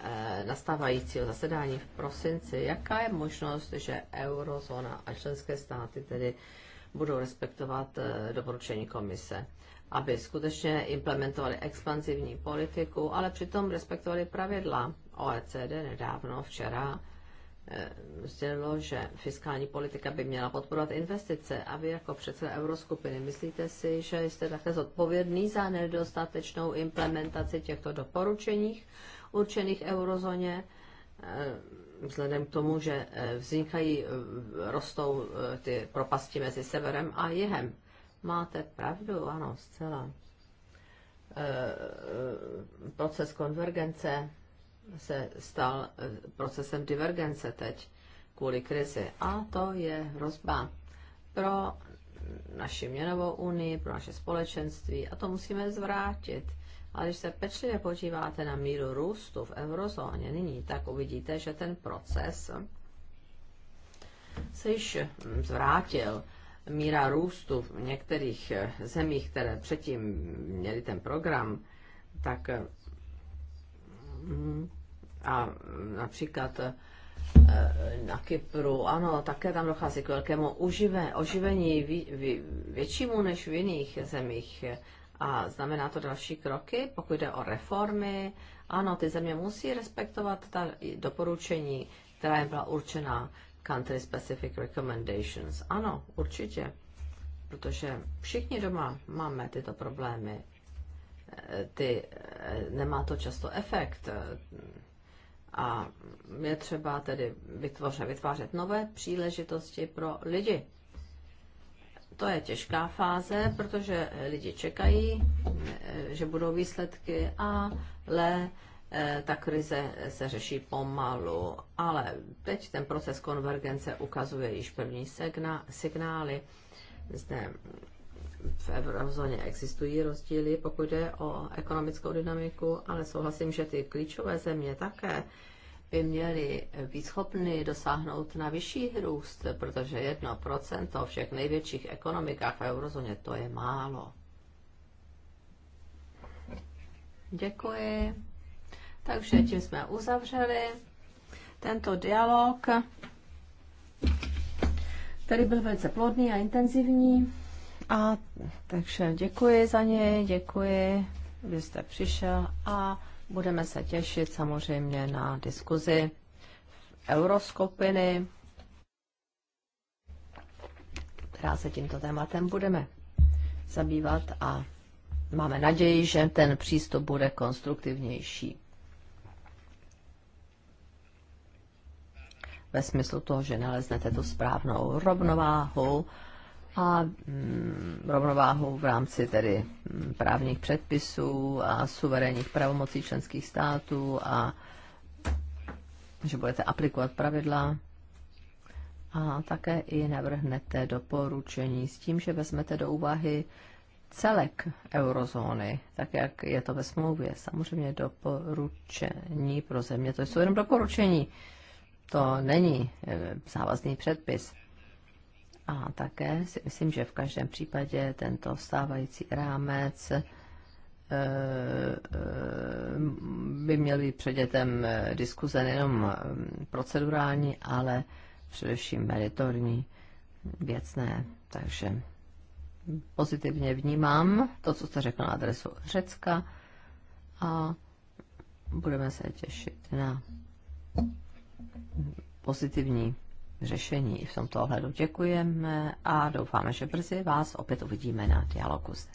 eh, nastávajícího zasedání v prosinci, jaká je možnost, že eurozóna a členské státy tedy budou respektovat eh, doporučení komise, aby skutečně implementovali expanzivní politiku, ale přitom respektovali pravidla OECD nedávno, včera, sdělilo, že fiskální politika by měla podporovat investice a vy jako předseda Euroskupiny myslíte si, že jste také zodpovědný za nedostatečnou implementaci těchto doporučení určených eurozóně, eh, vzhledem k tomu, že eh, vznikají, eh, rostou ty propasti mezi severem a jihem. Máte pravdu, ano, zcela. Proces konvergence se stal eh, procesem divergence teď kvůli krizi. A to je hrozba pro naši měnovou unii, pro naše společenství a to musíme zvrátit. Ale když se pečlivě podíváte na míru růstu v eurozóně nyní, tak uvidíte, že ten proces se již hm, zvrátil. Míra růstu v některých eh, zemích, které předtím měly ten program, tak eh, a například eh, na Kypru, ano, také tam dochází k velkému uživé, oživení vý, vý, většímu než v jiných zemích. A znamená to další kroky, pokud jde o reformy. Ano, ty země musí respektovat ta doporučení, která jim byla určená country specific recommendations. Ano, určitě, protože všichni doma máme tyto problémy ty, nemá to často efekt. A je třeba tedy vytvořit, vytvářet nové příležitosti pro lidi. To je těžká fáze, protože lidi čekají, že budou výsledky, ale eh, ta krize se řeší pomalu. Ale teď ten proces konvergence ukazuje již první signály. Zde v eurozóně existují rozdíly, pokud jde o ekonomickou dynamiku, ale souhlasím, že ty klíčové země také by měly být schopny dosáhnout na vyšší růst, protože 1% procento všech největších ekonomikách v eurozóně to je málo. Děkuji. Takže tím jsme uzavřeli tento dialog, který byl velice plodný a intenzivní. A takže děkuji za něj, děkuji, že jste přišel a budeme se těšit samozřejmě na diskuzi euroskopiny, která se tímto tématem budeme zabývat a máme naději, že ten přístup bude konstruktivnější. Ve smyslu toho, že naleznete tu správnou rovnováhu, a mm, rovnováhu v rámci tedy mm, právních předpisů a suverénních pravomocí členských států a že budete aplikovat pravidla a také i navrhnete doporučení s tím, že vezmete do úvahy celek eurozóny, tak jak je to ve smlouvě. Samozřejmě doporučení pro země, to jsou jenom doporučení, to není eh, závazný předpis. A také si myslím, že v každém případě tento stávající rámec eh, eh, by měl být předětem eh, diskuze nejenom procedurální, ale především meritorní, věcné. Takže pozitivně vnímám to, co jste řekl na adresu Řecka a budeme se těšit na pozitivní řešení v tomto ohledu. Děkujeme a doufáme, že brzy vás opět uvidíme na dialogu zde.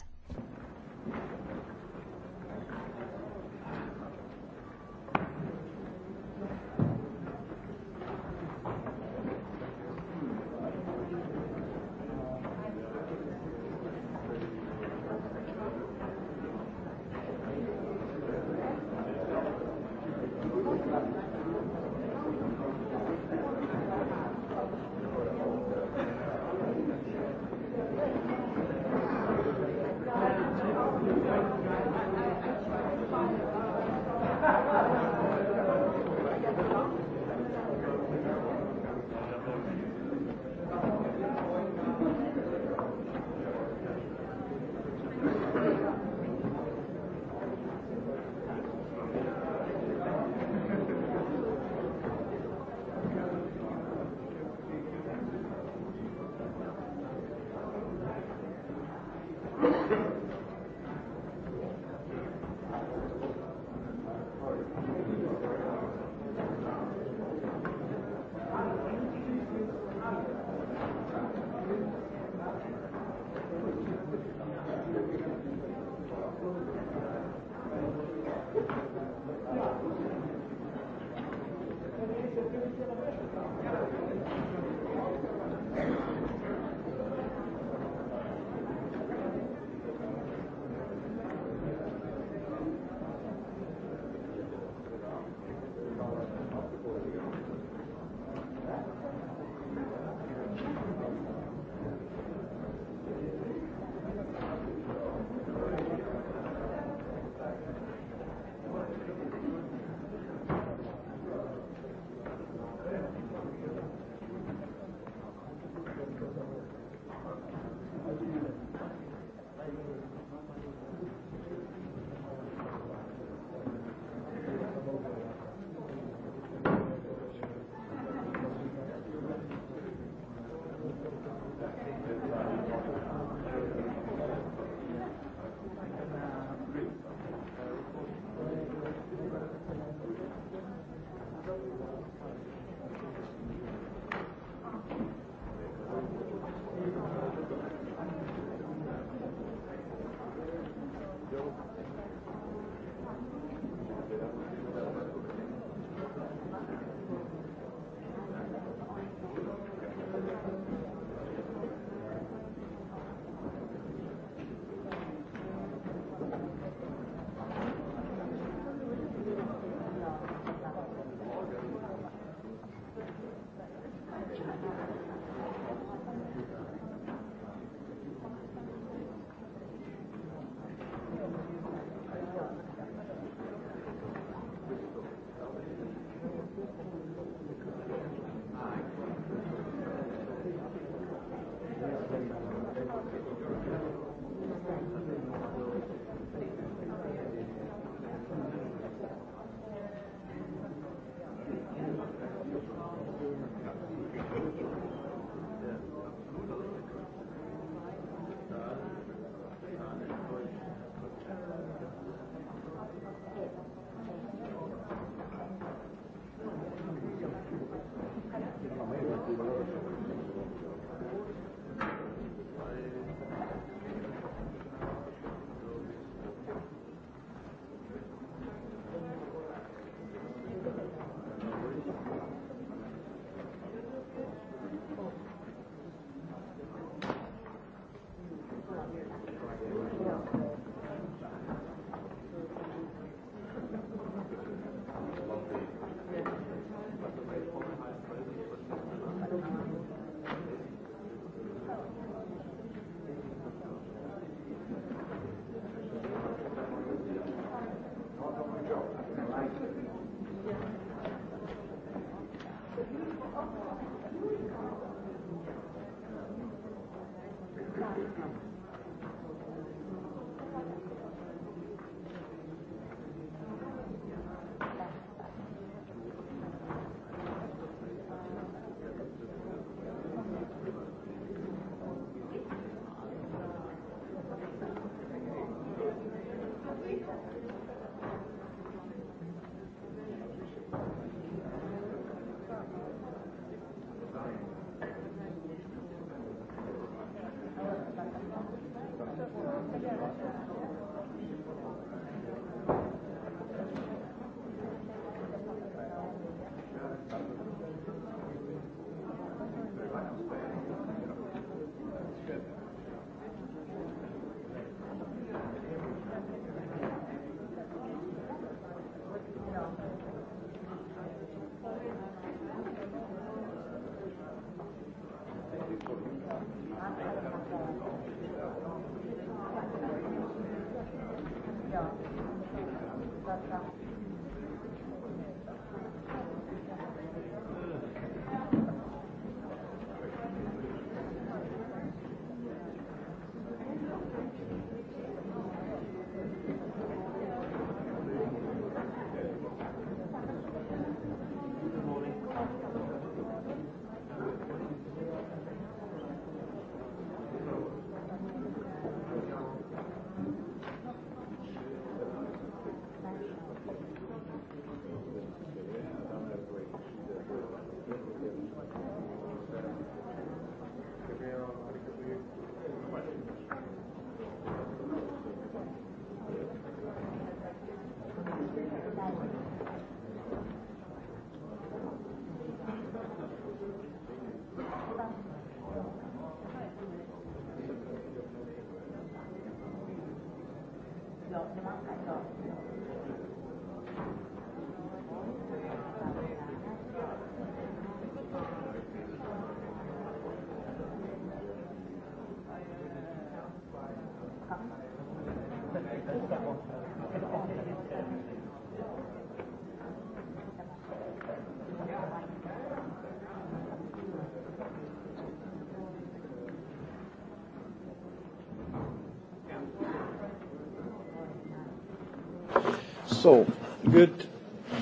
So, good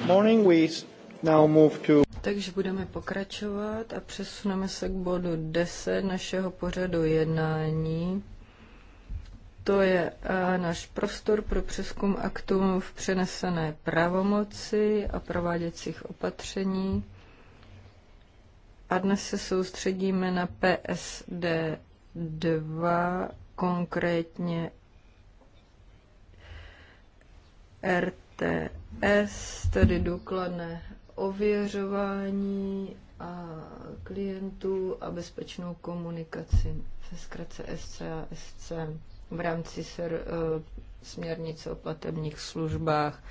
morning. We now move to... Takže budeme pokračovat a přesuneme se k bodu 10 našeho pořadu jednání. To je eh, náš prostor pro přeskum aktů v přenesené pravomoci a prováděcích opatření. A dnes se soustředíme na PSD 2, konkrétně RT TS, tedy důkladné ověřování a klientů a bezpečnou komunikaci, se zkratce SCA, SC, v rámci ser, eh, směrnice o platebních službách.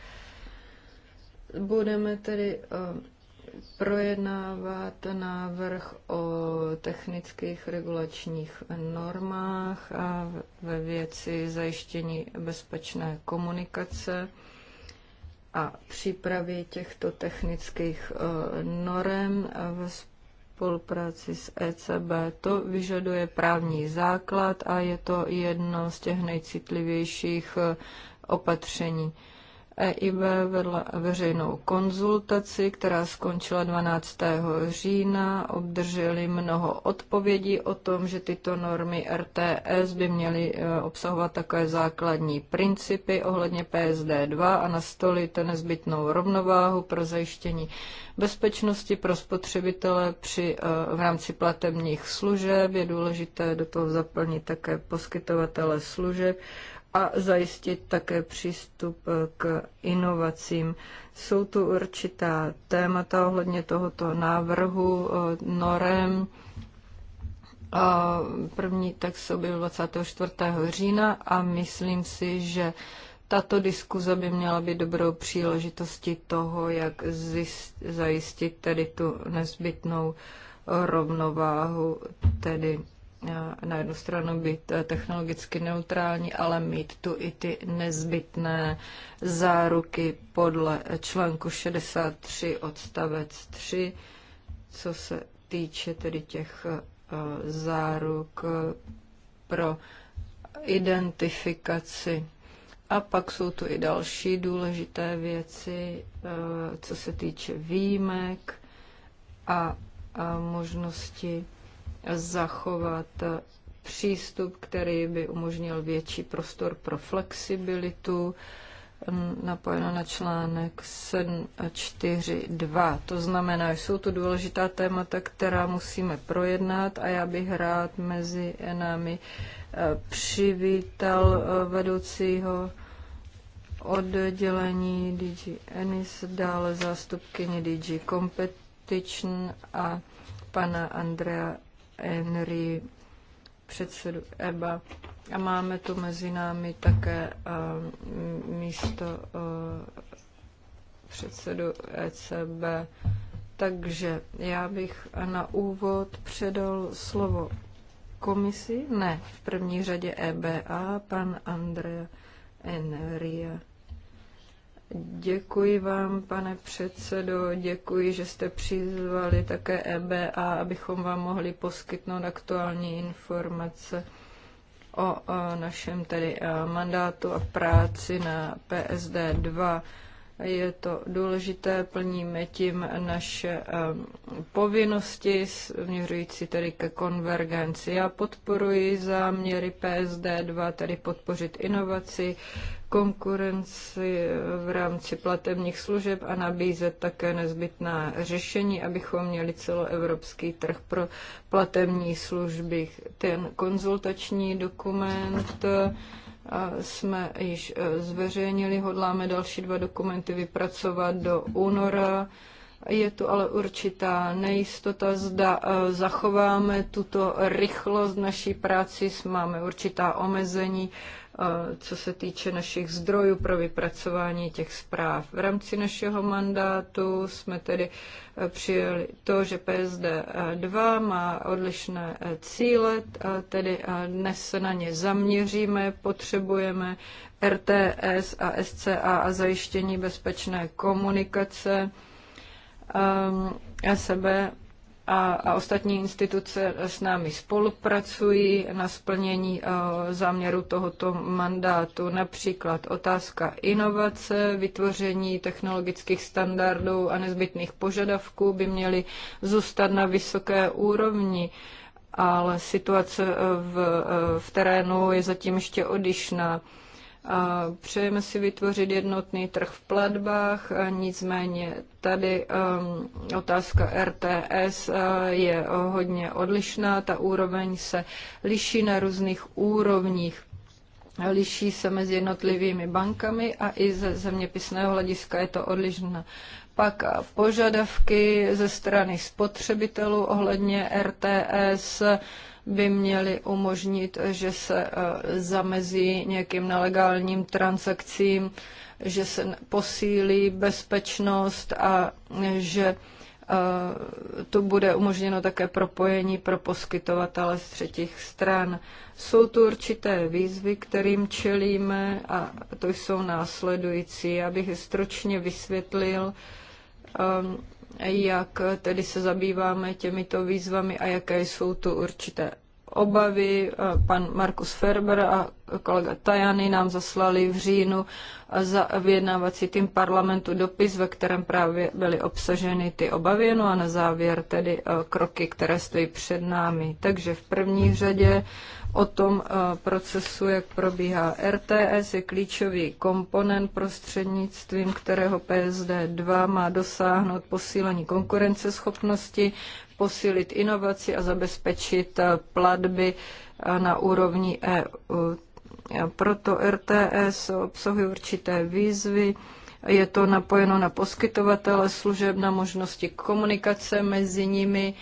Budeme tedy eh, projednávat návrh o technických regulačních normách a ve věci zajištění bezpečné komunikace a přípravy těchto technických eh, norem ve spolupráci s ECB. To vyžaduje právní základ a je to jedno z těch nejcitlivějších eh, opatření. EIB vedla veřejnou konzultaci, která skončila 12. října. Obdrželi mnoho odpovědí o tom, že tyto normy RTS by měly e, obsahovat takové základní principy ohledně PSD2 a nastolit nezbytnou rovnováhu pro zajištění bezpečnosti pro spotřebitele při, e, v rámci platebních služeb. Je důležité do toho zaplnit také poskytovatele služeb a zajistit také přístup eh, k inovacím. Jsou tu určitá témata ohledně tohoto návrhu eh, norem. První tak se objevil 24. října a myslím si, že tato diskuze by měla být dobrou příležitostí toho, jak zjist, zajistit tedy tu nezbytnou rovnováhu, tedy na jednu stranu být eh, technologicky neutrální, ale mít tu i ty nezbytné záruky podle článku 63 odstavec 3, co se týče tedy těch eh, záruk eh, pro identifikaci. A pak jsou tu i další důležité věci, co se týče výjimek a možnosti zachovat přístup, který by umožnil větší prostor pro flexibilitu, napojeno na článek 7.4.2. To znamená, že jsou to důležitá témata, která musíme projednat a já bych rád mezi námi e, přivítal e, vedoucího oddělení DG Enis, dále zástupkyně DG Competition a pana Andrea Henry, předsedu EBA. A máme tu mezi námi také eh, místo eh, předsedu ECB. Takže já bych na úvod předal slovo komisi, ne, v první řadě EBA, pan Andrea Enria. Děkuji vám, pane předsedo, děkuji, že jste přizvali také EBA, abychom vám mohli poskytnout aktuální informace o, našem tedy eh, mandátu a práci na PSD 2 je to důležité, plníme tím naše ehm, povinnosti směřující tedy ke konvergenci. Já podporuji záměry PSD2, tedy podpořit inovaci, konkurenci eh, v rámci platebních služeb a nabízet také nezbytná řešení, abychom měli celoevropský trh pro platební služby. Ten konzultační dokument jsme již e, zveřejnili, hodláme další dva dokumenty vypracovat do února. Je tu ale určitá nejistota, zda e, zachováme tuto rychlost naší práci, máme určitá omezení co se týče našich zdrojů pro vypracování těch zpráv. V rámci našeho mandátu jsme tedy e, přijeli to, že PSD 2 má odlišné e, cíle, tedy e, dnes se na ně zaměříme, potřebujeme RTS a SCA a zajištění bezpečné komunikace. a sebe a, a ostatní instituce s námi spolupracují na splnění e, záměru tohoto mandátu. Například otázka inovace, vytvoření technologických standardů a nezbytných požadavků by měly zůstat na vysoké úrovni ale situace e, v, e, v terénu je zatím ještě odlišná. A přejeme si vytvořit jednotný trh v platbách, nicméně tady um, otázka RTS uh, je hodně odlišná, ta úroveň se liší na různých úrovních liší se mezi jednotlivými bankami a i ze zeměpisného hlediska je to odlišné. Pak požadavky ze strany spotřebitelů ohledně RTS, by měly umožnit, že se eh, zamezí nějakým nelegálním transakcím, že se posílí bezpečnost a že eh, to bude umožněno také propojení pro poskytovatele z třetích stran. Jsou tu určité výzvy, kterým čelíme a to jsou následující. Já bych je stručně vysvětlil ehm, jak tedy se zabýváme těmito výzvami a jaké jsou tu určité obavy. Pan Markus Ferber a kolega Tajany nám zaslali v říjnu za vyjednávací tým parlamentu dopis, ve kterém právě byly obsaženy ty obavy, no a na závěr tedy eh, kroky, které stojí před námi. Takže v první řadě o tom eh, procesu, jak probíhá. RTS je klíčový komponent prostřednictvím, kterého PSD2 má dosáhnout posílení konkurenceschopnosti, posílit inovaci a zabezpečit eh, platby eh, na úrovni EU. Proto RTS obsahuje určité výzvy, je to napojeno na poskytovatele služeb, na možnosti komunikace mezi nimi,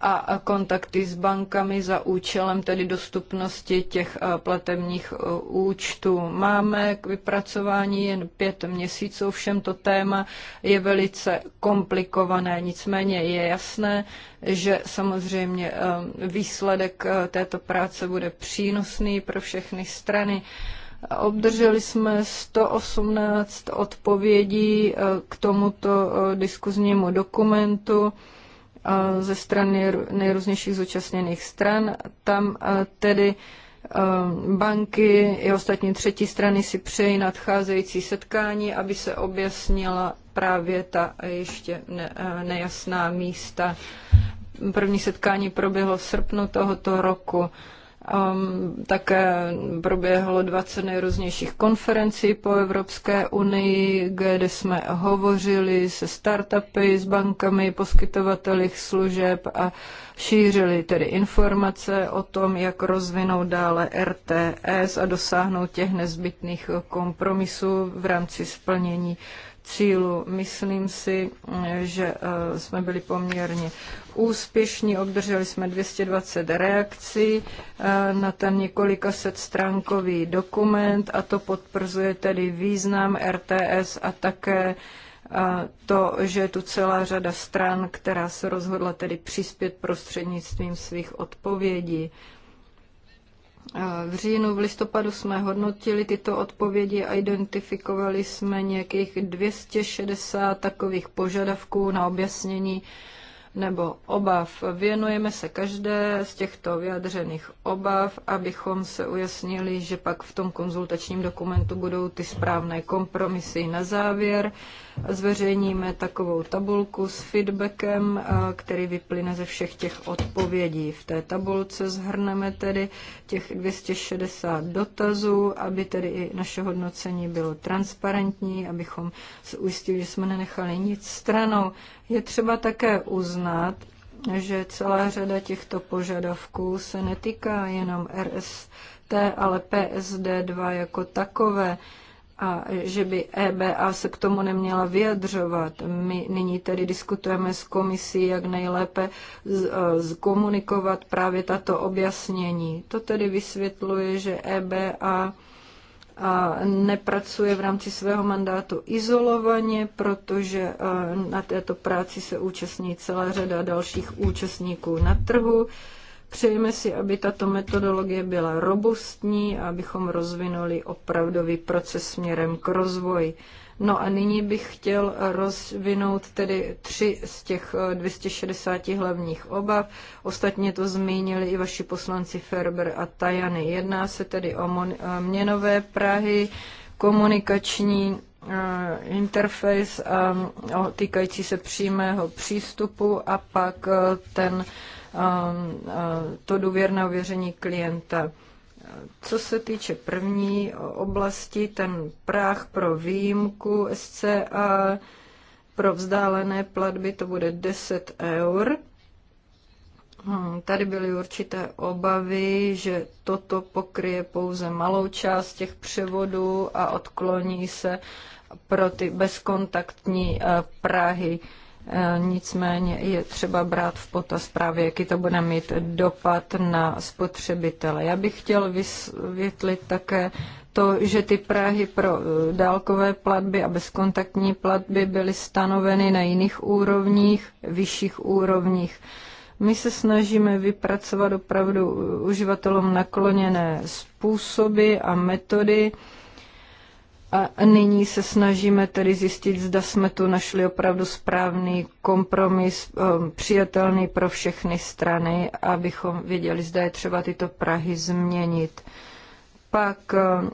a kontakty s bankami za účelem tedy dostupnosti těch eh, platebních eh, účtů. Máme k vypracování jen pět měsíců, všem to téma je velice komplikované, nicméně je jasné, že samozřejmě eh, výsledek této práce bude přínosný pro všechny strany. Obdrželi jsme 118 odpovědí k tomuto diskuznímu dokumentu ze stran nejrůznějších zúčastněných stran. Tam tedy banky i ostatní třetí strany si přejí nadcházející setkání, aby se objasnila právě ta ještě nejasná místa. První setkání proběhlo v srpnu tohoto roku. Um, také eh, proběhlo 20 nejrůznějších konferencí po Evropské unii, kde jsme hovořili se startupy, s bankami, poskytovateli služeb a šířili tedy informace o tom, jak rozvinout dále RTS a dosáhnout těch nezbytných kompromisů v rámci splnění cílu. Myslím si, že eh, jsme byli poměrně úspěšní, obdrželi jsme 220 reakcí eh, na ten několika set stránkový dokument a to potvrzuje tedy význam RTS a také eh, to, že je tu celá řada stran, která se rozhodla tedy přispět prostřednictvím svých odpovědí. Eh, v říjnu, v listopadu jsme hodnotili tyto odpovědi a identifikovali jsme nějakých 260 takových požadavků na objasnění nebo obav. Věnujeme se každé z těchto vyjadřených obav, abychom se ujasnili, že pak v tom konzultačním dokumentu budou ty správné kompromisy. Na závěr zveřejníme takovou tabulku s feedbackem, eh, který vyplyne ze všech těch odpovědí. V té tabulce zhrneme tedy těch 260 dotazů, aby tedy i naše hodnocení bylo transparentní, abychom se ujistili, že jsme nenechali nic stranou. Je třeba také uznat, že celá řada těchto požadavků se netýká jenom RST, ale PSD2 jako takové a že by EBA se k tomu neměla vyjadřovat. My nyní tedy diskutujeme s komisí, jak nejlépe e, zkomunikovat právě tato objasnění. To tedy vysvětluje, že EBA a nepracuje v rámci svého mandátu izolovaně, protože eh, na této práci se účastní celá řada dalších účastníků na trhu. Přejeme si, aby tato metodologie byla robustní a abychom rozvinuli opravdový proces směrem k rozvoji. No a nyní bych chtěl rozvinout tedy tři z těch 260 eh, hlavních obav. Ostatně to zmínili i vaši poslanci Ferber a Tajany. Jedná se tedy o eh, měnové Prahy, komunikační eh, interface mm, týkající se přímého přístupu a pak ten, to důvěrné ověření klienta. Co se týče první oblasti, ten práh pro výjimku SCA pro vzdálené platby to bude 10 eur. Hmm, tady byly určité obavy, že toto pokryje pouze malou část těch převodů a odkloní se pro ty bezkontaktní eh, Prahy. Eh, nicméně je třeba brát v potaz právě, jaký to bude mít dopad na spotřebitele. Já bych chtěl vysvětlit také to, že ty Prahy pro eh, dálkové platby a bezkontaktní platby byly stanoveny na jiných úrovních, vyšších úrovních. My se snažíme vypracovat opravdu eh, uživatelům nakloněné způsoby a metody, a nyní se snažíme tedy zjistit, zda jsme tu našli opravdu správný kompromis, ehm, přijatelný pro všechny strany, abychom věděli, zda je třeba tyto Prahy změnit. Pak ehm,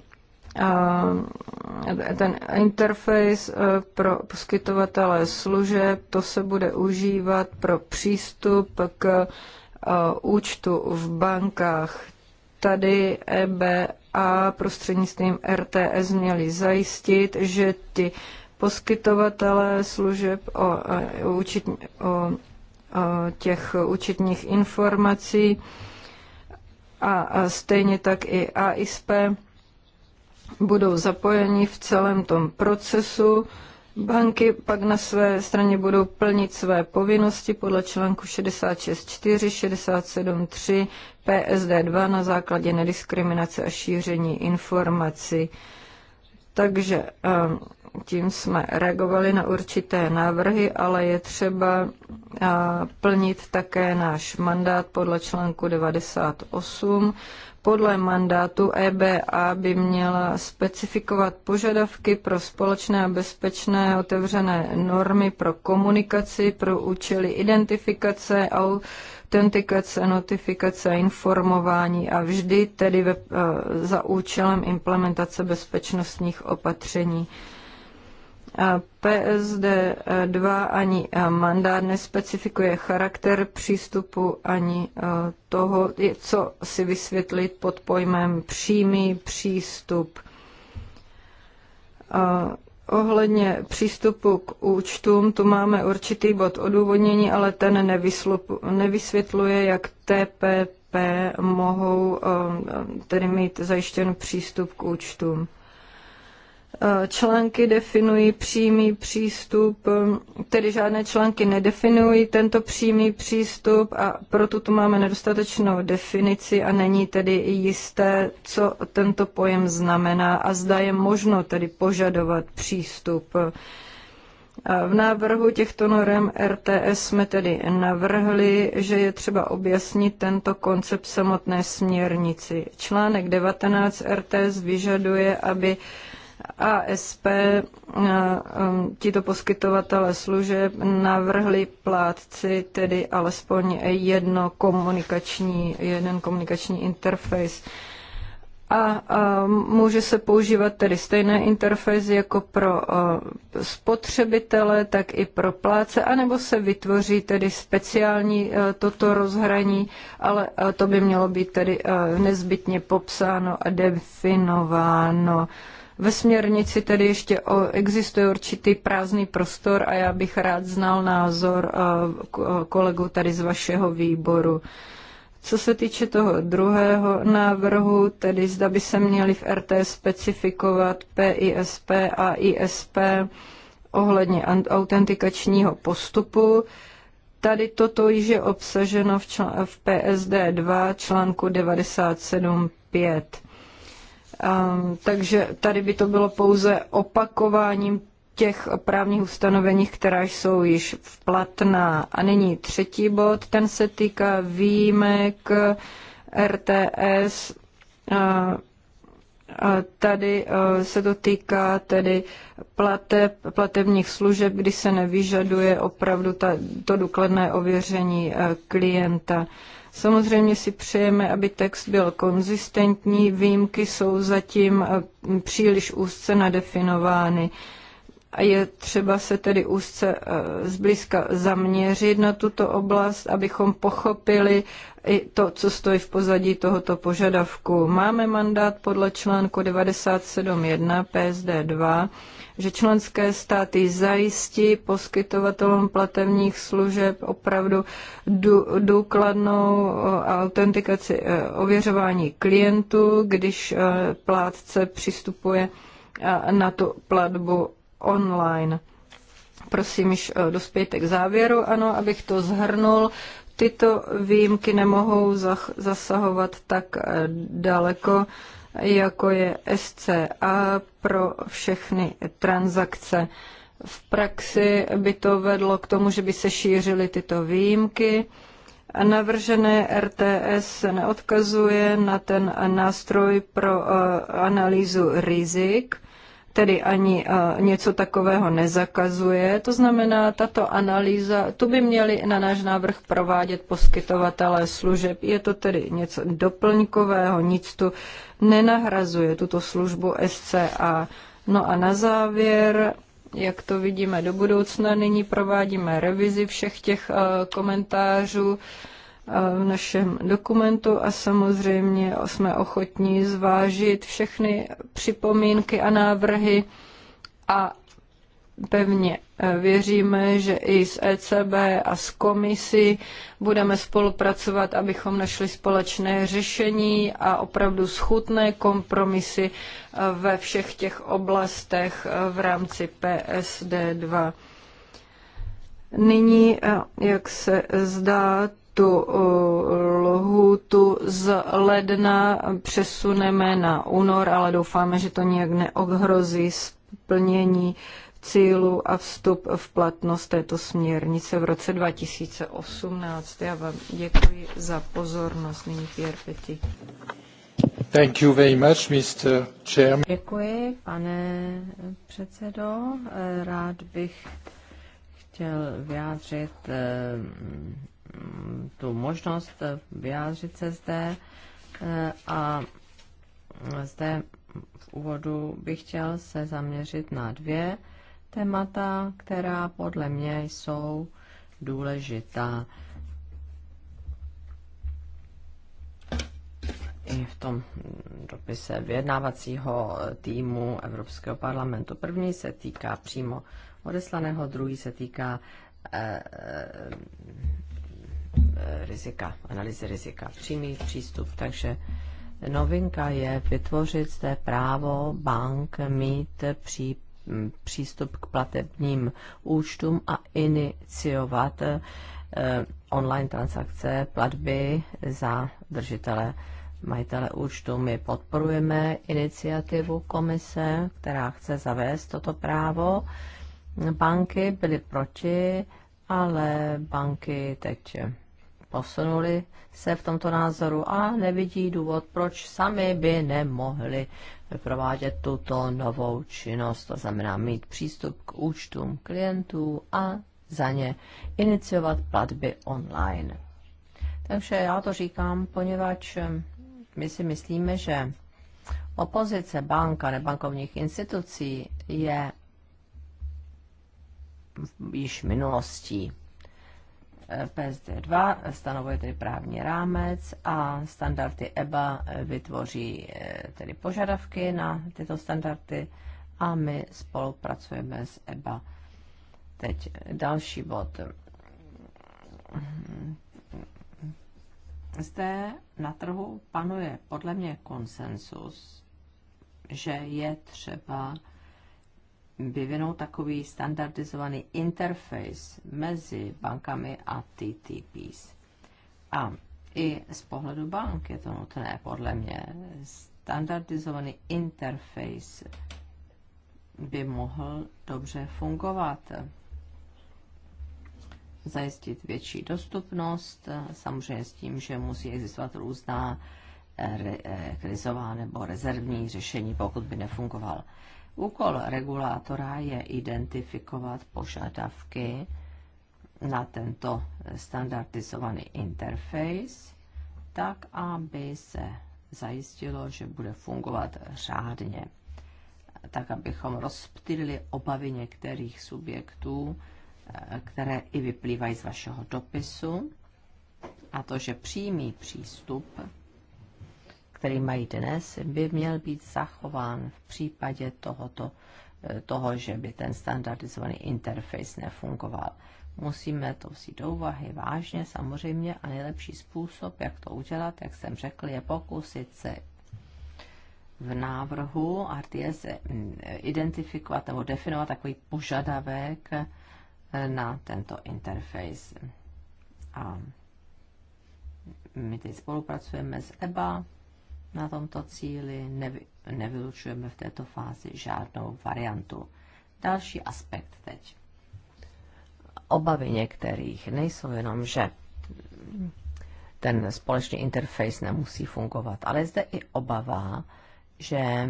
ehm, ten interface eh, pro poskytovatele služeb, to se bude užívat pro přístup k eh, účtu v bankách. Tady EB a prostřednictvím RTS měli zajistit, že ty poskytovatelé služeb o, o, e, o, o těch účetních informací a, a stejně tak i AISP budou zapojeni v celém tom procesu Banky pak na své straně budou plnit své povinnosti podle článku 66.4, 67.3 PSD2 na základě nediskriminace a šíření informací. Takže ehm, tím jsme reagovali na určité návrhy, ale je třeba eh, plnit také náš mandát podle článku 98 podle mandátu EBA by měla specifikovat požadavky pro společné a bezpečné otevřené normy pro komunikaci, pro účely identifikace, autentikace, notifikace a informování a vždy tedy ve, e, za účelem implementace bezpečnostních opatření. PSD2 ani eh, mandát nespecifikuje charakter přístupu ani eh, toho, co si vysvětlit pod pojmem přímý přístup. Eh, ohledně přístupu k účtům, tu máme určitý bod odůvodnění, ale ten nevysvětluje, jak TPP mohou tedy mít zajištěn přístup k účtům. Eh, články definují přímý přístup, eh, tedy žádné články nedefinují tento přímý přístup a proto tu máme nedostatečnou definici a není tedy jisté, co tento pojem znamená a zda je možno tedy požadovat přístup. Eh, v návrhu těchto norem RTS jsme tedy navrhli, že je třeba objasnit tento koncept samotné směrnici. Článek 19 RTS vyžaduje, aby ASP eh, eh, tito poskytovatele služeb navrhli plátci tedy alespoň jedno komunikační, jeden komunikační interface. A, a může se používat tedy stejné interface jako pro a, eh, spotřebitele, tak i pro pláce, anebo se vytvoří tedy speciální a, toto rozhraní, ale a, to by mělo být tedy a, nezbytně popsáno a definováno. A, ve směrnici tedy ještě existuje určitý prázdný prostor a já bych rád znal názor eh, eh, kolegu tady z vašeho výboru. Co se týče toho druhého návrhu, tedy zda by se měli v RT specifikovat PISP a ISP ohledně autentikačního postupu, tady toto již je obsaženo v, čl- v PSD 2 článku 97.5. Um, takže tady by to bylo pouze opakováním těch právních ustanovení, která jsou již platná. A nyní třetí bod, ten se týká výjimek RTS. Ehm, a Tady ehm, se to týká tedy plate, platebních služeb, kdy se nevyžaduje opravdu ta, to důkladné ověření klienta. Samozřejmě si přejeme, aby text byl konzistentní, výjimky jsou zatím eh, příliš úzce nadefinovány. A je třeba se tedy úzce eh, zblízka zaměřit na tuto oblast, abychom pochopili i to, co stojí v pozadí tohoto požadavku. Máme mandát podle článku 97.1 PSD 2, že členské státy zajistí poskytovatelům platebních služeb opravdu důkladnou eh, autentikaci eh, ověřování klientů, když plátce přistupuje na tu platbu online. Prosím, již eh, dospějte k závěru. Ano, abych to zhrnul, tyto výjimky nemohou zasahovat tak eh, daleko, jako je SCA pro všechny transakce. V praxi by to vedlo k tomu, že by se šířily tyto výjimky. Navržené RTS se neodkazuje na ten nástroj pro eh, analýzu rizik, tedy ani eh, něco takového nezakazuje. To znamená, tato analýza, tu by měli na náš návrh provádět poskytovatelé služeb. Je to tedy něco doplňkového, nic tu nenahrazuje tuto službu SCA. No a na závěr jak to vidíme do budoucna. Nyní provádíme revizi všech těch eh, komentářů v našem dokumentu a samozřejmě jsme ochotní zvážit všechny připomínky a návrhy a pevně e, věříme, že i s ECB a s komisí budeme spolupracovat, abychom našli společné řešení a opravdu schutné kompromisy e, ve všech těch oblastech e, v rámci PSD 2. Nyní, jak se zdá, tu eh, lhůtu z ledna přesuneme na únor, ale doufáme, že to nějak neohrozí splnění cílu a vstup v platnost této směrnice v roce 2018. Já vám děkuji za pozornost. Nyní Pierre Petit. Thank you very much, Mr. Chairman. Děkuji, pane předsedo. Eh, rád bych chtěl vyjádřit eh, tu možnost vyjádřit se zde eh, a zde v úvodu bych chtěl se zaměřit na dvě témata, která podle mě jsou důležitá. i v tom dopise vyjednávacího týmu Evropského parlamentu. První se týká přímo odeslaného, druhý se týká eh, Eh, rizika, analýzy rizika, přímý přístup. Takže novinka je vytvořit zde právo bank mít pří, hm, přístup k platebním účtům a iniciovat eh, online transakce, platby za držitele majitele účtu. My podporujeme iniciativu komise, která chce zavést toto právo. Banky byly proti, ale banky teď posunuli se v tomto názoru a nevidí důvod, proč sami by nemohli provádět tuto novou činnost, to znamená mít přístup k účtům klientů a za ně iniciovat platby online. Takže já to říkám, poněvadž eh, my si myslíme, že opozice banka nebankovních institucí je již minulostí. PSD2 stanovuje tedy právní rámec a standardy EBA vytvoří eh, tedy požadavky na tyto standardy a my spolupracujeme s EBA. Teď další bod. Zde na trhu panuje podle mě konsensus, že je třeba vyvinout takový standardizovaný interface mezi bankami a TTPs. A i z pohledu bank je to nutné, podle mě, standardizovaný interface by mohl dobře fungovat. Zajistit větší dostupnost, samozřejmě s tím, že musí existovat různá eh, krizová nebo rezervní řešení, pokud by nefungoval. Úkol regulátora je identifikovat požadavky na tento standardizovaný interface, tak aby se zajistilo, že bude fungovat řádně. Tak, abychom rozptýlili obavy některých subjektů, eh, které i vyplývají z vašeho dopisu, a to, že přímý přístup který mají dnes, by měl být zachován v případě tohoto, eh, toho, že by ten standardizovaný interface nefungoval. Musíme to vzít do úvahy vážně samozřejmě a nejlepší způsob, jak to udělat, jak jsem řekl, je pokusit se v návrhu RTS eh, identifikovat nebo definovat takový požadavek eh, na tento interface. A my teď spolupracujeme s EBA, na tomto cíli, nevy, nevylučujeme v této fázi žádnou variantu. Další aspekt teď. Obavy některých nejsou jenom, že ten společný interface nemusí fungovat, ale je zde i obava, že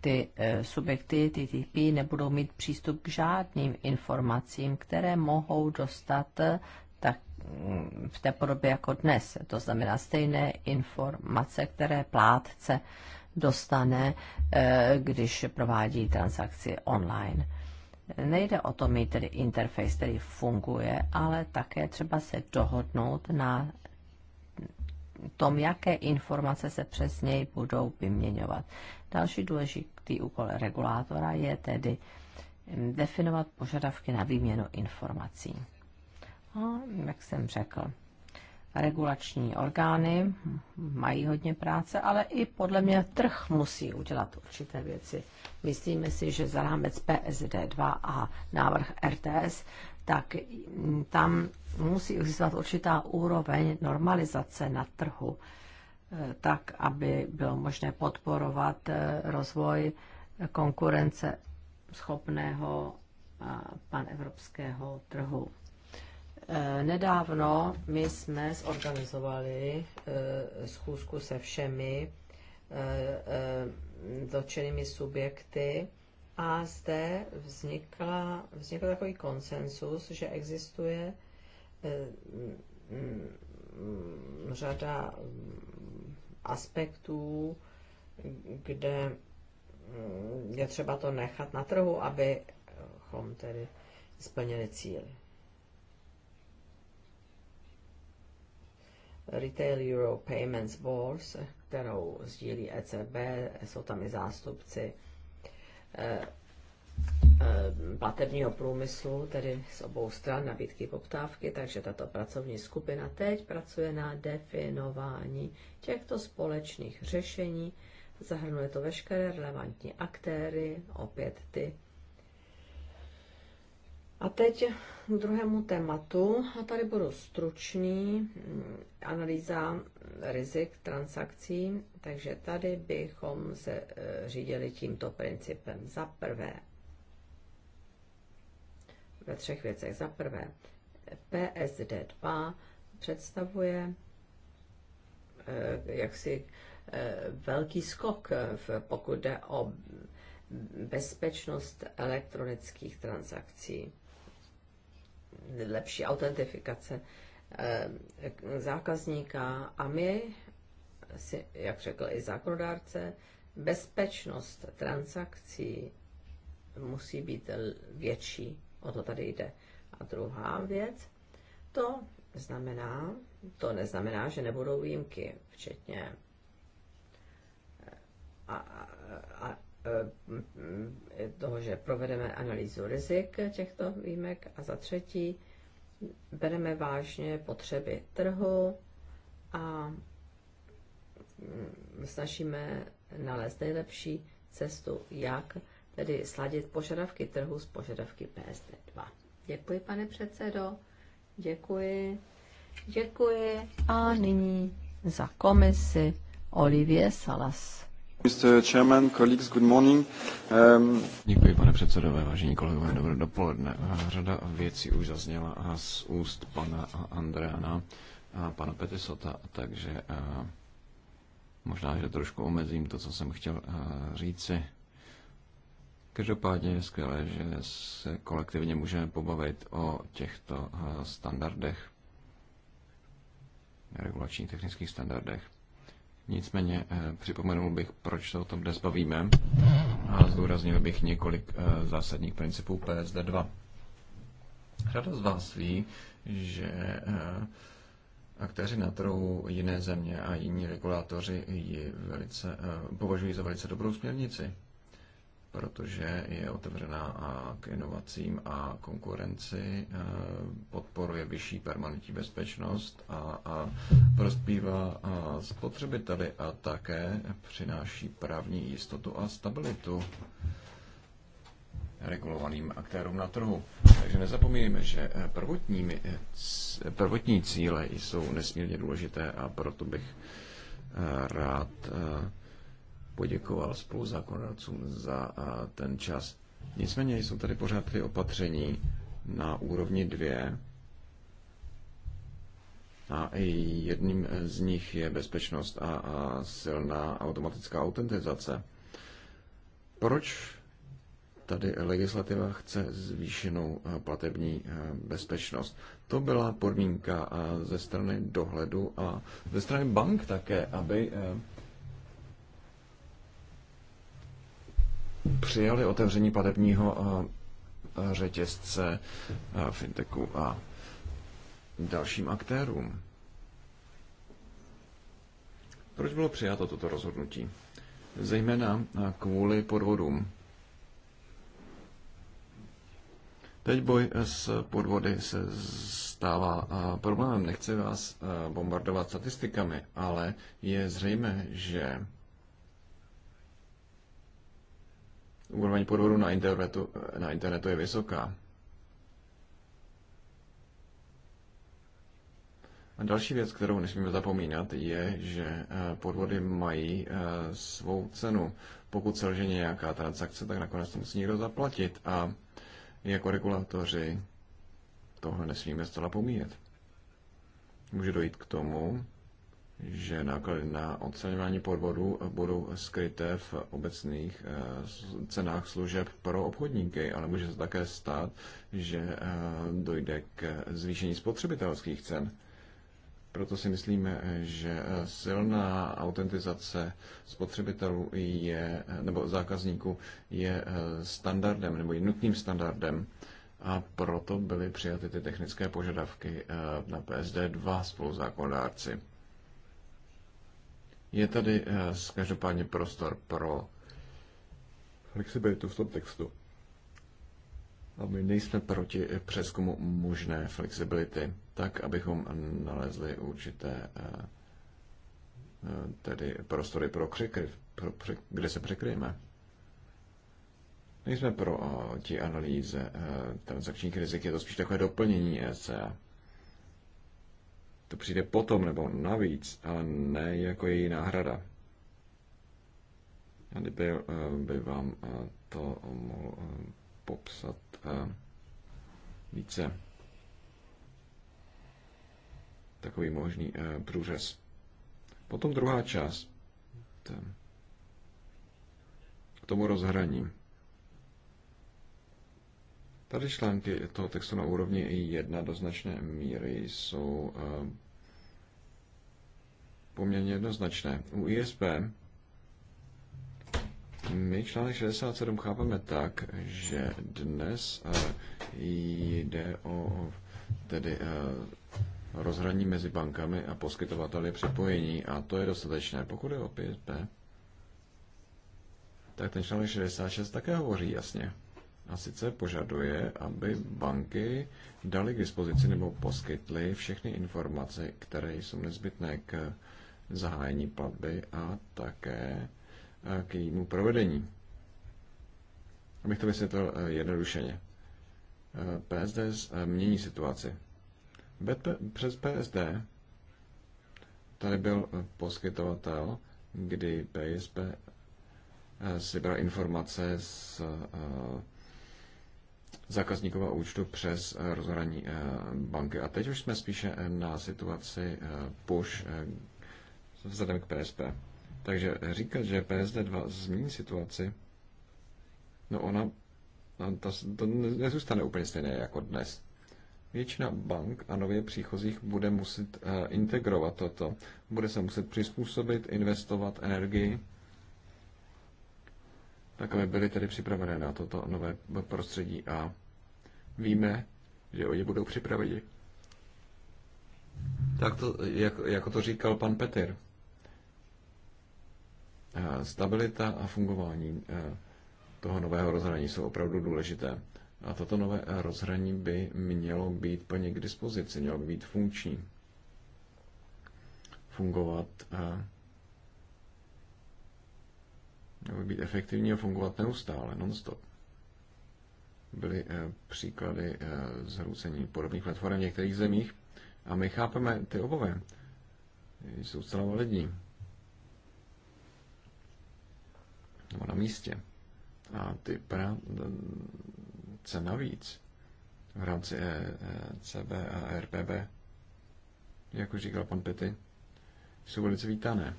ty e, subjekty TTP nebudou mít přístup k žádným informacím, které mohou dostat v té podobě jako dnes. To znamená stejné informace, které plátce dostane, eh, když provádí transakci online. Nejde o to mít tedy interface, který funguje, ale také třeba se dohodnout na tom, jaké informace se přes něj budou vyměňovat. Další důležitý úkol regulátora je tedy mm, definovat požadavky na výměnu informací. A no, jak jsem řekl, regulační orgány mají hodně práce, ale i podle mě trh musí udělat určité věci. Myslíme si, že za rámec PSD2 a návrh RTS, tak tam musí existovat určitá úroveň normalizace na trhu, eh, tak, aby bylo možné podporovat eh, rozvoj konkurence schopného eh, panevropského trhu Eh, nedávno my jsme zorganizovali eh, schůzku se všemi eh, dotčenými subjekty a zde vznikla, vznikl takový konsensus, že existuje řada aspektů, kde mm, je třeba to nechat na trhu, abychom tedy splnili cíly. Retail Euro Payments Boards, kterou sdílí ECB, jsou tam i zástupci eh, eh, platebního průmyslu, tedy z obou stran nabídky poptávky, takže tato pracovní skupina teď pracuje na definování těchto společných řešení. Zahrnuje to veškeré relevantní aktéry, opět ty, a teď k druhému tématu. A tady budu stručný. Analýza rizik transakcí. Takže tady bychom se eh, řídili tímto principem. Za prvé, ve třech věcech. Za prvé, PSD2 představuje eh, jaksi eh, velký skok, pokud jde o bezpečnost elektronických transakcí lepší autentifikace eh, zákazníka a my, jak řekl i zákonodárce, bezpečnost transakcí musí být větší, o to tady jde. A druhá věc, to znamená, to neznamená, že nebudou výjimky, včetně eh, a, a, a Eh, toho, že provedeme analýzu rizik těchto výjimek a za třetí bereme vážně potřeby trhu a mm, snažíme nalézt nejlepší cestu, jak tedy sladit požadavky trhu s požadavky PSD2. Děkuji, pane předsedo. Děkuji. Děkuji. A nyní za komisi Olivier Salas. Um, Děkuji, pane předsedové, vážení kolegové, dobré dopoledne. Řada věcí už zazněla z úst pana Andreana a pana Petisota, takže eh, možná, že trošku omezím to, co jsem chtěl eh, říci. Každopádně je skvělé, že se kolektivně můžeme pobavit o těchto eh, standardech, regulačních technických standardech. Nicméně eh, připomenul bych, proč se o tom dnes bavíme a zdůraznil bych několik eh, zásadních principů PSD 2. Řada z vás ví, že eh, aktéři na trhu jiné země a jiní regulátoři ji velice, považují za velice dobrou směrnici protože je otevřená k inovacím a konkurenci, eh, podporuje vyšší permanentní bezpečnost a, a prospívá eh, spotřebiteli a také přináší právní jistotu a stabilitu regulovaným aktérům na trhu. Takže nezapomínejme, že eh, prvotními, prvotní cíle jsou nesmírně důležité a proto bych rád poděkoval spolu za ten čas. Nicméně jsou tady pořád ty opatření na úrovni dvě a jedním z nich je bezpečnost a silná automatická autentizace. Proč tady legislativa chce zvýšenou platební bezpečnost. To byla podmínka ze strany dohledu a ze strany bank také, aby přijali otevření platebního eh, řetězce eh, fintechu a dalším aktérům. Proč bylo přijato toto rozhodnutí? Zejména eh, kvůli podvodům. Teď boj s podvody se stává problémem. Nechci vás bombardovat statistikami, ale je zřejmé, že úroveň podvodu na internetu, na internetu je vysoká. A další věc, kterou nesmíme zapomínat, je, že eh, podvody mají eh, svou cenu. Pokud selže nějaká transakce, tak nakonec to musí někdo zaplatit a jako regulatoři tohle nesmíme zcela pomíjet. Může dojít k tomu, že náklady na odstraňování podvodů budou skryté v obecných eh, cenách služeb pro obchodníky, ale může se také stát, že eh, dojde k zvýšení spotřebitelských cen. Proto si myslíme, že eh, silná autentizace spotřebitelů je, nebo zákazníků je standardem nebo je nutným standardem a proto byly přijaty ty technické požadavky na PSD2 spoluzákonodárci. Je tady eh, každopádně prostor pro flexibilitu v tom textu. A my nejsme proti přeskumu možné flexibility, tak abychom nalezli určité eh, eh, tedy prostory pro překry, pro, pře, kde se překryjeme. Nejsme pro ti analýze transakčních rizik, je to spíš takové doplnění ECA to přijde potom nebo navíc, ale ne jako její náhrada. A kdyby eh, by vám eh, to mohl eh, popsat více takový možný průřez. Potom druhá část k tomu rozhraním. Tady články toho textu na úrovni i jedna do značné míry jsou eh, poměrně jednoznačné. U ISP my článek 67 chápeme tak, že dnes eh, jde o tedy eh, rozhraní mezi bankami a poskytovateli připojení a to je dostatečné. Pokud je o PSP, tak ten článek 66 také hovoří jasně. A sice požaduje, aby banky dali k dispozici nebo poskytly všechny informace, které jsou nezbytné k zahájení platby a také eh, k jejímu provedení. Abych to vysvětlil eh, jednodušeně. Eh, PSD mění situaci. Přes PSD tady byl poskytovatel, kdy PSP si bral informace z zákazníkova účtu přes eh, rozhraní eh, banky. A teď už jsme spíše eh, na situaci push vzhledem k PSP. Takže říkat, že PSD2 změní situaci, no ona no, to, to nezůstane úplně stejné jako dnes. Většina bank a nově příchozích bude muset integrovat toto. Bude se muset přizpůsobit, investovat energii, tak aby byly tedy připravené na toto nové prostředí a víme, že oni budou připraveni. Tak to, jak, jako to říkal pan Petr, eh, stabilita a fungování eh, toho nového rozhraní jsou opravdu důležité. A toto nové eh, rozhraní by mělo být plně k dispozici, mělo by být funkční. Fungovat měl být efektivní a fungovat neustále, non-stop. Byly eh, příklady eh, zhrucení podobných platform v některých zemích a my chápeme ty obavy. Jsou zcela validní. Nebo na místě. A ty práce navíc v rámci eh, CB a RPB, jak už říkal pan Pety, jsou velice vítané.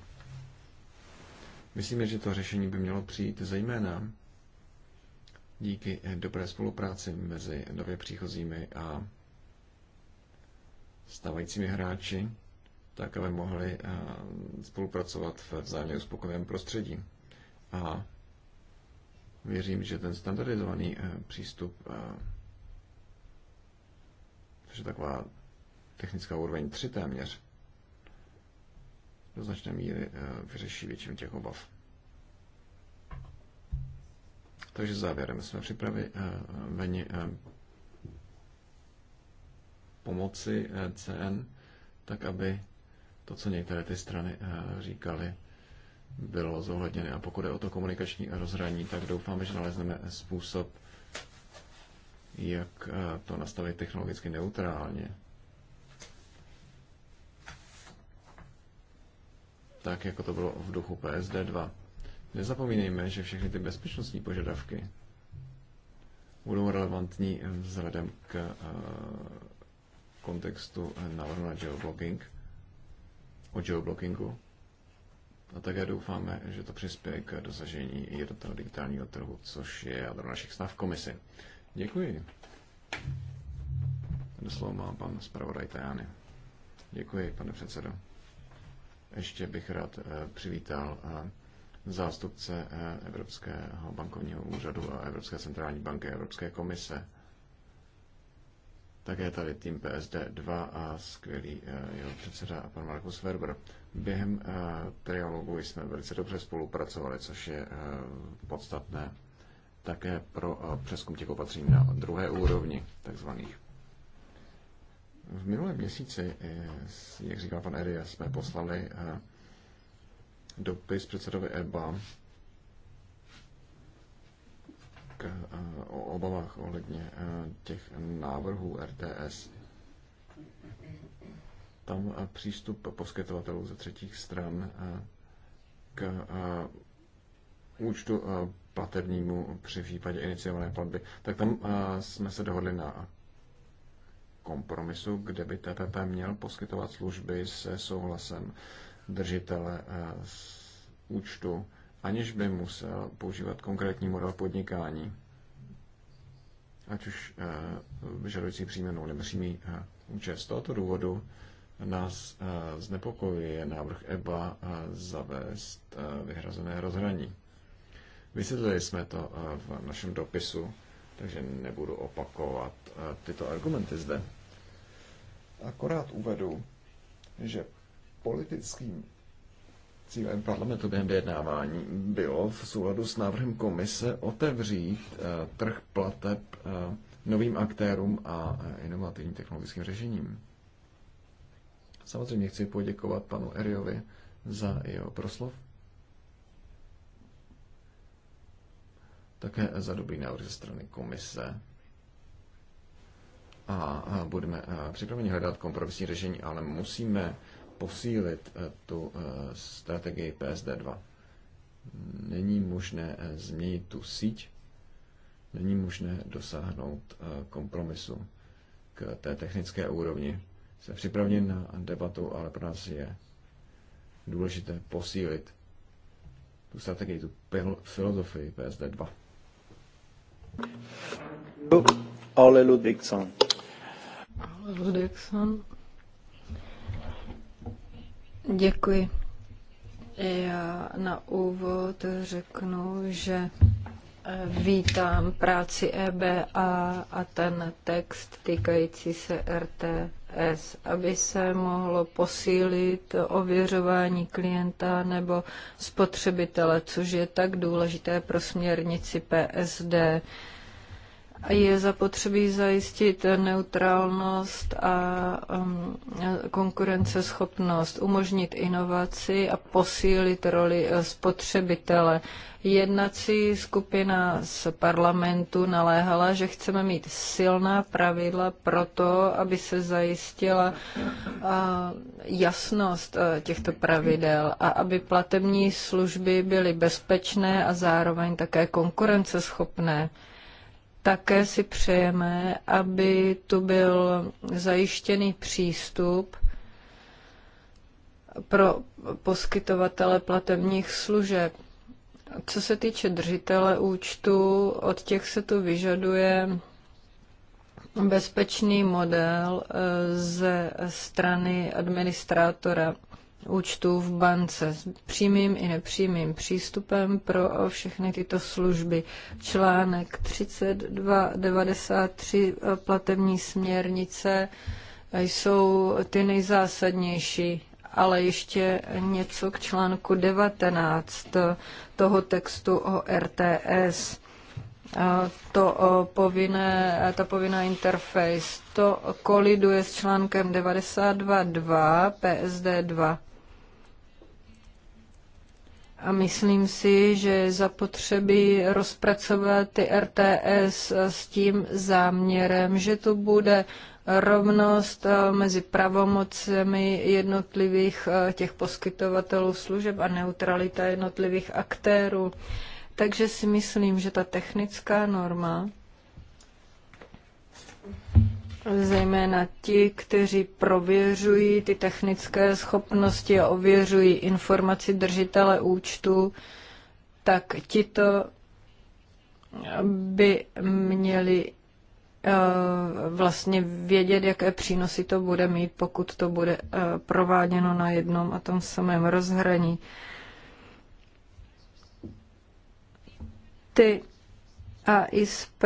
Myslíme, že to řešení by mělo přijít zejména díky dobré spolupráci mezi nově příchozími a stávajícími hráči, tak aby mohli eh, spolupracovat v vzájemně uspokojivém prostředí. A věřím, že ten standardizovaný eh, přístup, eh, což je taková technická úroveň 3 téměř, do značné míry eh, vyřeší většinu těch obav. Takže závěrem jsme veni eh, eh, pomoci CN, tak aby to, co některé ty strany říkali, bylo zohledněné. A pokud je o to komunikační rozhraní, tak doufáme, že nalezneme způsob, jak to nastavit technologicky neutrálně tak jako to bylo v duchu PSD2. Nezapomínejme, že všechny ty bezpečnostní požadavky budou relevantní vzhledem k eh, kontextu návrhu na geoblocking, o geoblockingu. A také doufáme, že to přispěje k dosažení jednotného digitálního trhu, což je jádro našich snav komisi. Děkuji. Slovo má pan zpravodaj Tajany. Děkuji, pane předsedo ještě bych rád eh, přivítal eh, zástupce eh, Evropského bankovního úřadu a Evropské centrální banky a Evropské komise. Také tady tým PSD2 a skvělý jeho předseda pan Markus Werber. Během trialogu jsme velice dobře spolupracovali, což je podstatné také pro přeskum těch opatření na druhé úrovni, takzvaných. V minulém měsíci, eh, jak říkal pan Eria, jsme poslali eh, dopis předsedovi EBA k, eh, o obavách ohledně těch návrhů RTS. Tam přístup poskytovatelů ze třetích stran k účtu platebnímu při případě iniciované platby, tak tam jsme se dohodli na kompromisu, kde by TPP měl poskytovat služby se souhlasem držitele z eh, účtu, aniž by musel používat konkrétní model podnikání, ať už eh, vyžadující příjmenou nebo přímý eh, účet. Z tohoto důvodu nás znepokojuje návrh EBA zavést vyhrazené rozhraní. Vysvětlili jsme to v našem dopisu takže nebudu opakovat eh, tyto argumenty zde. Akorát uvedu, že politickým cílem parlamentu během vyjednávání bylo v souladu s návrhem komise otevřít eh, trh plateb eh, novým aktérům a inovativním technologickým řešením. Samozřejmě chci poděkovat panu Eriovi za jeho proslov také za dobrý návrh ze strany komise. A budeme připraveni hledat kompromisní řešení, ale musíme posílit e, tu e, strategii PSD2. Není možné e, změnit tu síť, není možné dosáhnout kompromisu k té technické úrovni. Jsem připraven na debatu, ale pro nás je důležité posílit tu strategii, tu filozofii PSD2. Ole Ludvigsson. Ludvigsson. Děkuji. Já na úvod řeknu, že eh, vítám práci EBA a ten text týkající se RT ETS, aby se mohlo posílit ověřování klienta nebo spotřebitele, což je tak důležité pro směrnici PSD je zapotřebí zajistit neutrálnost a um, konkurenceschopnost, umožnit inovaci a posílit roli eh, spotřebitele. Jednací skupina z parlamentu naléhala, že chceme mít silná pravidla pro to, aby se zajistila eh, jasnost eh, těchto pravidel a aby platební služby byly bezpečné a zároveň také konkurenceschopné. Také si přejeme, aby tu byl zajištěný přístup pro poskytovatele platebních služeb. Co se týče držitele účtu, od těch se tu vyžaduje bezpečný model eh, ze strany administrátora účtů v bance s přímým i nepřímým přístupem pro všechny tyto služby. Článek 3293 eh, platební směrnice eh, jsou ty nejzásadnější, ale ještě něco k článku 19 eh, toho textu o RTS to povinné, ta povinná interface, to koliduje s článkem 92.2 PSD2. A myslím si, že zapotřebí rozpracovat ty RTS s tím záměrem, že to bude rovnost eh, mezi pravomocemi jednotlivých eh, těch poskytovatelů služeb a neutralita jednotlivých aktérů. Takže si myslím, že ta technická norma zejména ti, kteří prověřují ty technické schopnosti a ověřují informaci držitele účtu, tak tito by měli eh, vlastně vědět, jaké přínosy to bude mít, pokud to bude eh, prováděno na jednom a tom samém rozhraní. Ty AISP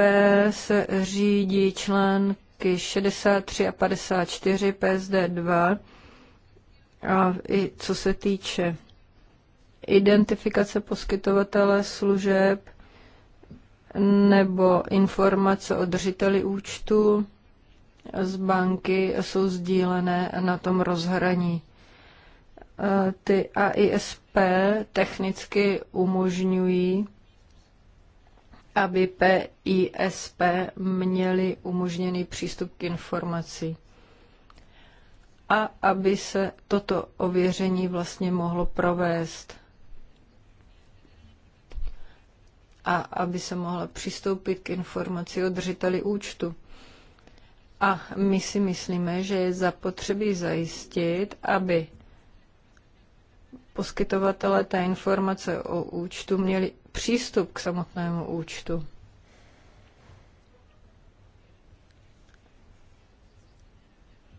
se řídí článkem články 63 a 54 PSD 2 a i co se týče identifikace poskytovatele služeb nebo informace o držiteli účtu z banky jsou sdílené na tom rozhraní. Ty AISP technicky umožňují aby PISP měli umožněný přístup k informaci a aby se toto ověření vlastně mohlo provést a aby se mohla přistoupit k informaci o držiteli účtu. A my si myslíme, že je zapotřebí zajistit, aby poskytovatelé té informace o účtu měli přístup k samotnému účtu.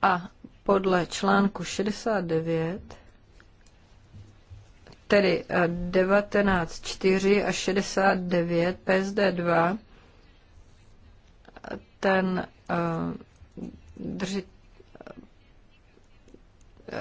A podle článku 69 tedy 19.4 eh, a 69 PSD2, ten eh, držitel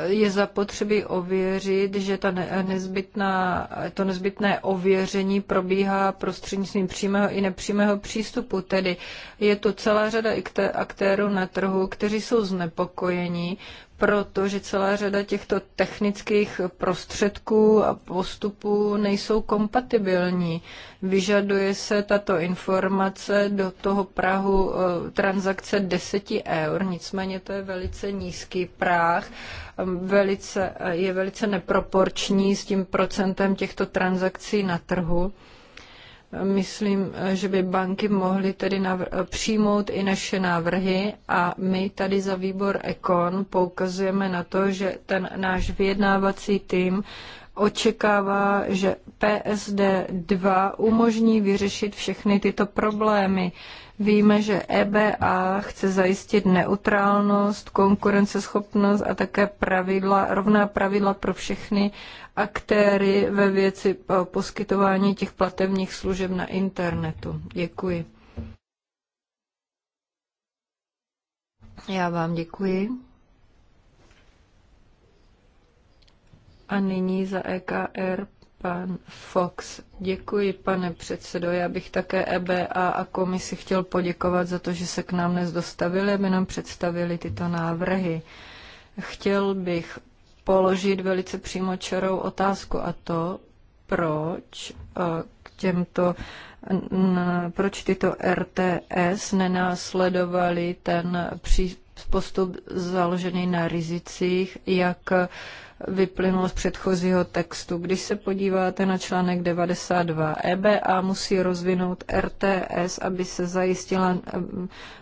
je zapotřebí ověřit, že ta nezbytná, to nezbytné ověření probíhá prostřednictvím přímého i nepřímého přístupu. Tedy je to celá řada aktérů na trhu, kteří jsou znepokojeni, protože celá řada těchto technických prostředků a postupů nejsou kompatibilní. Vyžaduje se tato informace do toho Prahu eh, transakce 10 eur, nicméně to je velice nízký práh, velice, je velice neproporční s tím procentem těchto transakcí na trhu. Myslím, že by banky mohly tedy přijmout i naše návrhy a my tady za výbor Ekon poukazujeme na to, že ten náš vyjednávací tým očekává, že PSD 2 umožní vyřešit všechny tyto problémy. Víme, že EBA chce zajistit neutrálnost, konkurenceschopnost a také pravidla, rovná pravidla pro všechny aktéry ve věci poskytování těch platebních služeb na internetu. Děkuji. Já vám děkuji. A nyní za EKR pan Fox. Děkuji, pane předsedo. Já bych také EBA a komisi chtěl poděkovat za to, že se k nám dnes dostavili, aby nám představili tyto návrhy. Chtěl bych položit velice přímočarou otázku a to, proč eh, k těmto proč tyto RTS nenásledovaly ten postup založený na rizicích, jak vyplynulo z předchozího textu. Když se podíváte na článek 92, EBA musí rozvinout RTS, aby se zajistila eh,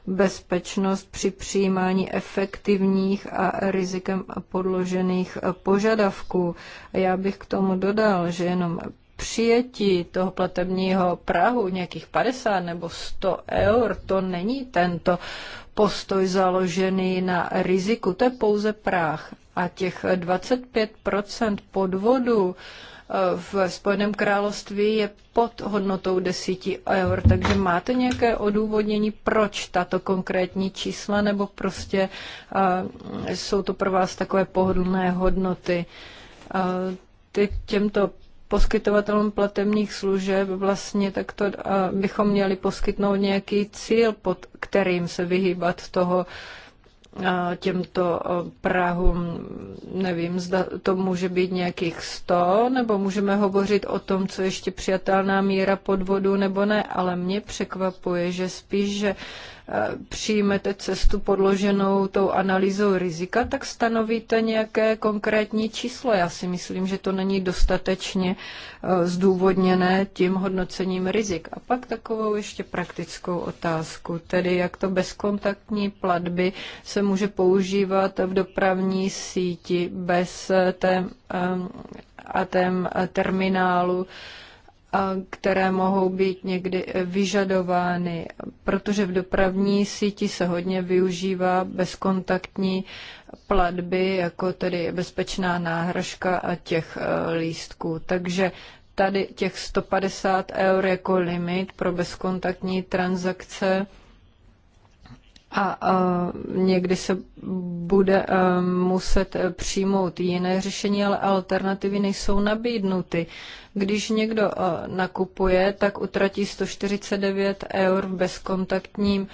bezpečnost při přijímání efektivních a rizikem podložených eh, požadavků. Já bych k tomu dodal, že jenom přijetí toho platebního Prahu nějakých 50 nebo 100 eur, to není tento postoj založený na riziku, to je pouze práh. A těch 25 podvodů eh, v Spojeném království je pod hodnotou 10 eur. Takže máte nějaké odůvodnění, proč tato konkrétní čísla, nebo prostě eh, jsou to pro vás takové pohodlné hodnoty? Eh, Ty těmto poskytovatelům platebních služeb vlastně tak to bychom měli poskytnout nějaký cíl, pod kterým se vyhýbat toho těmto eh, Prahům. Nevím, zda to může být nějakých 100, nebo můžeme hovořit o tom, co ještě přijatelná míra podvodu, nebo ne, ale mě překvapuje, že spíš, že Eh, přijmete cestu podloženou tou analýzou rizika, tak stanovíte nějaké konkrétní číslo. Já si myslím, že to není dostatečně eh, zdůvodněné tím hodnocením rizik. A pak takovou ještě praktickou otázku, tedy jak to bezkontaktní platby se může používat v dopravní síti bez eh, té, a tém terminálu které mohou být někdy vyžadovány, protože v dopravní síti se hodně využívá bezkontaktní platby, jako tedy bezpečná náhražka a těch e, lístků. Takže tady těch 150 eur jako limit pro bezkontaktní transakce a, a e, někdy se bude e, muset přijmout jiné řešení, ale alternativy nejsou nabídnuty. Když někdo e, nakupuje, tak utratí 149 eur bezkontaktním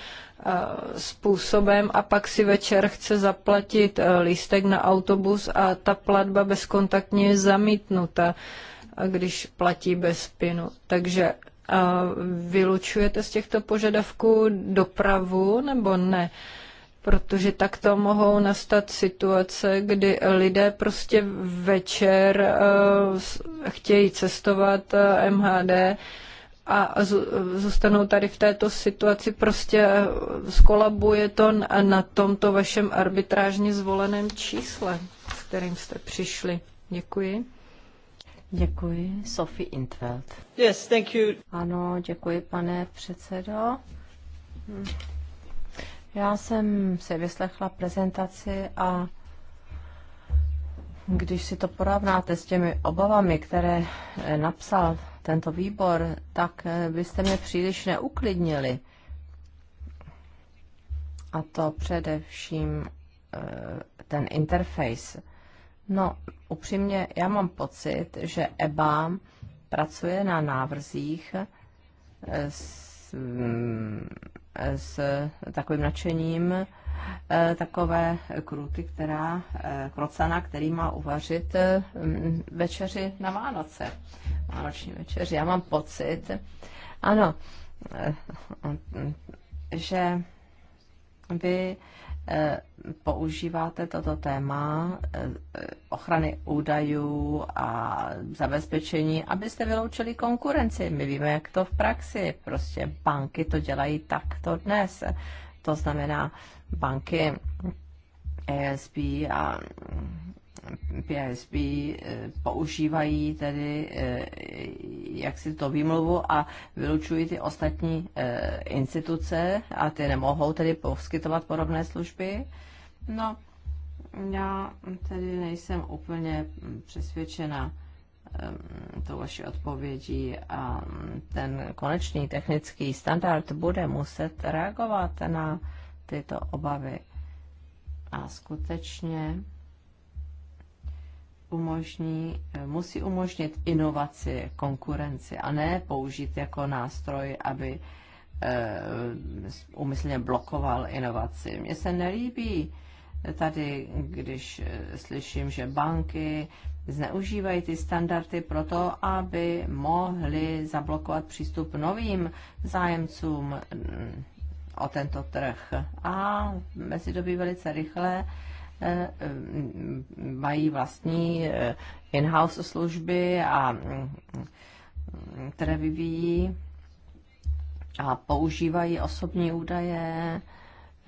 způsobem a pak si večer chce zaplatit lístek na autobus a ta platba bezkontaktně je zamítnuta, když platí bez pinu. Takže vylučujete z těchto požadavků dopravu nebo ne? protože takto mohou nastat situace, kdy lidé prostě večer e, chtějí cestovat e, MHD a zůstanou tady v této situaci, prostě e, skolabuje to na tomto vašem arbitrážně zvoleném čísle, s kterým jste přišli. Děkuji. Děkuji, Sophie Intveld. Yes, thank you. Ano, děkuji, pane předsedo. Já jsem se vyslechla prezentaci a když si to porovnáte s těmi obavami, které eh, napsal tento výbor, tak eh, byste mě příliš neuklidnili. A to především eh, ten interface No, upřímně, já mám pocit, že EBA pracuje na návrzích eh, s, mm, s takovým nadšením eh, takové kruty, která, krocana, eh, který má uvařit mm, večeři na Vánoce, vánoční večeři. Já mám pocit, ano, že vy Eh, používáte toto téma eh, ochrany údajů a zabezpečení, abyste vyloučili konkurenci. My víme, jak to v praxi. Prostě banky to dělají takto dnes. To znamená, banky ASB a PSB eh, používají tedy eh, jak si to výmluvu a vylučují ty ostatní eh, instituce a ty nemohou tedy poskytovat podobné služby. No, já tedy nejsem úplně přesvědčena to vaši odpovědí a ten konečný technický standard bude muset reagovat na tyto obavy. A skutečně umožní, eh, musí umožnit inovaci, konkurenci a ne použít jako nástroj, aby umyslně eh, blokoval inovaci. Mně se nelíbí tady, když eh, slyším, že banky zneužívají ty standardy proto, aby mohli zablokovat přístup novým zájemcům mm, o tento trh. A mezi dobí velice rychle Eh, mají vlastní eh, in-house služby, a, mm, mm, které vyvíjí a používají osobní údaje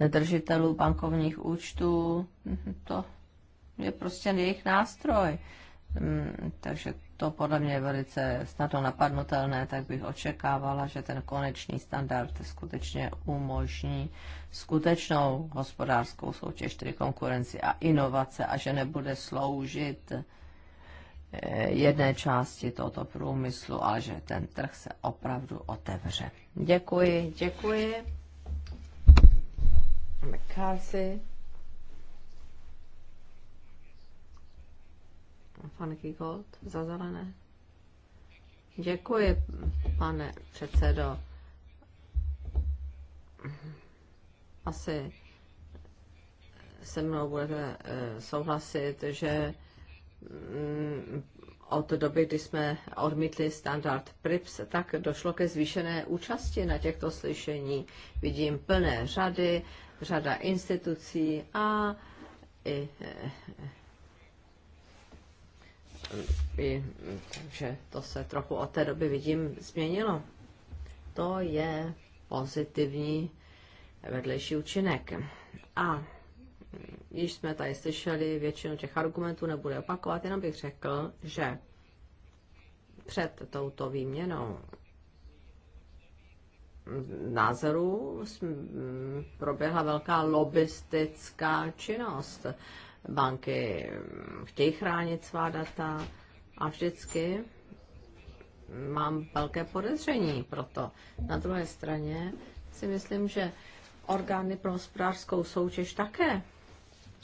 držitelů bankovních účtů. Mhm, to je prostě jejich nástroj. Mm, takže to podle mě je velice snadno napadnutelné, tak bych očekávala, že ten konečný standard skutečně umožní skutečnou hospodářskou soutěž, tedy konkurenci a inovace a že nebude sloužit eh, jedné části tohoto průmyslu, ale že ten trh se opravdu otevře. Děkuji, děkuji. McCarthy. Pan Gold za zelené. Děkuji, pane předsedo. Asi se mnou budete eh, souhlasit, že mm, od doby, kdy jsme odmítli standard PRIPS, tak došlo ke zvýšené účasti na těchto slyšení. Vidím plné řady, řada institucí a i eh, i, takže to se trochu od té doby, vidím, změnilo. To je pozitivní vedlejší účinek. A když jsme tady slyšeli většinu těch argumentů, nebude opakovat, jenom bych řekl, že před touto výměnou názorů proběhla velká lobistická činnost banky chtějí chránit svá data a vždycky mám velké podezření pro to. Na druhé straně si myslím, že orgány pro hospodářskou soutěž také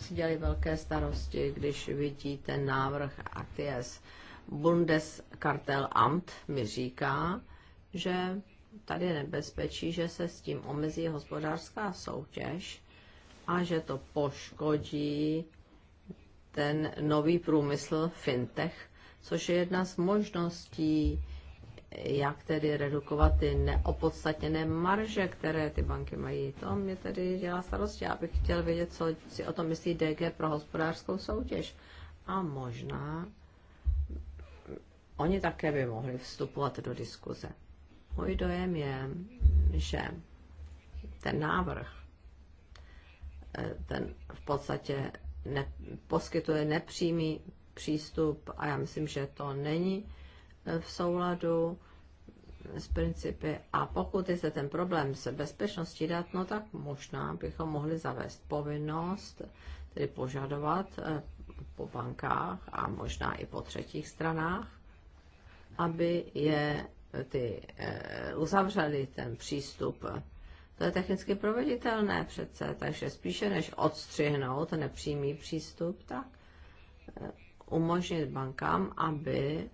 si dělají velké starosti, když vidí ten návrh ATS. Bundeskartelamt mi říká, že tady je nebezpečí, že se s tím omezí hospodářská soutěž a že to poškodí ten nový průmysl fintech, což je jedna z možností, jak tedy redukovat ty neopodstatněné marže, které ty banky mají. To mě tedy dělá starosti. Já bych chtěl vědět, co si o tom myslí DG pro hospodářskou soutěž. A možná oni také by mohli vstupovat do diskuze. Můj dojem je, že ten návrh, eh, ten v podstatě ne, poskytuje nepřímý přístup a já myslím, že to není e, v souladu s principy. A pokud je se ten problém se bezpečností dat, no tak možná bychom mohli zavést povinnost, tedy požadovat e, po bankách a možná i po třetích stranách, aby je e, ty uzavřeli ten přístup to je technicky proveditelné přece, takže spíše než odstřihnout nepřímý přístup, tak eh, umožnit bankám, aby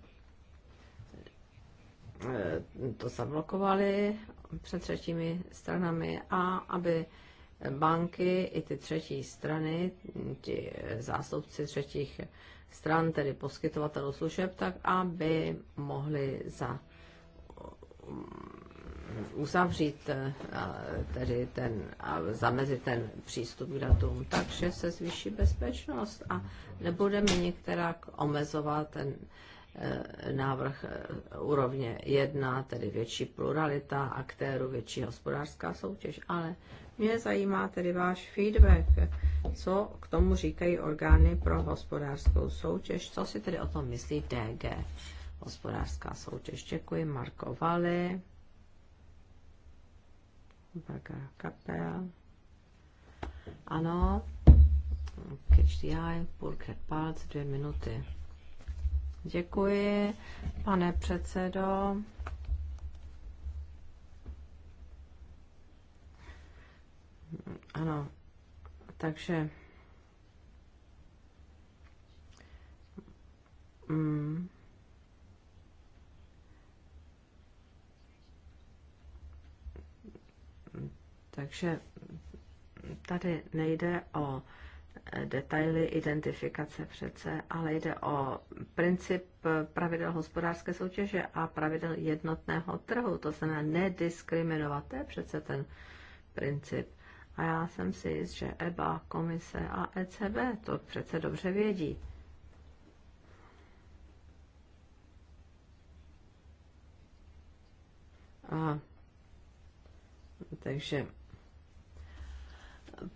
eh, to zablokovali před třetími stranami a aby banky i ty třetí strany, ti zástupci třetích stran, tedy poskytovatelů služeb, tak aby mohli za uzavřít eh, tedy ten, a zamezit ten přístup k datům, takže se zvýší bezpečnost a nebudeme některak omezovat ten eh, návrh eh, úrovně jedna, tedy větší pluralita aktérů, větší hospodářská soutěž, ale mě zajímá tedy váš feedback, co k tomu říkají orgány pro hospodářskou soutěž, co si tedy o tom myslí DG, hospodářská soutěž. Děkuji Marko Vali velká kapela. Ano, catch the eye, burkhead palc, dvě minuty. Děkuji, pane předsedo. Ano, takže... Mm. Takže tady nejde o detaily identifikace přece, ale jde o princip pravidel hospodářské soutěže a pravidel jednotného trhu, to znamená nediskriminovat, to je přece ten princip. A já jsem si jist, že EBA, komise a ECB to přece dobře vědí. A, takže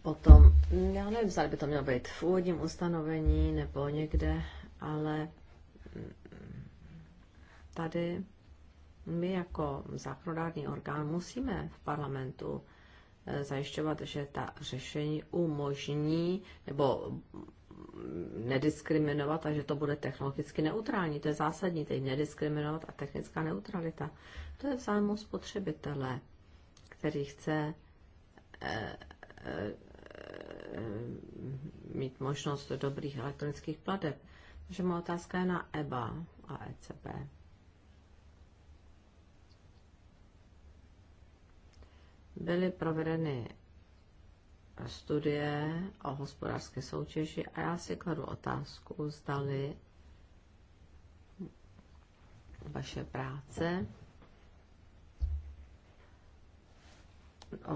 Potom, já nevím, zda by to mělo být v úvodním ustanovení nebo někde, ale mm, tady my jako zákonodárný orgán musíme v parlamentu eh, zajišťovat, že ta řešení umožní nebo mm, nediskriminovat a že to bude technologicky neutrální. To je zásadní, teď nediskriminovat a technická neutralita. To je v zájmu spotřebitele, který chce eh, Eh, mít možnost dobrých elektronických plateb. Takže má otázka je na EBA a ECB. Byly provedeny studie o hospodářské soutěži a já si kladu otázku, zdali vaše práce o,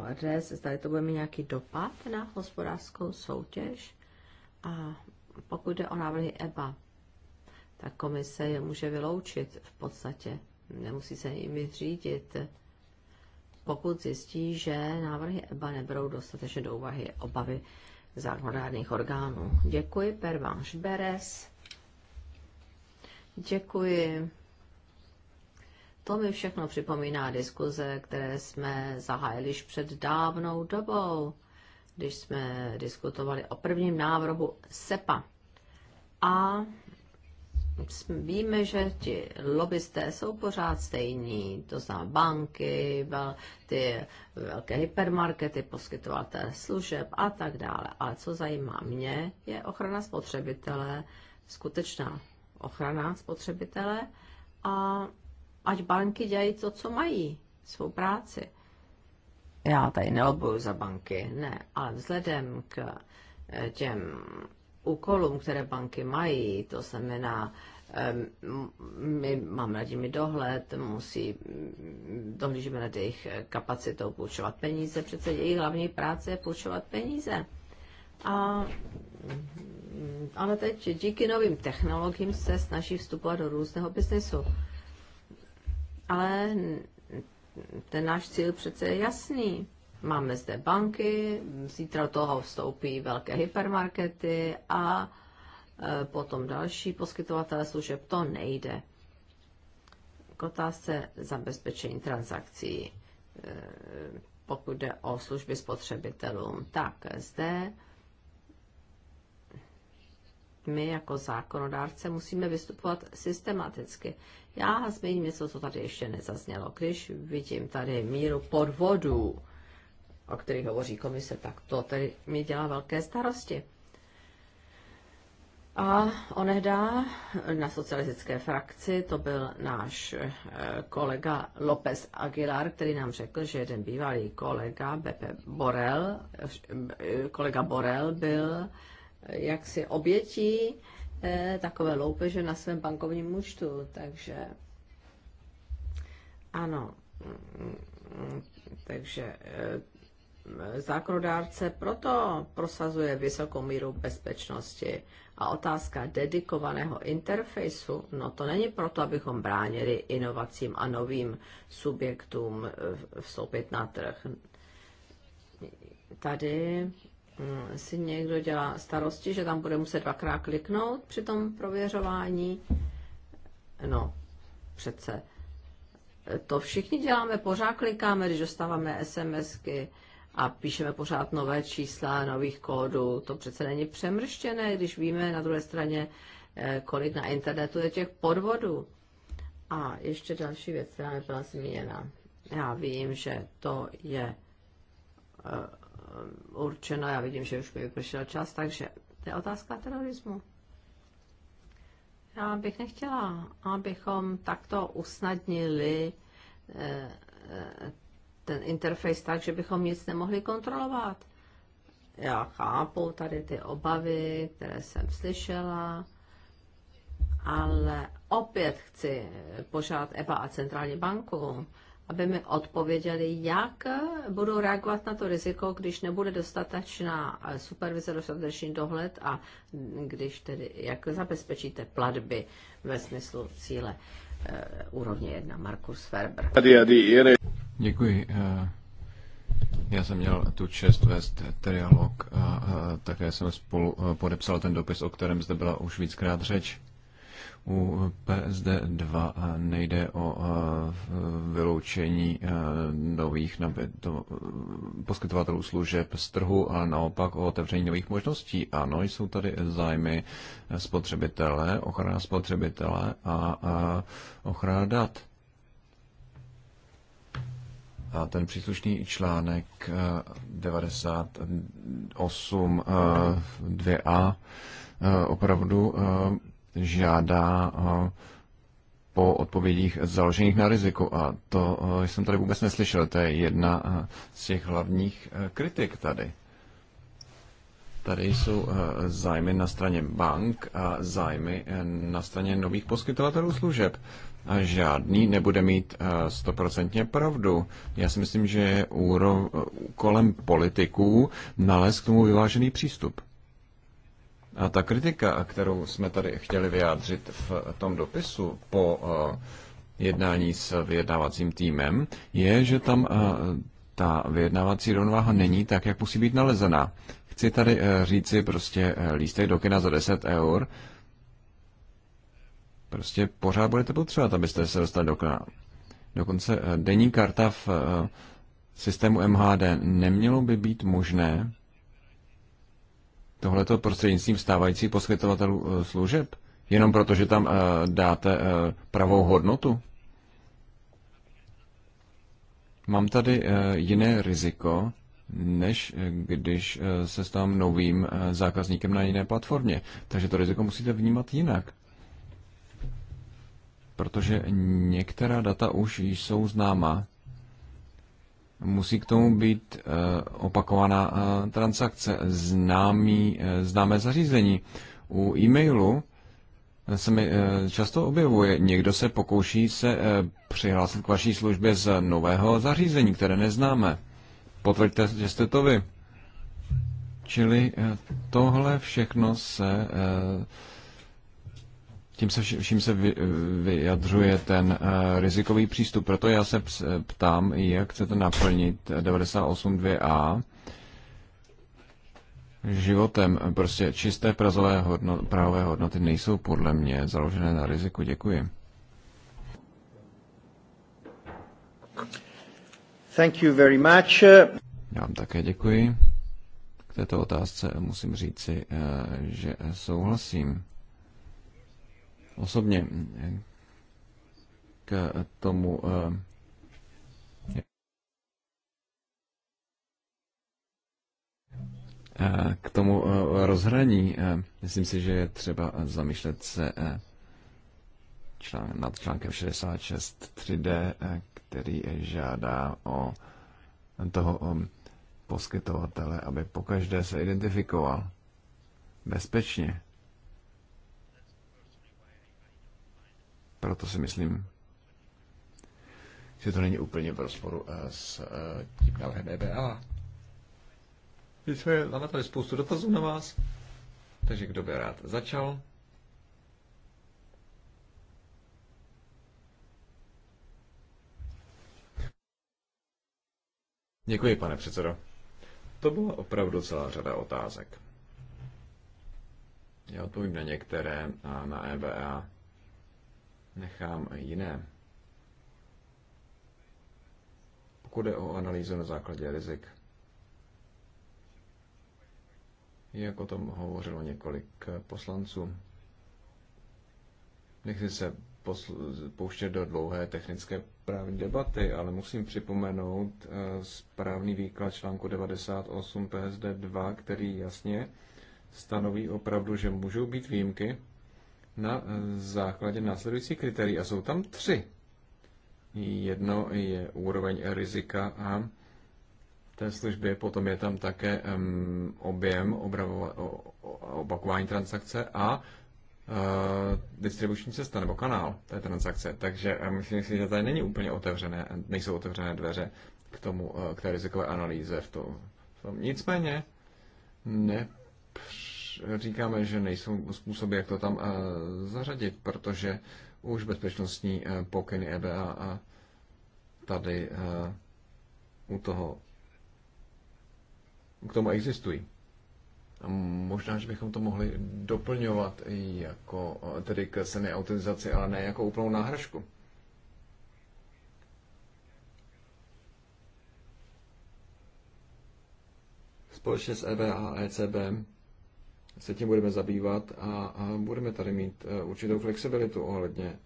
o RS, zda to bude mít nějaký dopad na hospodářskou soutěž. A pokud jde o návrhy EBA, tak komise je může vyloučit v podstatě, nemusí se jimi řídit, pokud zjistí, že návrhy EBA neberou dostatečně do úvahy obavy zákonodárných orgánů. Děkuji, Pervanš Beres. Děkuji. To mi všechno připomíná diskuze, které jsme zahájili již před dávnou dobou, když jsme diskutovali o prvním návrhu SEPA. A víme, že ti lobbysté jsou pořád stejní, to znamená banky, ty velké hypermarkety, poskytovatel služeb a tak dále. Ale co zajímá mě, je ochrana spotřebitele, skutečná ochrana spotřebitele a ať banky dělají to, co mají, svou práci. Já tady nelobuju za banky, ne, ale vzhledem k eh, těm úkolům, které banky mají, to znamená, my máme nad nimi dohled, musí, dohlížíme nad jejich kapacitou půjčovat peníze, přece jejich hlavní práce je půjčovat peníze. A, ale teď díky novým technologiím se snaží vstupovat do různého biznesu. Ale ten náš cíl přece je jasný. Máme zde banky, zítra do toho vstoupí velké hypermarkety a e, potom další poskytovatele služeb. To nejde. K otázce zabezpečení transakcí, e, pokud jde o služby spotřebitelům. Tak zde my jako zákonodárce musíme vystupovat systematicky. Já zmíním něco, co tady ještě nezaznělo. Když vidím tady míru podvodů, o kterých hovoří komise, tak to tady mi dělá velké starosti. A onehdá na socialistické frakci to byl náš eh, kolega López Aguilar, který nám řekl, že jeden bývalý kolega, Bepe Borel, eh, kolega Borel byl eh, jaksi obětí Eh, takové loupeže na svém bankovním účtu, takže ano, takže eh, zákonodárce proto prosazuje vysokou míru bezpečnosti. A otázka dedikovaného interfejsu, no to není proto, abychom bránili inovacím a novým subjektům eh, vstoupit na trh. Tady Hm, si někdo dělá starosti, že tam bude muset dvakrát kliknout při tom prověřování. No, přece. To všichni děláme, pořád klikáme, když dostáváme SMSky a píšeme pořád nové čísla, nových kódů. To přece není přemrštěné, když víme na druhé straně, eh, kolik na internetu je těch podvodů. A ještě další věc, která nebyla zmíněna. Já vím, že to je eh, určena. Já vidím, že už mi vypršel čas, takže to je otázka terorismu. Já bych nechtěla, abychom takto usnadnili eh, eh, ten interface tak, že bychom nic nemohli kontrolovat. Já chápu tady ty obavy, které jsem slyšela, ale opět chci požádat EBA a Centrální banku, aby mi odpověděli, jak budou reagovat na to riziko, když nebude dostatečná eh, supervize, dostatečný dohled a když tedy, jak zabezpečíte platby ve smyslu cíle e, úrovně 1. Markus Ferber. Děkuji. Eh, já jsem měl tu čest vést trialog a, a také jsem spolu podepsal ten dopis, o kterém zde byla už víckrát řeč. U PSD2 eh, nejde o eh, vyloučení eh, nových poskytovatelů služeb z trhu, ale naopak o otevření nových možností. Ano, jsou tady zájmy spotřebitele, ochrana spotřebitele a ochrana dat. A ten příslušný článek 98 2a opravdu žádá eh, po odpovědích založených na riziku. A to eh, jsem tady vůbec neslyšel. To je jedna eh, z těch hlavních kritik tady. Tady jsou zájmy na straně bank a zájmy na straně nových poskytovatelů služeb. A žádný nebude mít stoprocentně pravdu. Já si myslím, že je úro, kolem politiků nalézt k tomu vyvážený přístup. A ta kritika, kterou jsme tady chtěli vyjádřit v tom dopisu po eh, jednání s vyjednávacím týmem, je, že tam eh, ta vyjednávací rovnováha není tak, jak musí být nalezená. Chci tady eh, říci prostě lístek do kina za 10 eur. Prostě pořád budete potřebovat, abyste se dostali do kina. Dokonce denní karta v systému MHD nemělo by být možné tohleto prostřednictvím stávajících poskytovatelů eh, služeb? Jenom proto, že tam eh, dáte eh, pravou hodnotu? Mám tady jiné riziko, než když se stávám novým zákazníkem na jiné platformě. Takže to riziko musíte vnímat jinak. Protože některá data už jsou známa musí k tomu být eh, opakovaná eh, transakce, známý, eh, známé zařízení. U e-mailu se mi často objevuje, někdo se pokouší se přihlásit k vaší službě z nového zařízení, které neznáme. Potvrďte, že jste to vy. Čili tohle všechno se tím se vším se vy, vyjadřuje ten eh, rizikový přístup. Proto já se ptám, jak chcete naplnit 98.2a životem. Prostě čisté prazové hodnot, právové hodnoty nejsou podle mě založené na riziku. Děkuji. Thank you very much. Já vám také děkuji. K této otázce musím říci, eh, že souhlasím osobně k tomu eh, eh, k tomu eh, rozhraní. Myslím si, že je třeba zamýšlet se nad článkem 66 3D, který žádá o toho o poskytovatele, aby pokaždé se identifikoval bezpečně Proto si myslím, že to není úplně v rozporu eh, s eh, tím návrhem EBA. Nicméně, máme tady spoustu dotazů na vás, takže kdo by rád začal? Děkuji, pane předsedo. To byla opravdu celá řada otázek. Já odpovím na některé a na EBA nechám jiné. Pokud jde o analýzu na základě rizik, jak o tom hovořilo několik eh, poslanců, nechci se pouštět do dlouhé technické právní debaty, ale musím připomenout eh, správný výklad článku 98 PSD 2, který jasně stanoví opravdu, že můžou být výjimky, na základě následujících kritérií. A jsou tam tři. Jedno je úroveň rizika a té služby, potom je tam také um, objem opakování transakce a uh, distribuční cesta nebo kanál té transakce. Takže um, myslím si, že tady není úplně otevřené, nejsou otevřené dveře k tomu, uh, k té rizikové analýze v tom. V tom. Nicméně nepřijde říkáme, že nejsou způsoby, jak to tam eh, zařadit, protože už bezpečnostní eh, pokyny EBA a tady eh, u toho k tomu existují. A možná, že bychom to mohli doplňovat jako, tedy k semi-autorizaci, ale ne jako úplnou náhražku. Společně s EBA a ECB se tím budeme zabývat a, a budeme tady mít eh, určitou flexibilitu ohledně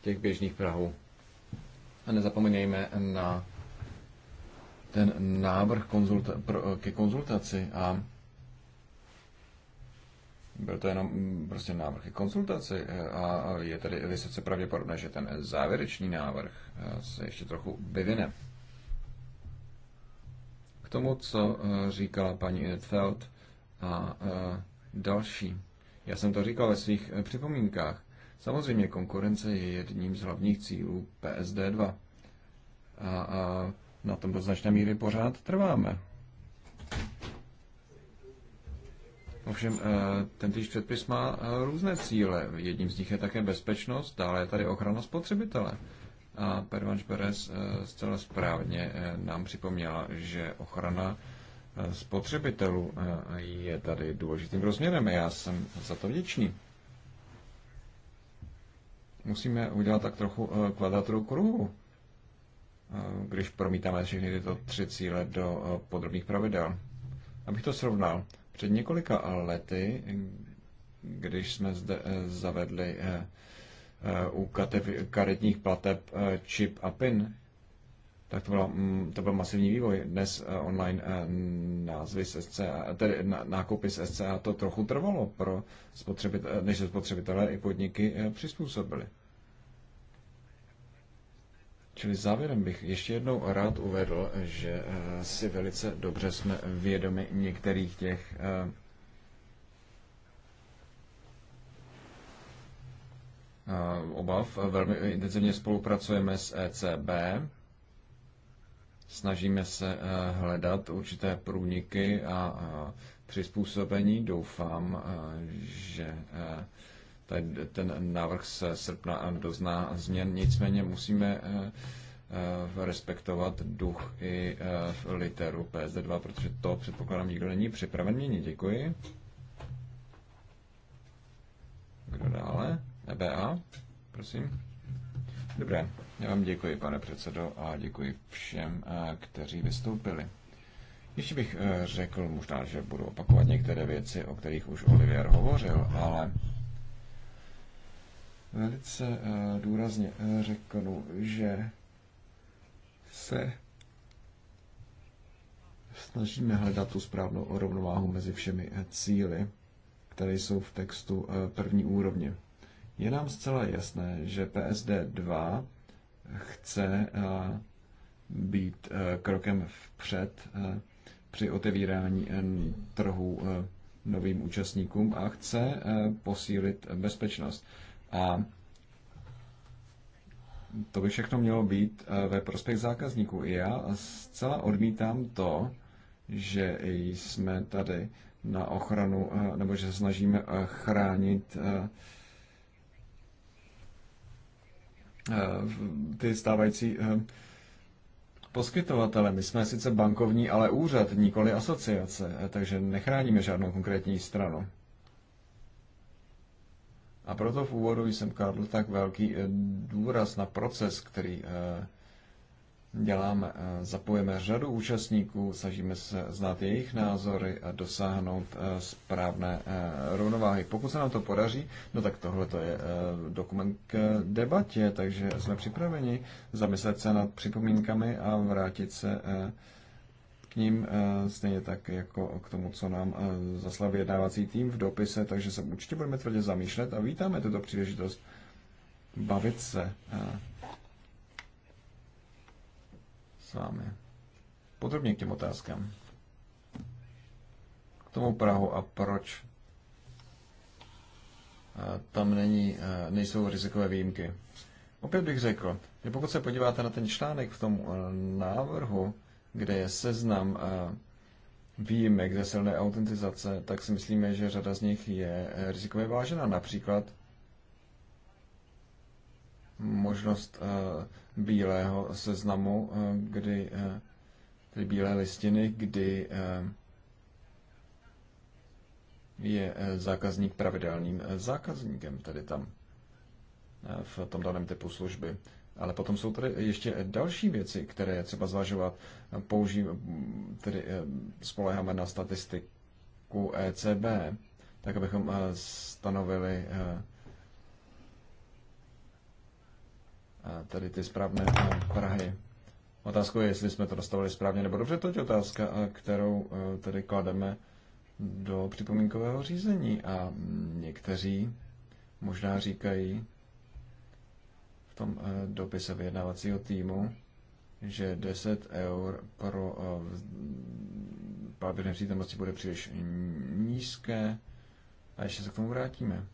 těch běžných prahů. A nezapomeňme na ten návrh konzulta- pro, ke konzultaci a byl to jenom mm, prostě návrh ke konzultaci eh, a je tedy vysoce pravděpodobné, že ten závěrečný návrh eh, se ještě trochu vyvine. K tomu, co říkala paní Edfeld a Další. Já jsem to říkal ve svých eh, připomínkách. Samozřejmě konkurence je jedním z hlavních cílů PSD2. A, a na tom do značné míry pořád trváme. Ovšem, eh, týž předpis má eh, různé cíle. Jedním z nich je také bezpečnost, dále je tady ochrana spotřebitele. A Pervanš Perez zcela správně nám připomněla, že ochrana Eh, spotřebitelů eh, je tady důležitým rozměrem. Já jsem za to vděčný. Musíme udělat tak trochu eh, kvadraturu kruhu, když promítáme všechny tyto tři cíle do podrobných pravidel. Abych to srovnal, před několika lety, když jsme zde zavedli u karetních plateb čip a PIN, tak to, bylo, mm, to byl masivní vývoj. Dnes eh, online eh, názvy z SCA, tedy nákupy z SCA, to trochu trvalo, pro spotřebit, eh, než se spotřebitelé i podniky přizpůsobili. Čili závěrem bych ještě jednou rád uvedl, že si velice dobře jsme vědomi některých těch obav. Velmi intenzivně spolupracujeme s ECB Snažíme se eh, hledat určité průniky a přizpůsobení. Doufám, eh, že eh, ten návrh se srpna dozná změn. Nicméně musíme respektovat duch i v literu PSD2, protože to předpokládám nikdo není připraven mění. Děkuji. Kdo dále? EBA, prosím. Dobré. Já vám děkuji, pane předsedo, a děkuji všem, eh, kteří vystoupili. Ještě bych eh, řekl, možná, že budu opakovat některé věci, o kterých už Olivier hovořil, ale velice eh, důrazně řeknu, že se snažíme hledat tu správnou rovnováhu mezi všemi cíly, které jsou v textu první úrovně. Je nám zcela jasné, že PSD 2 chce eh, být eh, krokem vpřed eh, při otevírání trhu novým účastníkům a chce posílit bezpečnost. A to by všechno mělo být ve prospěch zákazníků. I já zcela odmítám to, že jsme tady na ochranu, nebo že se snažíme chránit Eh, ty stávající eh, poskytovatele. My jsme sice bankovní, ale úřad, nikoli asociace, eh, takže nechráníme žádnou konkrétní stranu. A proto v úvodu jsem kladl tak velký důraz na proces, který děláme. Eh, zapojeme řadu účastníků, snažíme se znát jejich názory a dosáhnout eh, správné eh, rovnováhy. Pokud se nám to podaří, no tak tohle to je dokument k debatě, takže jsme připraveni zamyslet se nad připomínkami a vrátit se k ním, stejně tak jako k tomu, co nám zaslal vyjednávací tým v dopise, takže se určitě budeme tvrdě zamýšlet a vítáme tuto příležitost bavit se s vámi. Podrobně k těm otázkám. K tomu Prahu a proč eh, tam není, eh, nejsou rizikové výjimky. Opět bych řekl, že pokud se podíváte na ten článek v tom eh, návrhu, kde je seznam výjimek ze silné autentizace, tak si myslíme, že řada z nich je rizikově vážená. Například možnost eh, bílého seznamu, eh, kdy eh, tedy bílé listiny, kdy je zákazník pravidelným zákazníkem, tedy tam v tom daném typu služby. Ale potom jsou tady ještě další věci, které je třeba zvažovat. Použijím, tedy spoleháme na statistiku ECB, tak abychom stanovili tady ty správné Prahy. Otázka je, jestli jsme to dostavili správně nebo dobře, to je otázka, kterou e, tedy klademe do připomínkového řízení. A někteří možná říkají v tom e, dopise vyjednávacího týmu, že 10 eur pro e, papír nepřítomnosti bude příliš nízké. A ještě se k tomu vrátíme.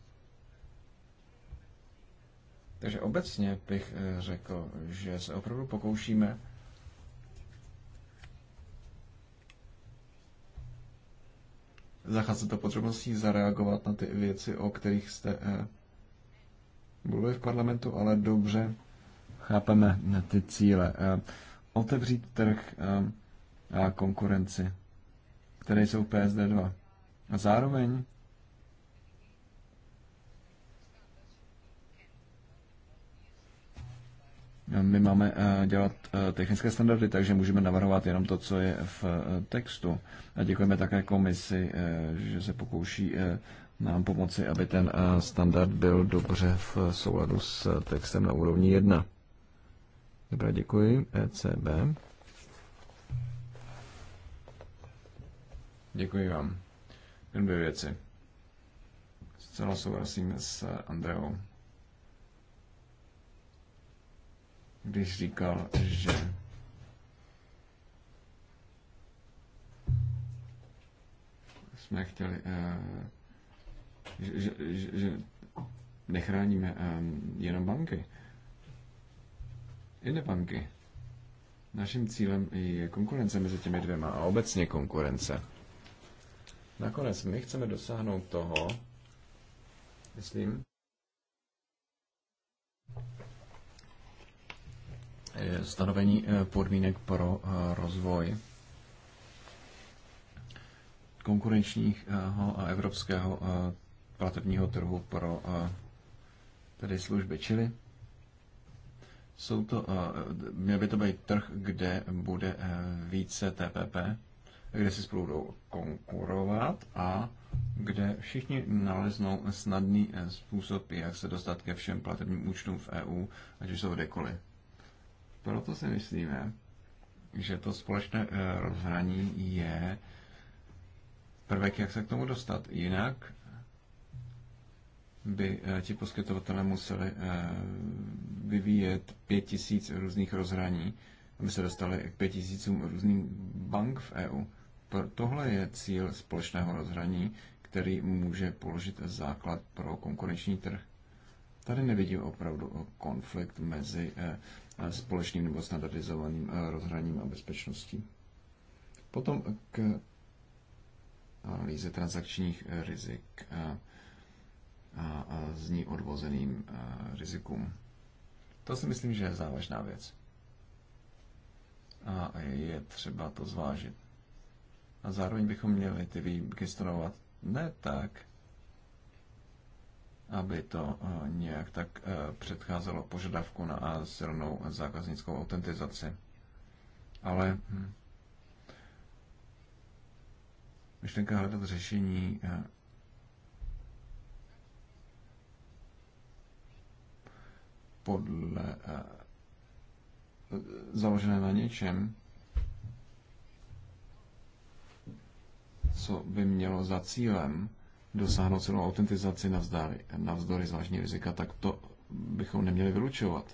Takže obecně bych eh, řekl, že se opravdu pokoušíme zacházet do podrobností, zareagovat na ty věci, o kterých jste eh, mluvili v parlamentu, ale dobře chápeme ty cíle. Eh, otevřít trh a konkurenci, které jsou PSD2. A zároveň My máme eh, dělat eh, technické standardy, takže můžeme navrhovat jenom to, co je v eh, textu. A děkujeme také komisi, že se pokouší nám pomoci, aby ten standard byl dobře v souladu s textem na úrovni 1. Dobrá, děkuji. ECB. Děkuji vám. Jen dvě věci. Zcela souhlasím s Andreou když říkal, že jsme chtěli, eh, že, že, že, že nechráníme eh, jenom banky. jiné banky. Naším cílem je konkurence mezi těmi dvěma a obecně konkurence. Nakonec my chceme dosáhnout toho, myslím, stanovení eh, podmínek pro eh, rozvoj konkurenčního a evropského eh, platebního trhu pro tedy služby. Čili jsou to, měl by to být trh, kde bude více TPP, kde si spolu budou konkurovat a kde všichni naleznou snadný způsob, jak se dostat ke všem platebním účtům v EU, ať už jsou kdekoliv. Proto si myslíme, že to společné eh, rozhraní je prvek, jak se k tomu dostat. Jinak by eh, ti poskytovatelé museli eh, vyvíjet pět tisíc různých rozhraní, aby se dostali k pět tisícům různých bank v EU. Tohle je cíl společného rozhraní, který může položit základ pro konkurenční trh. Tady nevidím opravdu konflikt mezi společným nebo standardizovaným eh, rozhraním a bezpečností. Potom k analýze transakčních eh, rizik a z ní odvozeným eh, rizikům. To si myslím, že je závažná věc. A je třeba to zvážit. A zároveň bychom měli ty výjimky stanovat ne tak, aby to eh, nějak tak eh, předcházelo požadavku na eh, silnou zákaznickou autentizaci. Ale hm, myšlenka hledat řešení podle založené na něčem, co by mělo za cílem dosáhnout celou autentizaci navzdory, navzdory zvláštní rizika, tak to bychom neměli vylučovat.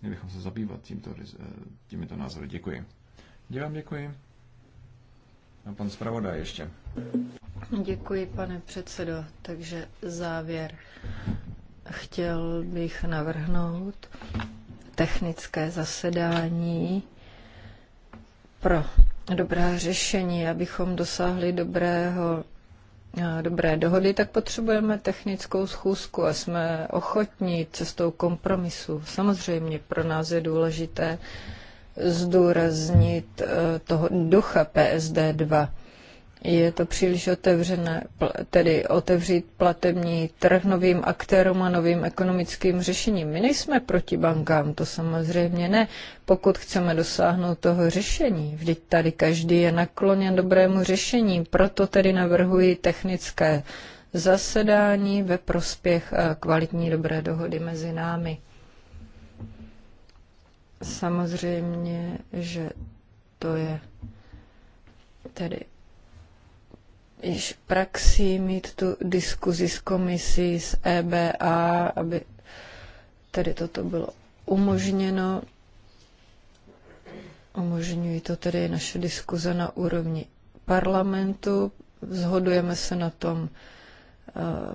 Měli bychom se zabývat tímto, eh, těmito názory. Děkuji. Já děkuji. A pan zpravodá ještě. Děkuji, pane předsedo. Takže závěr. Chtěl bych navrhnout technické zasedání pro dobrá řešení, abychom dosáhli dobrého eh, dobré dohody, tak potřebujeme technickou schůzku a jsme ochotní cestou kompromisu. Samozřejmě pro nás je důležité zdůraznit eh, toho ducha PSD 2 je to příliš otevřené, tedy otevřít platební trh novým aktérům a novým ekonomickým řešením. My nejsme proti bankám, to samozřejmě ne. Pokud chceme dosáhnout toho řešení, vždyť tady každý je nakloněn dobrému řešení, proto tedy navrhuji technické zasedání ve prospěch eh, kvalitní dobré dohody mezi námi. Samozřejmě, že to je tedy již praxí mít tu diskuzi s komisí, s EBA, aby tedy toto bylo umožněno. Umožňují to tedy naše diskuze na úrovni parlamentu. Zhodujeme se na tom e,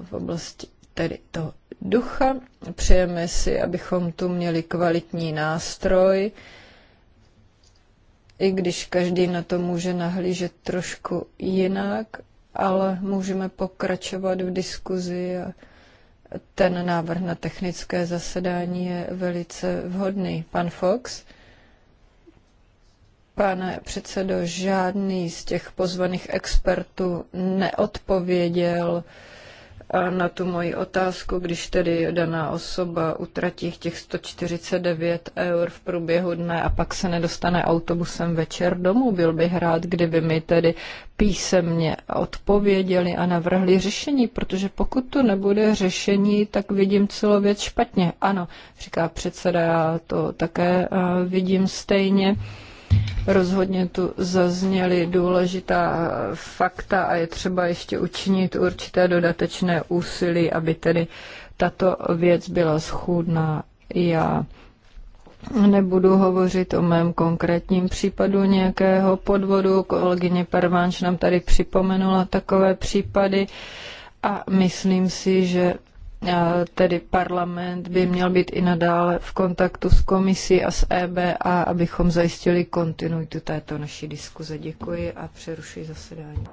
v oblasti tedy toho ducha. Přejeme si, abychom tu měli kvalitní nástroj, i když každý na to může nahlížet trošku jinak, ale můžeme pokračovat v diskuzi a ten návrh na technické zasedání je velice vhodný. Pan Fox? Pane předsedo, žádný z těch pozvaných expertů neodpověděl na tu moji otázku, když tedy daná osoba utratí těch 149 eur v průběhu dne a pak se nedostane autobusem večer domů. Byl bych rád, kdyby mi tedy písemně odpověděli a navrhli řešení, protože pokud to nebude řešení, tak vidím celou věc špatně. Ano, říká předseda, já to také eh, vidím stejně. Rozhodně tu zazněly důležitá fakta a je třeba ještě učinit určité dodatečné úsilí, aby tedy tato věc byla schůdná. Já Nebudu hovořit o mém konkrétním případu nějakého podvodu. Kolegyně Pervánč nám tady připomenula takové případy a myslím si, že tedy parlament by měl být i nadále v kontaktu s komisí a s EBA, abychom zajistili kontinuitu této naší diskuze. Děkuji a přerušuji zasedání.